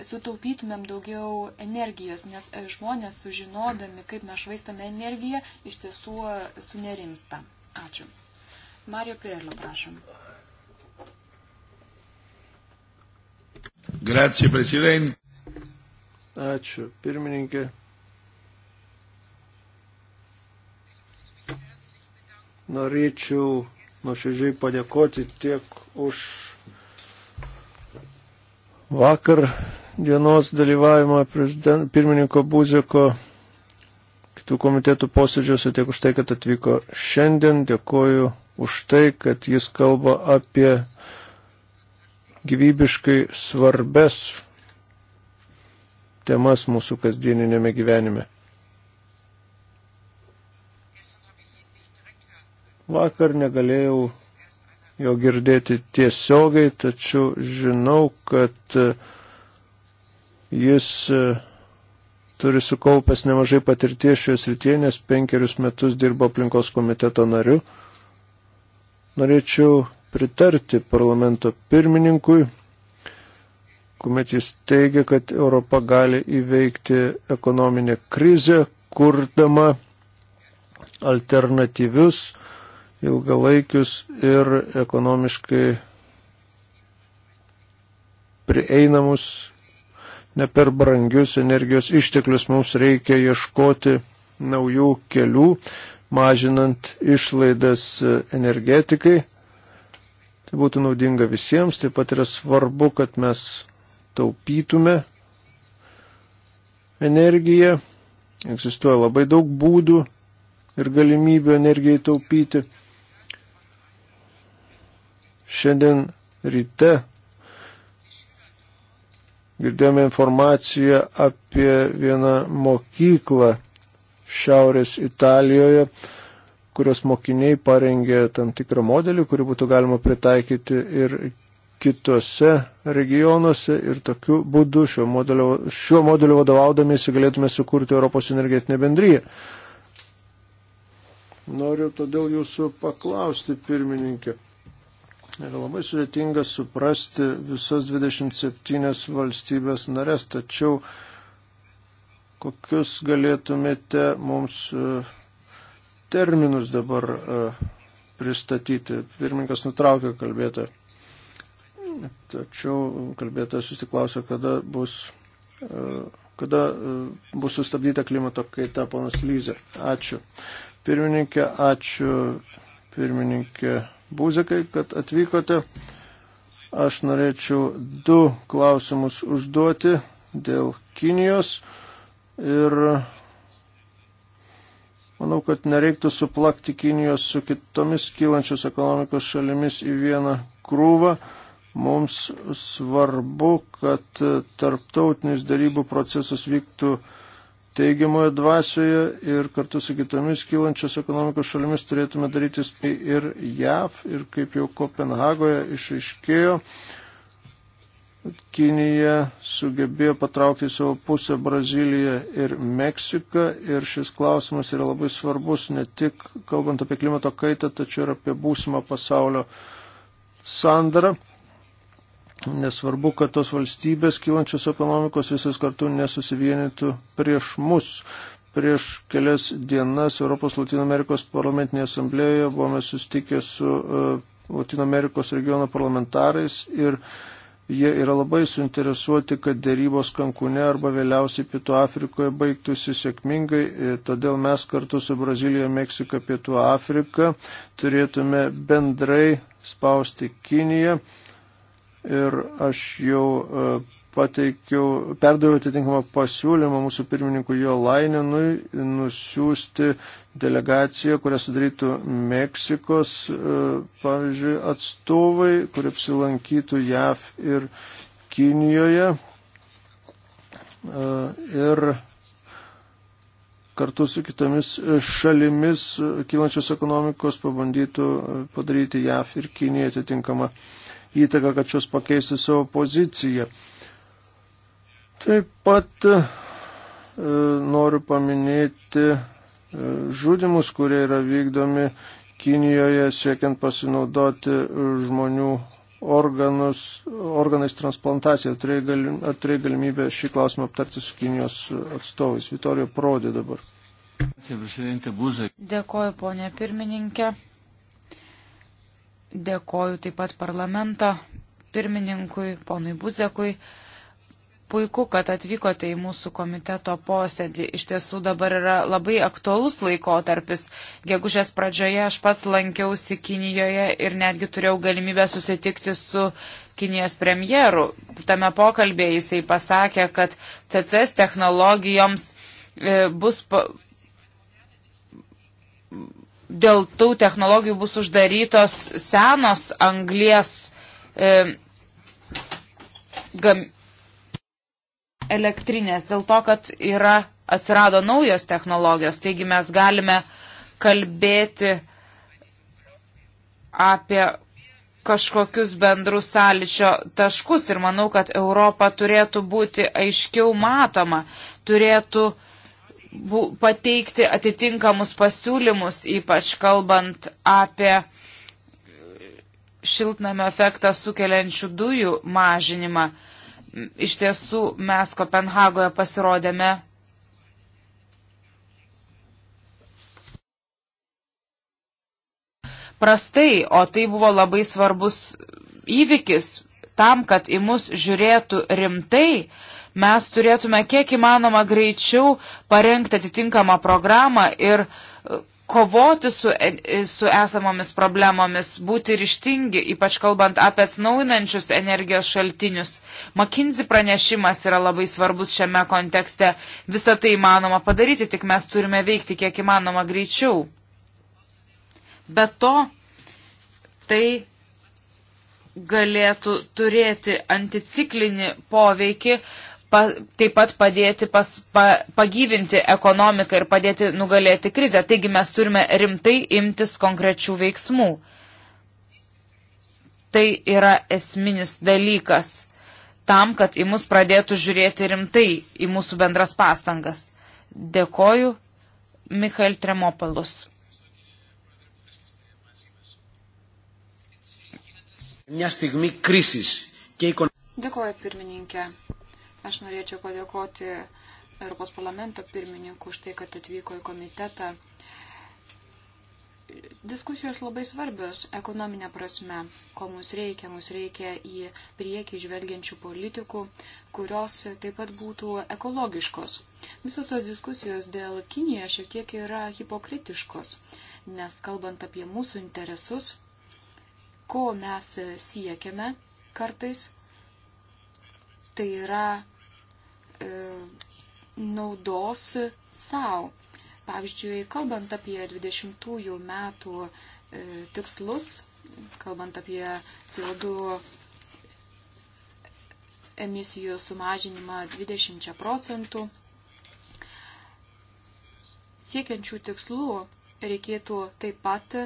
sutaupytumėm daugiau energijos, nes e, žmonės sužinodami, kaip mes švaistame energiją, iš tiesų e, sunerimsta. Ačiū. Mario Pirello, prašom. Grazie, Presidente. Ačiū, pirmininkė. Norėčiau nuoširdžiai padėkoti tiek už vakar dienos dalyvavimą pirmininko Buzeko kitų komitetų posėdžiuose, tiek už tai, kad atvyko šiandien. Dėkoju už tai, kad jis kalba apie gyvybiškai svarbes temas mūsų kasdieninėme gyvenime. Vakar negalėjau jo girdėti tiesiogiai, tačiau žinau, kad e, jis e, turi sukaupęs nemažai patirties šioje srityje, nes penkerius metus dirbo aplinkos komiteto nariu. Norėčiau pritarti parlamento pirmininkui kuomet jis teigia, kad Europa gali įveikti ekonominę krizę, kurdama alternatyvius, ilgalaikius ir ekonomiškai prieinamus, ne per brangius energijos išteklius mums reikia ieškoti naujų kelių, mažinant išlaidas energetikai. Tai būtų naudinga visiems, taip pat yra svarbu, kad mes taupytume energiją. Egzistuoja labai daug būdų ir galimybių energijai taupyti. Šiandien ryte girdėjome informaciją apie vieną mokyklą Šiaurės Italijoje, kurios mokiniai parengė tam tikrą modelį, kurį būtų galima pritaikyti ir kitose regionuose ir tokiu būdu šiuo modeliu, šiuo modeliu vadovaudamėsi galėtume sukurti Europos energetinę bendryją. Noriu todėl jūsų paklausti, pirmininkė. Yra labai sudėtinga suprasti visas 27 valstybės narės, tačiau kokius galėtumėte mums e, terminus dabar e, pristatyti. Pirmininkas nutraukė kalbėtoją tačiau kalbėtas susiklausė, kada bus, e, kada e, bus sustabdyta klimato kaita, ponas Lyze. Ačiū. Pirmininkė, ačiū pirmininkė Buzekai, kad atvykote. Aš norėčiau du klausimus užduoti dėl Kinijos ir Manau, kad nereiktų suplakti Kinijos su kitomis kylančios ekonomikos šalimis į vieną krūvą. Mums svarbu, kad tarptautinis darybų procesas vyktų teigiamoje dvasioje ir kartu su kitomis kylančios ekonomikos šalimis turėtume daryti ir JAV, ir kaip jau Kopenhagoje išaiškėjo, Kinija sugebėjo patraukti į savo pusę Braziliją ir Meksiką ir šis klausimas yra labai svarbus ne tik kalbant apie klimato kaitą, tačiau ir apie būsimą pasaulio sandarą. Nesvarbu, kad tos valstybės kylančios ekonomikos visos kartu nesusivienytų prieš mus. Prieš kelias dienas Europos Latino Amerikos parlamentinėje asamblėjoje buvome sustikę su uh, Latino Amerikos regiono parlamentarais ir jie yra labai suinteresuoti, kad dėrybos Kankune arba vėliausiai Pietų Afrikoje baigtųsi sėkmingai. E, todėl mes kartu su Brazilija, Meksika, Pietų Afrika turėtume bendrai spausti Kiniją ir aš jau e, pateikiau, perdaviau atitinkamą pasiūlymą mūsų pirmininkui Jo Laininui nusiųsti delegaciją, kurią sudarytų Meksikos, e, pavyzdžiui, atstovai, kurie apsilankytų JAV ir Kinijoje. E, ir kartu su kitomis šalimis kylančios ekonomikos pabandytų padaryti JAV ir Kiniją atitinkamą įtaką, kad šios pakeistų savo poziciją. Taip pat e, noriu paminėti e, žudimus, kurie yra vykdomi Kinijoje siekiant pasinaudoti žmonių organus, organais transplantaciją. Ar turėjai galimybę šį klausimą aptarti su Kinijos atstovais? Vitorijo Prodė dabar. Dėkoju, ponė pirmininkė. Dėkoju taip pat parlamento pirmininkui, ponui Buzekui. Puiku, kad atvykote į mūsų komiteto posėdį. Iš tiesų dabar yra labai aktuolus laikotarpis. Gegužės pradžioje aš pats lankiausi Kinijoje ir netgi turėjau galimybę susitikti su Kinijos premjeru. Tame pokalbėje jisai pasakė, kad CCS technologijoms e, bus. Pa dėl tų technologijų bus uždarytos senos anglies e, gam, elektrinės, dėl to, kad yra atsirado naujos technologijos. Taigi mes galime kalbėti apie kažkokius bendrus sąlyčio taškus ir manau, kad Europa turėtų būti aiškiau matoma, turėtų uh, pateikti atitinkamus pasiūlymus, ypač kalbant apie šiltnamio efektą sukeliančių dujų mažinimą. Iš tiesų mes Kopenhagoje pasirodėme. Prastai, o tai buvo labai svarbus įvykis tam, kad į mus žiūrėtų rimtai, uh, mes turėtume kiek įmanoma greičiau parengti atitinkamą programą ir e, kovoti su, e, e, su esamomis problemomis, būti ryštingi, ypač kalbant apie atsinaujinančius energijos šaltinius. McKinsey pranešimas yra labai svarbus šiame kontekste. Visą tai įmanoma padaryti, tik mes turime veikti kiek įmanoma greičiau. Be to, tai galėtų turėti anticiklinį poveikį pa, taip pat padėti pas, pa, pagyvinti ekonomiką ir padėti nugalėti krizę. Taigi mes turime rimtai imtis konkrečių veiksmų. Tai yra esminis dalykas tam, kad į mus pradėtų žiūrėti rimtai į mūsų bendras pastangas. Dėkoju, Mikhail Tremopolus. Dėkoju, pirmininkė. Aš norėčiau padėkoti Europos parlamento pirmininkų už tai, kad atvyko į komitetą. Diskusijos labai svarbios ekonominė prasme, ko mums reikia. Mums reikia į priekį žvelgiančių politikų, kurios taip pat būtų ekologiškos. Visos tos diskusijos dėl Kinijoje šiek tiek yra hipokritiškos, nes kalbant apie mūsų interesus, ko mes siekiame kartais, tai yra E, naudos savo. Pavyzdžiui, kalbant apie 20-ųjų metų e, tikslus, kalbant apie CO2 emisijų sumažinimą 20 procentų, siekiančių tikslų reikėtų taip pat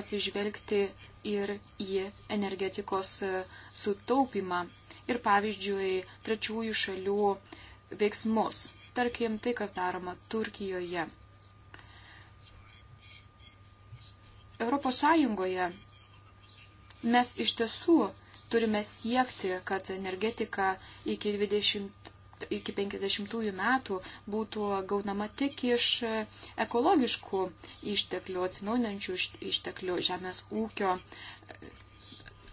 atsižvelgti ir į energetikos sutaupimą ir, pavyzdžiui, trečiųjų šalių veiksmus. Tarkim, tai, kas daroma Turkijoje. Europos Sąjungoje mes iš tiesų turime siekti, kad energetika iki 20 iki 50 metų būtų gaunama tik iš ekologiškų išteklių, atsinaujinančių išteklių, žemės ūkio,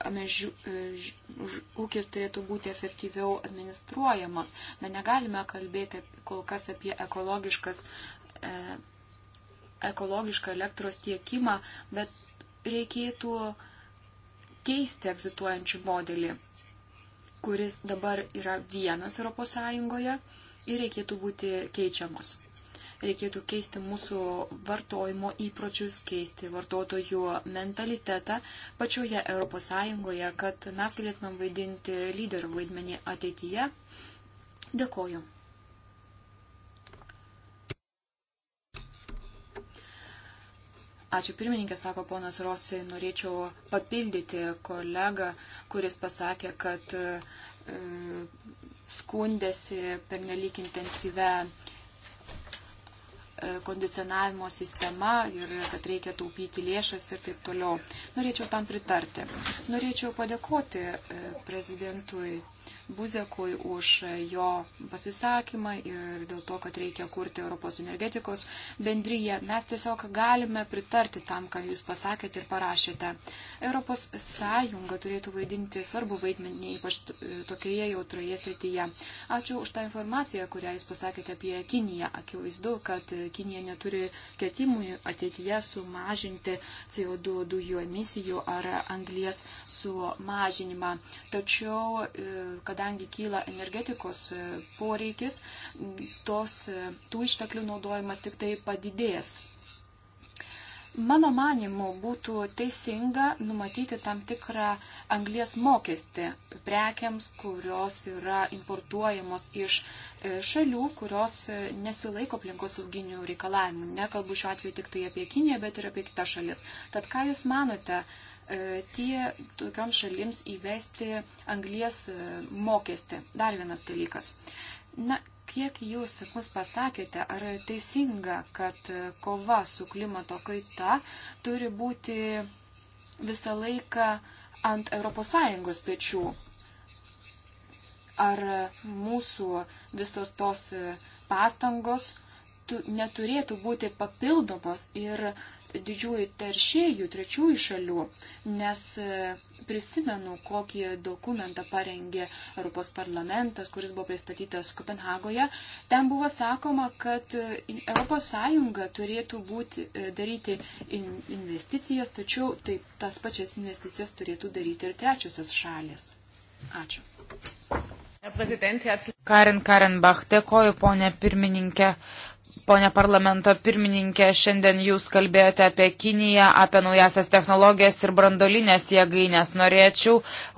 E, ūkis turėtų būti efektyviau administruojamas. Na, negalime kalbėti kol kas apie ekologiškas, e, ekologišką elektros tiekimą, bet reikėtų keisti egzistuojančių modelį, kuris dabar yra vienas ES ir reikėtų būti keičiamas reikėtų keisti mūsų vartojimo įpročius, keisti vartotojų mentalitetą pačioje ES, kad mes galėtumėm vaidinti lyderio vaidmenį ateityje. Dėkoju. Ačiū pirmininkė, sako ponas Rosi, norėčiau papildyti kolegą, kuris pasakė, kad e, skundėsi pernelyg intensyvę E, kondicionavimo sistema ir kad reikia taupyti lėšas ir taip toliau. Norėčiau tam pritarti. Norėčiau padėkoti e, prezidentui Buzekui už jo pasisakymą ir dėl to, kad reikia kurti Europos energetikos bendryje. Mes tiesiog galime pritarti tam, ką jūs pasakėte ir parašėte. Europos Sąjunga turėtų vaidinti svarbu vaidmenį, ypač tokioje jautroje srityje. Ačiū už tą informaciją, kurią jūs pasakėte apie Kiniją. Akivaizdu, kad Kinija neturi ketimų ateityje sumažinti CO2 dujų emisijų ar anglies sumažinimą. Tačiau, e, kad kadangi kyla energetikos e, poreikis, tos, e, tų išteklių naudojimas tik tai padidės. Mano manimu būtų teisinga numatyti tam tikrą anglės mokestį prekiams, kurios yra importuojamos iš e, šalių, kurios nesilaiko aplinkos auginių reikalavimų. Nekalbu šiuo atveju tik tai apie Kiniją, bet ir apie kitas šalis. Tad ką Jūs manote, E, tie tokiom šalims įvesti anglies e, mokestį. Dar vienas dalykas. Na, kiek jūs mus pasakėte, ar teisinga, kad kova su klimato kaita turi būti visą laiką ant ES pečių? Ar mūsų visos tos pastangos neturėtų būti papildomos ir uh, didžiųjų teršėjų, trečiųjų šalių, nes e, prisimenu, kokį dokumentą parengė Europos parlamentas, kuris buvo pristatytas Kopenhagoje. Ten buvo sakoma, kad ES turėtų būti, e, daryti investicijas, tačiau taip, tas pačias investicijas turėtų daryti ir trečiosios šalis. Ačiū. Karin Karenbach, dėkoju ponė pirmininkė. Pone parlamento pirmininkė, šiandien jūs kalbėjote apie Kiniją, apie naujasias technologijas ir brandolinės jėgainės. Norėčiau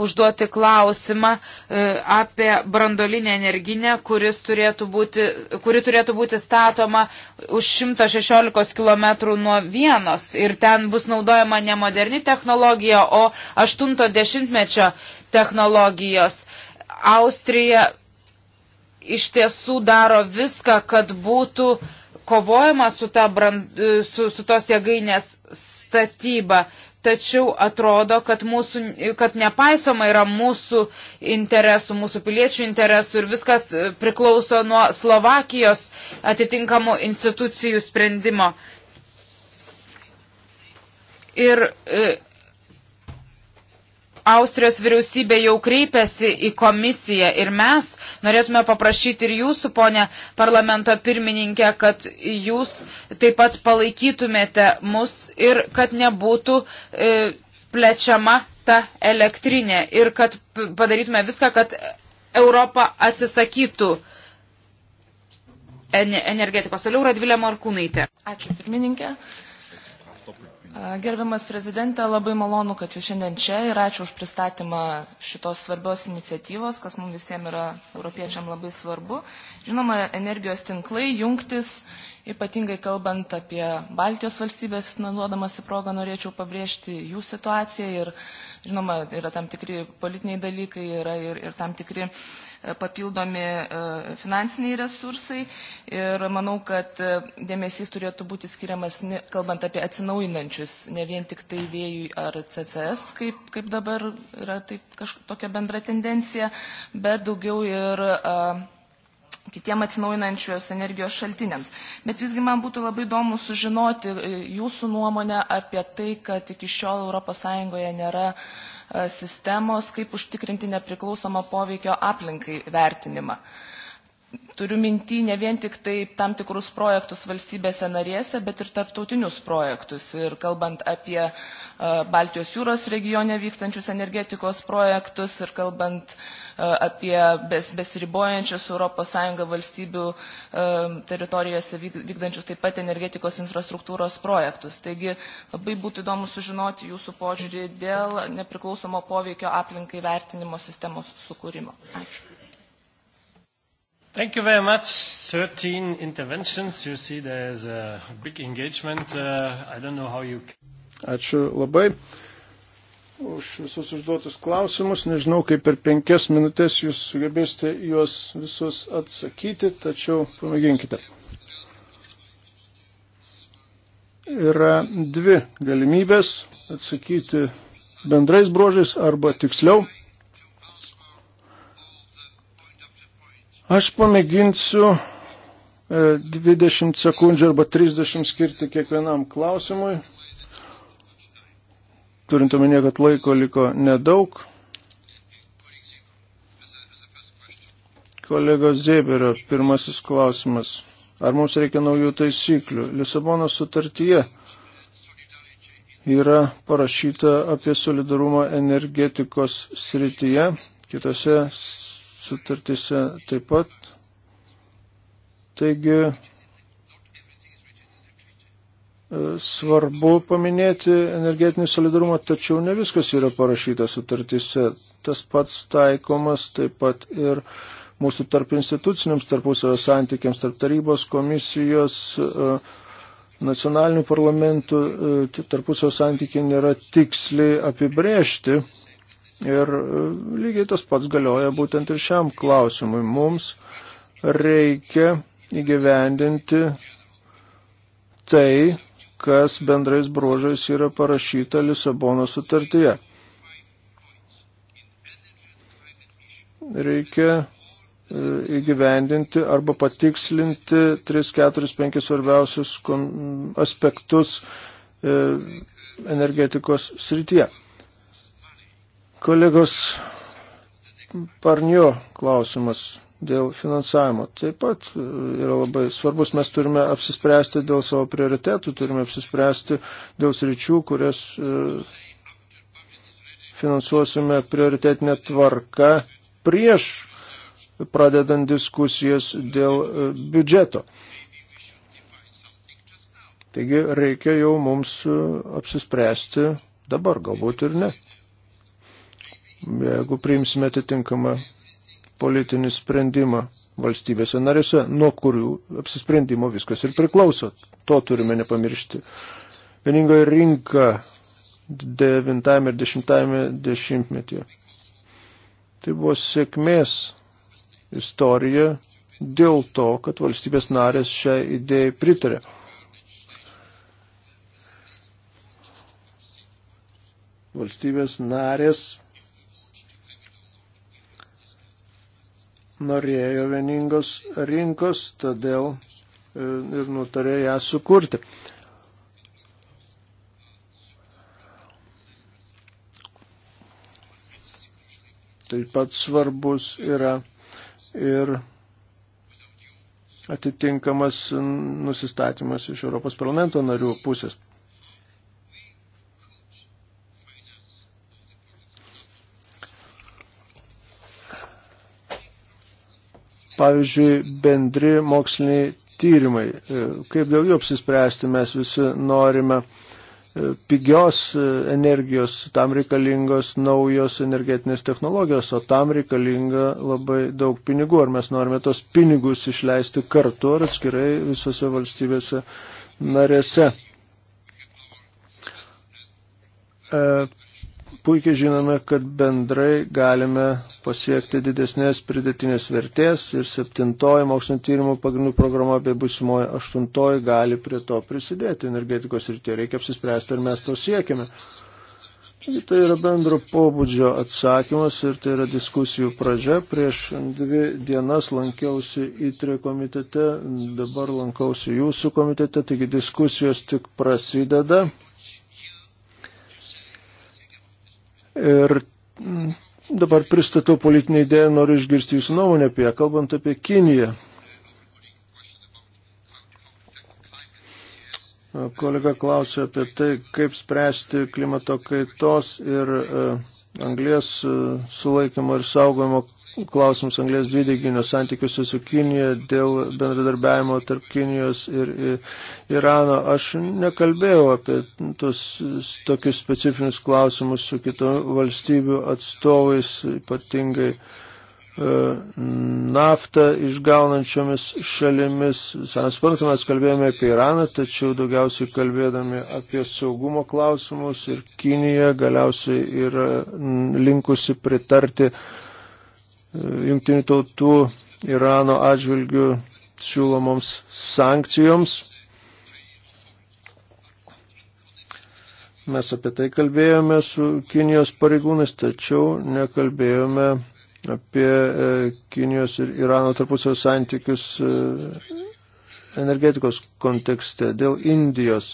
užduoti klausimą e, apie brandolinę energinę, turėtų būti, kuri turėtų būti statoma už 116 km nuo vienos. Ir ten bus naudojama ne moderni technologija, o 80-mečio technologijos. Austrija iš tiesų daro viską, kad būtų uh, kovojama su, ta brand, e, su, su tos jėgainės statyba, tačiau atrodo, kad, mūsų, kad nepaisoma yra mūsų interesų, mūsų piliečių interesų ir viskas e, priklauso nuo Slovakijos atitinkamų institucijų sprendimo. Ir e, Austrijos vyriausybė jau kreipėsi į komisiją ir mes norėtume paprašyti ir jūsų, ponė parlamento pirmininkė, kad jūs taip pat palaikytumėte mus ir kad nebūtų e, plečiama ta elektrinė ir kad padarytume viską, kad Europa atsisakytų energetikos. Toliau Radvilė Morkūnaitė. Ačiū pirmininkė. E, Gerbiamas prezidentė, labai malonu, kad jūs šiandien čia ir ačiū už pristatymą šitos svarbios iniciatyvos, kas mums visiems yra europiečiam labai svarbu. Žinoma, energijos tinklai, jungtis, ypatingai kalbant apie Baltijos valstybės, nuodamas į progą norėčiau pabrėžti jų situaciją ir, žinoma, yra tam tikri politiniai dalykai, yra ir, ir tam tikri uh, papildomi e, finansiniai resursai ir manau, kad e, dėmesys turėtų būti skiriamas, kalbant apie atsinaujinančius, ne vien tik tai vėjui ar CCS, kaip, kaip dabar yra taip kažkokia bendra tendencija, bet daugiau ir a, e, kitiem atsinaujinančios energijos šaltiniams. Bet visgi man būtų labai įdomu sužinoti jūsų nuomonę apie tai, kad iki šiol ES nėra uh, sistemos, kaip užtikrinti nepriklausomą poveikio aplinkai vertinimą. Turiu minti ne vien tik tai tam tikrus projektus valstybėse narėse, bet ir tarptautinius projektus. Ir kalbant apie e, Baltijos jūros regione vykstančius energetikos projektus ir kalbant e, apie bes, besiribojančius ES valstybių e, teritorijose vykdančius taip pat energetikos infrastruktūros projektus. Taigi labai būtų įdomu sužinoti jūsų požiūrį dėl nepriklausomo poveikio aplinkai vertinimo sistemos sukūrimo. Ačiū. Thank you very much. 13 interventions. You see there's a big engagement. Uh, I don't know how you... Ačiū labai už visus užduotus klausimus. Nežinau, kaip per penkias minutės jūs sugebėsite juos visus atsakyti, tačiau pamėginkite. Yra dvi galimybės atsakyti bendrais brožais arba tiksliau Aš pamėginsiu 20 e, sekundžių arba 30 skirti kiekvienam klausimui, turint omenyje, kad laiko liko nedaug. Kolego Zėberio pirmasis klausimas. Ar mums reikia naujų taisyklių? Lisabono sutartyje yra parašyta apie solidarumą energetikos srityje, kitose sutartise taip pat. Taigi e, svarbu paminėti energetinį solidarumą, tačiau ne viskas yra parašyta sutartise. Tas pats taikomas taip pat ir mūsų tarp instituciniams tarpusavio santykiams, tarp tarybos komisijos, e, nacionalinių parlamentų e, tarpusavio santykiai nėra tiksliai apibrėžti. Ir e, lygiai tas pats galioja būtent ir šiam klausimui. Mums reikia įgyvendinti tai, kas bendrais bruožais yra parašyta Lisabono sutartyje. Reikia e, įgyvendinti arba patikslinti 3, 4, 5 svarbiausius aspektus e, energetikos srityje. Kolegos Parnio klausimas dėl finansavimo taip pat e, yra labai svarbus. Mes turime apsispręsti dėl savo prioritetų, turime apsispręsti dėl sričių, kurias e, finansuosime prioritetinę tvarką prieš pradedant diskusijas dėl e, biudžeto. Taigi reikia jau mums apsispręsti dabar, galbūt ir ne jeigu priimsime atitinkamą politinį sprendimą valstybėse narėse, nuo kurių apsisprendimo viskas ir priklauso. To turime nepamiršti. Vieningoje rinka 9 ir 10 dešimtmetyje. Tai buvo sėkmės istorija dėl to, kad valstybės narės šią idėją pritarė. Valstybės narės norėjo vieningos rinkos, todėl e, ir nutarė ją sukurti. Taip pat svarbus yra ir atitinkamas nusistatymas iš Europos parlamento narių pusės. Pavyzdžiui, bendri moksliniai tyrimai. E, kaip dėl jų apsispręsti, mes visi norime e, pigios e, energijos, tam reikalingos naujos energetinės technologijos, o tam reikalinga labai daug pinigų. Ar mes norime tos pinigus išleisti kartu ar atskirai visose valstybėse narėse? puikiai žinome, kad bendrai galime pasiekti didesnės pridėtinės vertės ir septintoji mokslinio tyrimo pagrindų programa bei busimoji aštuntoji gali prie to prisidėti energetikos ir tie reikia apsispręsti, ar mes to siekime. Tai yra bendro pobūdžio atsakymas ir tai yra diskusijų pradžia. Prieš dvi dienas lankiausi įtrio komitete, dabar lankausi jūsų komitete, taigi diskusijos tik prasideda Ir dabar pristatau politinį idėją, noriu išgirsti jūsų nuomonę apie ją, kalbant apie Kiniją. Kolega klausė apie tai, kaip spręsti klimato kaitos ir e, anglės e, sulaikymo ir saugojimo klausimus anglės dvideginio santykiuose su Kinija dėl bendradarbiavimo tarp Kinijos ir Irano. Aš nekalbėjau apie tos, tokius specifinius klausimus su kitų valstybių atstovais, ypatingai e, naftą išgaunančiomis šalimis. Senas punktas mes kalbėjome apie Iraną, tačiau daugiausiai kalbėdami apie saugumo klausimus ir Kinija galiausiai yra linkusi pritarti uh, jungtinių tautų Irano atžvilgių siūlomoms sankcijoms. Mes apie tai kalbėjome su Kinijos pareigūnais, tačiau nekalbėjome apie e, Kinijos ir Irano tarpusio santykius e, energetikos kontekste dėl Indijos.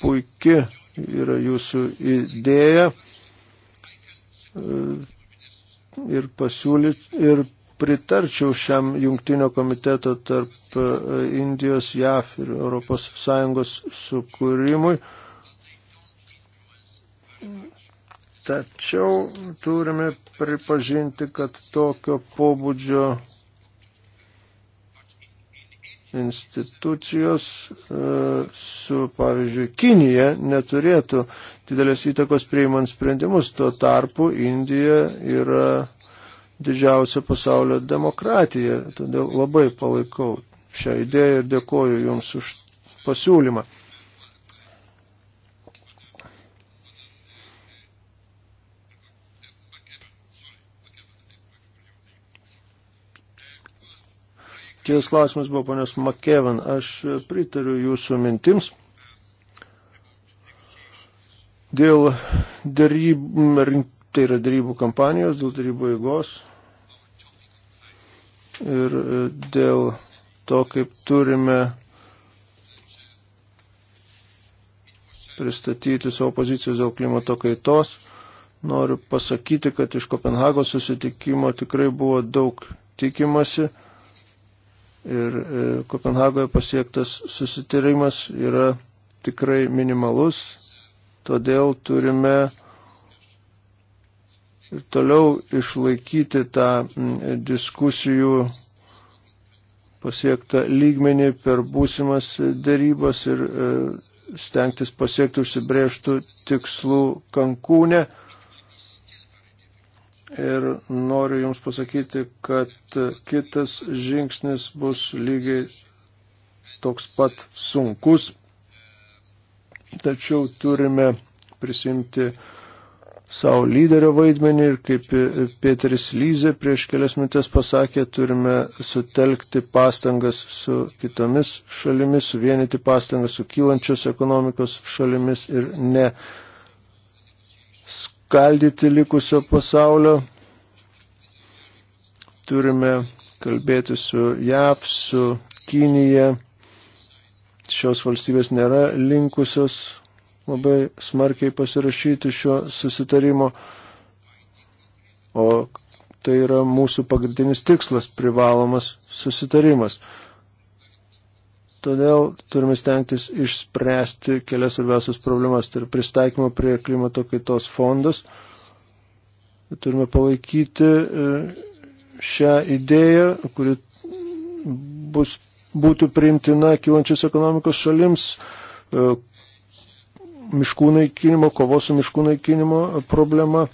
Puiki yra jūsų idėja E, ir pasiūlyt ir pritarčiau šiam jungtinio komiteto tarp e, Indijos, JAF ir ES sukūrimui. Tačiau turime pripažinti, kad tokio pobūdžio institucijos e, su, pavyzdžiui, Kinija neturėtų didelės įtakos priimant sprendimus. Tuo tarpu Indija yra didžiausia pasaulio demokratija. Todėl labai palaikau šią idėją ir dėkoju Jums už pasiūlymą. Paskutinis klausimas buvo ponios Makevan. Aš pritariu jūsų mintims dėl darybų, tai yra darybų kampanijos, dėl darybų eigos ir dėl to, kaip turime pristatyti savo pozicijos dėl klimato kaitos. Noriu pasakyti, kad iš Kopenhagos susitikimo tikrai buvo daug tikimasi ir e, Kopenhagoje pasiektas susitarimas yra tikrai minimalus, todėl turime ir toliau išlaikyti tą diskusijų pasiektą lygmenį per būsimas darybas ir e, stengtis pasiekti užsibrėžtų tikslų kankūnę ir noriu Jums pasakyti, kad kitas žingsnis bus lygiai toks pat sunkus, tačiau turime prisimti savo lyderio vaidmenį ir kaip Pieteris Lyzė prieš kelias minutės pasakė, turime sutelkti pastangas su kitomis šalimis, suvienyti pastangas su kylančios ekonomikos šalimis ir ne skaldyti likusio pasaulio. Turime kalbėti su JAV, su Kinija. Šios valstybės nėra linkusios labai smarkiai pasirašyti šio susitarimo, o tai yra mūsų pagrindinis tikslas - privalomas susitarimas. Todėl turime stengtis išspręsti kelias svarbiausias problemas. Tai yra pristaikymo prie klimato kaitos fondas. Turime palaikyti e, šią idėją, kuri bus, būtų priimtina kilančios ekonomikos šalims e, miškų naikinimo, kovos su miškų naikinimo problema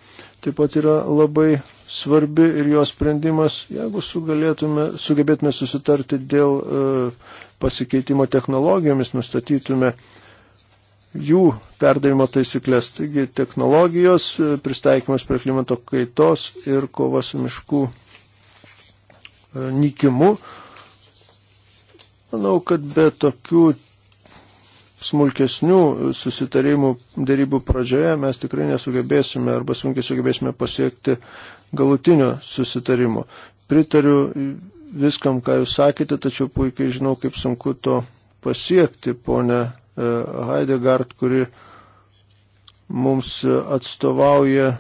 taip pat yra labai svarbi ir jos sprendimas, jeigu sugalėtume, sugebėtume susitarti dėl uh, pasikeitimo technologijomis nustatytume jų perdavimo taisyklės. Taigi technologijos, e, pristaikymas prie klimato kaitos ir kova su miškų e, nykimu. Manau, kad be tokių smulkesnių susitarimų dėrybų pradžioje mes tikrai nesugebėsime arba sunkiai sugebėsime pasiekti galutinio susitarimo. Pritariu viskam, ką jūs sakėte, tačiau puikiai žinau, kaip sunku to pasiekti, ponė e, Heidegard, kuri mums atstovauja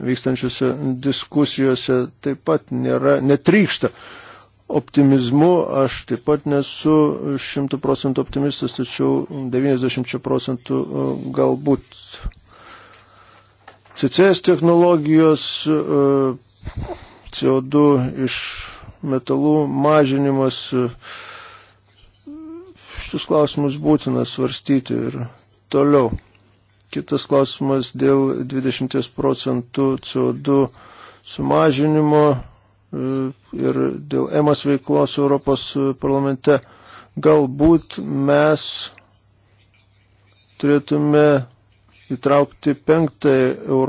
vykstančiose diskusijose, taip pat nėra, netrykšta optimizmu. Aš taip pat nesu 100 procentų optimistas, tačiau 90 procentų e, galbūt. CCS technologijos e, CO2 iš metalų mažinimas. Šitus klausimus būtina svarstyti ir toliau. Kitas klausimas dėl 20 procentų CO2 sumažinimo e, ir dėl EMAS veiklos Europos parlamente. Galbūt mes turėtume įtraukti penktąjį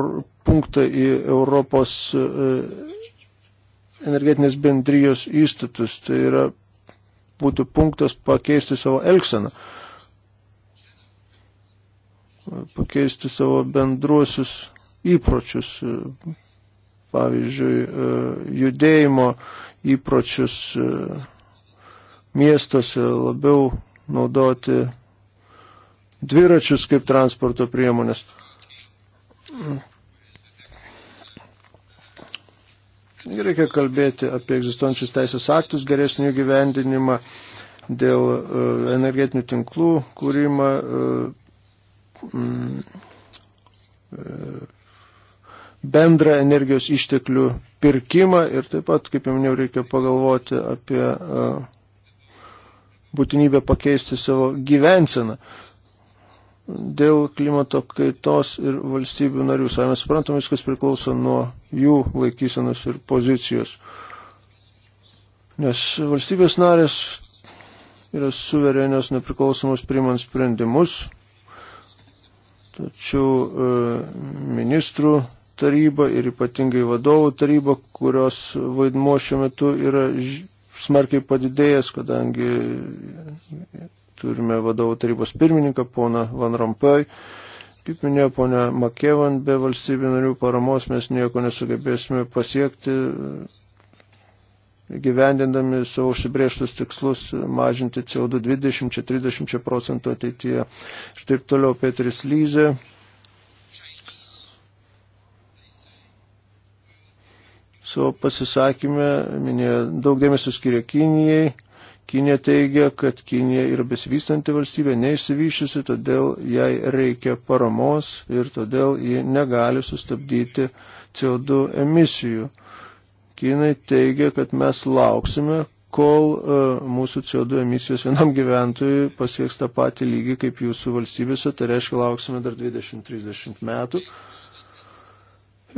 punktą į Europos e, energetinės bendrijos įstatus. Tai yra būtų punktas pakeisti savo elgseną, pakeisti savo bendruosius įpročius, pavyzdžiui, judėjimo įpročius miestuose, labiau naudoti dviračius kaip transporto priemonės. Reikia kalbėti apie egzistuojančius teisės aktus, geresnių gyvendinimą dėl e, energetinių tinklų kūrimą, e, mm, e, bendrą energijos išteklių pirkimą ir taip pat, kaip jau minėjau, reikia pagalvoti apie būtinybę pakeisti savo gyvenseną dėl klimato kaitos ir valstybių narių. Savime suprantama, viskas priklauso nuo jų laikysenos ir pozicijos. Nes valstybės narės yra suverenios nepriklausomos priimant sprendimus, tačiau e, ministrų taryba ir ypatingai vadovų taryba, kurios vaidmo šiuo metu yra smarkiai padidėjęs, kadangi Turime vadovų tarybos pirmininką, poną Van Rompuy. Kaip minėjo ponia Makevan, be valstybių narių paramos mes nieko nesugebėsime pasiekti, gyvendindami savo užsibrieštus tikslus mažinti CO2 20-30 procentų ateityje. Ir taip toliau Petris Lyze. Savo pasisakymę minėjo daug dėmesio skiria Kinijai. Kinė teigia, kad Kinė yra besivystanti valstybė, neišsivyšiusi, todėl jai reikia paramos ir todėl ji negali sustabdyti CO2 emisijų. Kinai teigia, kad mes lauksime, kol uh, mūsų CO2 emisijos vienam gyventojui pasieks tą patį lygį kaip jūsų valstybėse, tai reiškia lauksime dar 20-30 metų. Uh,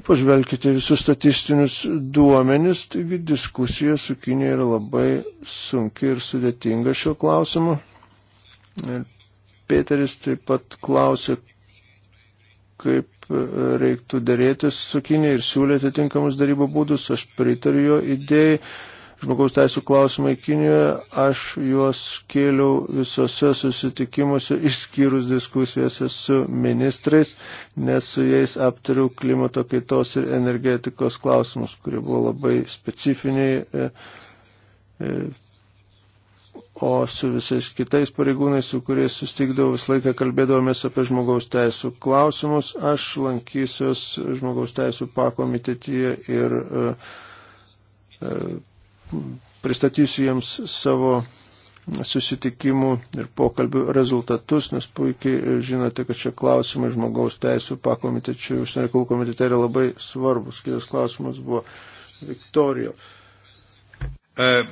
Pažvelkite visus statistinius duomenis, taigi diskusija su Kinė yra labai sunki ir sudėtinga šiuo klausimu. Ir Peteris taip pat klausė, kaip reiktų dėrėtis su Kinė ir siūlė atitinkamus darybo būdus. Aš pritariu jo idėjai žmogaus teisų klausimai Kinijoje, aš juos kėliau visose susitikimuose, išskyrus diskusijose su ministrais, nes su jais aptariau klimato kaitos ir energetikos klausimus, kurie buvo labai specifiniai. E, e, o su visais kitais pareigūnais, su kuriais sustikdavau, visą laiką kalbėdavomės apie žmogaus teisų klausimus. Aš lankysiuos žmogaus teisų pakomitetyje ir uh, uh, pristatysiu jiems savo susitikimų ir pokalbių rezultatus, nes puikiai žinote, kad čia klausimai žmogaus teisų pakomitečių, užsienio reikalų komitete yra labai svarbus. Kitas klausimas buvo Viktorijo. E,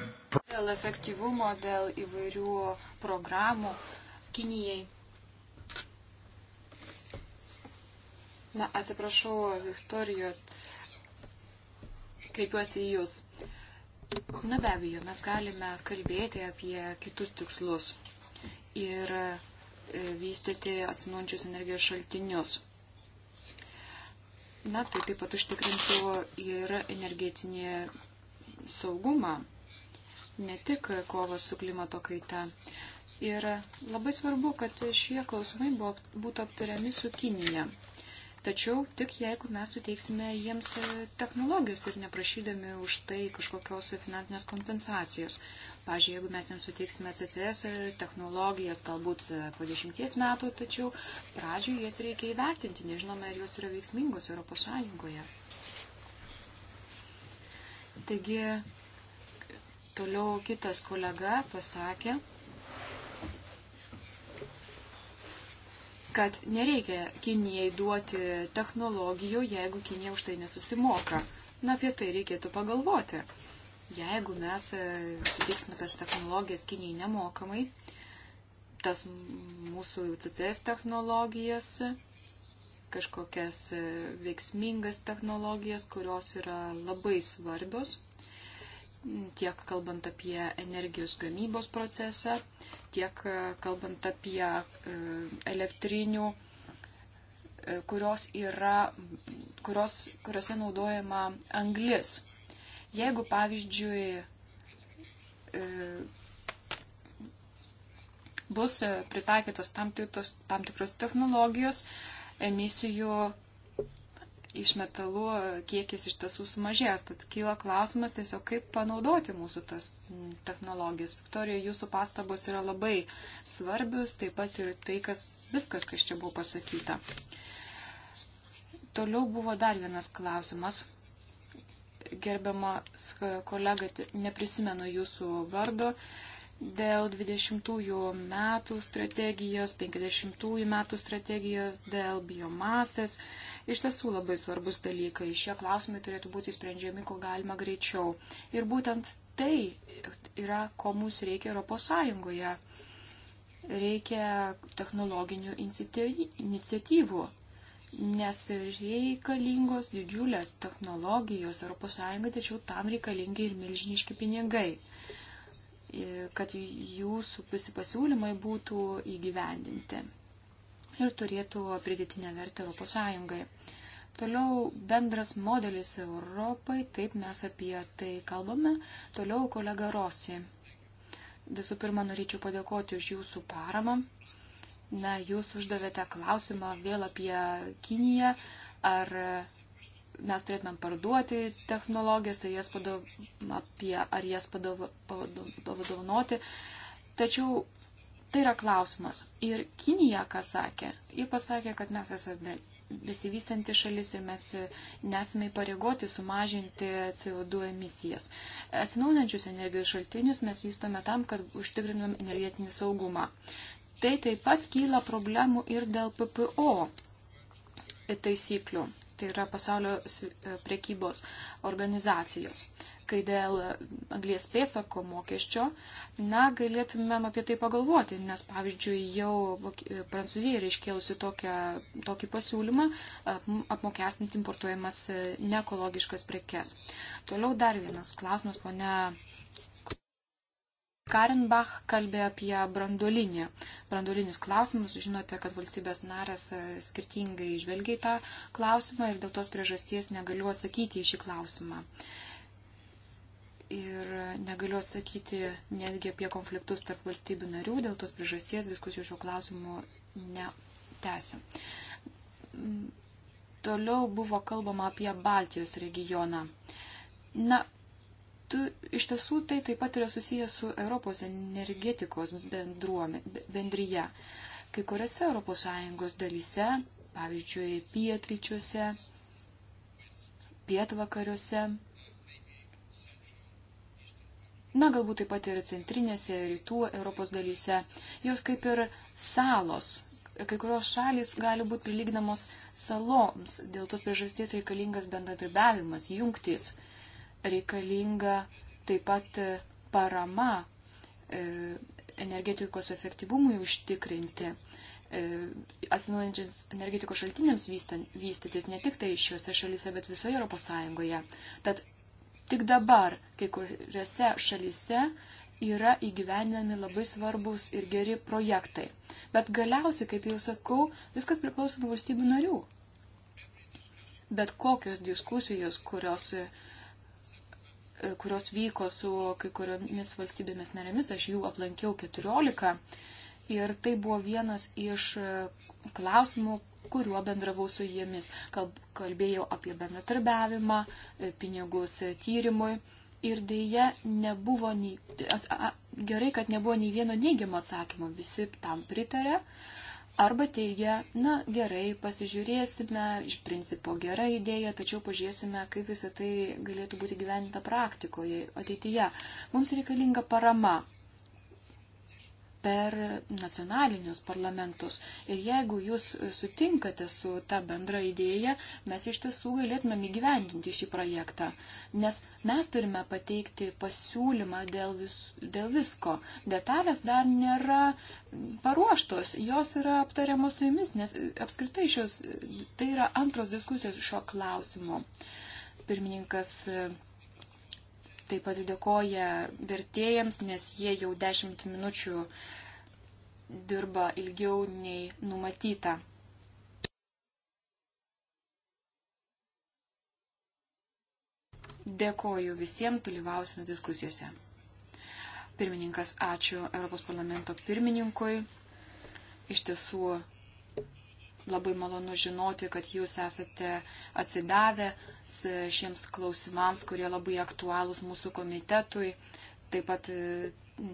dėl efektyvumo, dėl įvairių programų Kinijai. Na, atsiprašau, Viktorijo, kreipiuosi į Jūs. Uh, Na be abejo, mes galime kalbėti apie kitus tikslus ir e, vystyti atsinaujančius energijos šaltinius. Na, tai taip pat užtikrintų ir energetinį saugumą, ne tik kovą su klimato kaita. Ir labai svarbu, kad šie klausimai buvo, būtų aptariami su Kinija. Tačiau tik jeigu mes suteiksime jiems e, technologijos ir neprašydami už tai kažkokios finansinės kompensacijos. Pavyzdžiui, jeigu mes jiems suteiksime CCS e, technologijas galbūt e, po dešimties metų, tačiau pradžioje jas reikia įvertinti, nežinome, ar jos yra veiksmingos Europos Sąjungoje. Taigi, toliau kitas kolega pasakė, kad nereikia Kinijai duoti technologijų, jeigu Kinija už tai nesusimoka. Na, apie tai reikėtų pagalvoti. Jeigu mes e, teiksime tas technologijas Kinijai nemokamai, tas mūsų CCS technologijas, kažkokias e, veiksmingas technologijas, kurios yra labai svarbios tiek kalbant apie energijos gamybos procesą, tiek e, kalbant apie e, elektrinių, e, kurios yra, kurios, kuriuose naudojama anglis. Jeigu, pavyzdžiui, bus pritaikytos tam tikros, tam tikros technologijos, emisijų iš metalų e, kiekis iš tiesų sumažės. Tad kyla klausimas tiesiog, kaip panaudoti mūsų tas technologijas. Viktorija, jūsų pastabos yra labai svarbius, taip pat ir tai, kas viskas, kas čia buvo pasakyta. Toliau buvo dar vienas klausimas. Gerbiama e, kolega, neprisimenu jūsų vardo. Uh, dėl 20 metų strategijos, 50 metų strategijos, dėl biomasės. Iš tiesų labai svarbus dalykai. Šie klausimai turėtų būti sprendžiami, kuo galima greičiau. Ir būtent tai yra, ko mums reikia ES. Reikia technologinių iniciatyvų, nes reikalingos didžiulės technologijos ES, tačiau tam reikalingi ir milžiniški pinigai kad jūsų visi pasiūlymai būtų įgyvendinti ir turėtų pridėtinę vertę Europos Sąjungai. Toliau bendras modelis Europai, taip mes apie tai kalbame. Toliau kolega Rosi. Visų pirma, norėčiau padėkoti už jūsų paramą. Na, jūs uždavėte klausimą vėl apie Kiniją, ar mes turėtumėm parduoti technologijas, ar tai jas, padav, apie, ar jas padav, pavadovanoti. Tačiau tai yra klausimas. Ir Kinija, ką sakė, ji pasakė, kad mes esame besivystanti šalis ir mes nesame įpareigoti sumažinti CO2 emisijas. Atsinaujančius energijos šaltinius mes vystome tam, kad užtikrinam energetinį saugumą. Tai taip pat kyla problemų ir dėl PPO taisyklių tai yra pasaulio e, prekybos organizacijos. Kai dėl anglies pėsako mokesčio, na, galėtumėm apie tai pagalvoti, nes, pavyzdžiui, jau e, Prancūzija yra iškėlusi tokią, tokį pasiūlymą apmokestinti importuojamas e, neekologiškas prekes. Toliau dar vienas klausimas, ponia Karinbach kalbė apie branduolinį. Branduolinius klausimus, žinote, kad valstybės narės e, skirtingai žvelgia į tą klausimą ir dėl tos priežasties negaliu atsakyti į šį klausimą. Ir negaliu atsakyti netgi apie konfliktus tarp valstybių narių, dėl tos priežasties diskusijų šio klausimu netesiu. Mm, toliau buvo kalbama apie Baltijos regioną. Na, iš tiesų tai taip pat yra susijęs su Europos energetikos bendruome, bendryje. Kai kuriuose ES dalyse, pavyzdžiui, pietryčiuose, pietvakariuose, na galbūt taip pat ir centrinėse, rytų Europos dalyse, jos kaip ir salos. Kai kurios šalis gali būti prilyginamos saloms, dėl tos priežasties reikalingas bendradarbiavimas, jungtis reikalinga taip pat parama e, energetikos efektyvumui užtikrinti, e, atsinaujančiams energetikos šaltiniams vystytis ne tik tai šiuose šalyse, bet visoje Europos Sąjungoje. Tad tik dabar kai kuriuose šalyse yra įgyvendinami labai svarbus ir geri projektai. Bet galiausiai, kaip jau sakau, viskas priklauso nuo valstybių narių. Bet kokios diskusijos, kurios kurios vyko su kai kuriomis valstybėmis narėmis, aš jų aplankiau 14. Ir tai buvo vienas iš e, klausimų, kuriuo bendravau su jomis. Kalbėjau apie bendratarbiavimą, e, pinigus e, tyrimui. Ir dėja, nebuvo nei, gerai, kad nebuvo nei vieno neigiamo atsakymo. Visi tam pritarė. Uh, Arba teigia, na gerai, pasižiūrėsime, iš principo gera idėja, tačiau pažiūrėsime, kaip visą tai galėtų būti gyveninta praktikoje ateityje. Mums reikalinga parama per nacionalinius parlamentus. Ir jeigu jūs sutinkate su ta bendra idėja, mes iš tiesų galėtumėm įgyvendinti šį projektą. Nes mes turime pateikti pasiūlymą dėl, vis, dėl visko. Detalės dar nėra paruoštos, jos yra aptariamos su jumis, nes apskritai šios, tai yra antros diskusijos šio klausimo. Pirmininkas taip pat dėkoja vertėjams, nes jie jau 10 minučių dirba ilgiau nei numatyta. Dėkoju visiems dalyvausime diskusijose. Pirmininkas, ačiū Europos parlamento pirmininkui. Iš tiesų Labai malonu žinoti, kad jūs esate atsidavę šiems klausimams, kurie labai aktualūs mūsų komitetui. Taip pat e,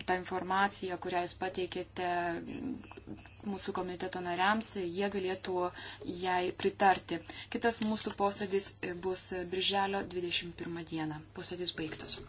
ta informacija, kurią jūs pateikėte mūsų komiteto nariams, jie galėtų jai pritarti. Kitas mūsų posėdis e, bus e, Birželio 21 dieną. Posėdis baigtas.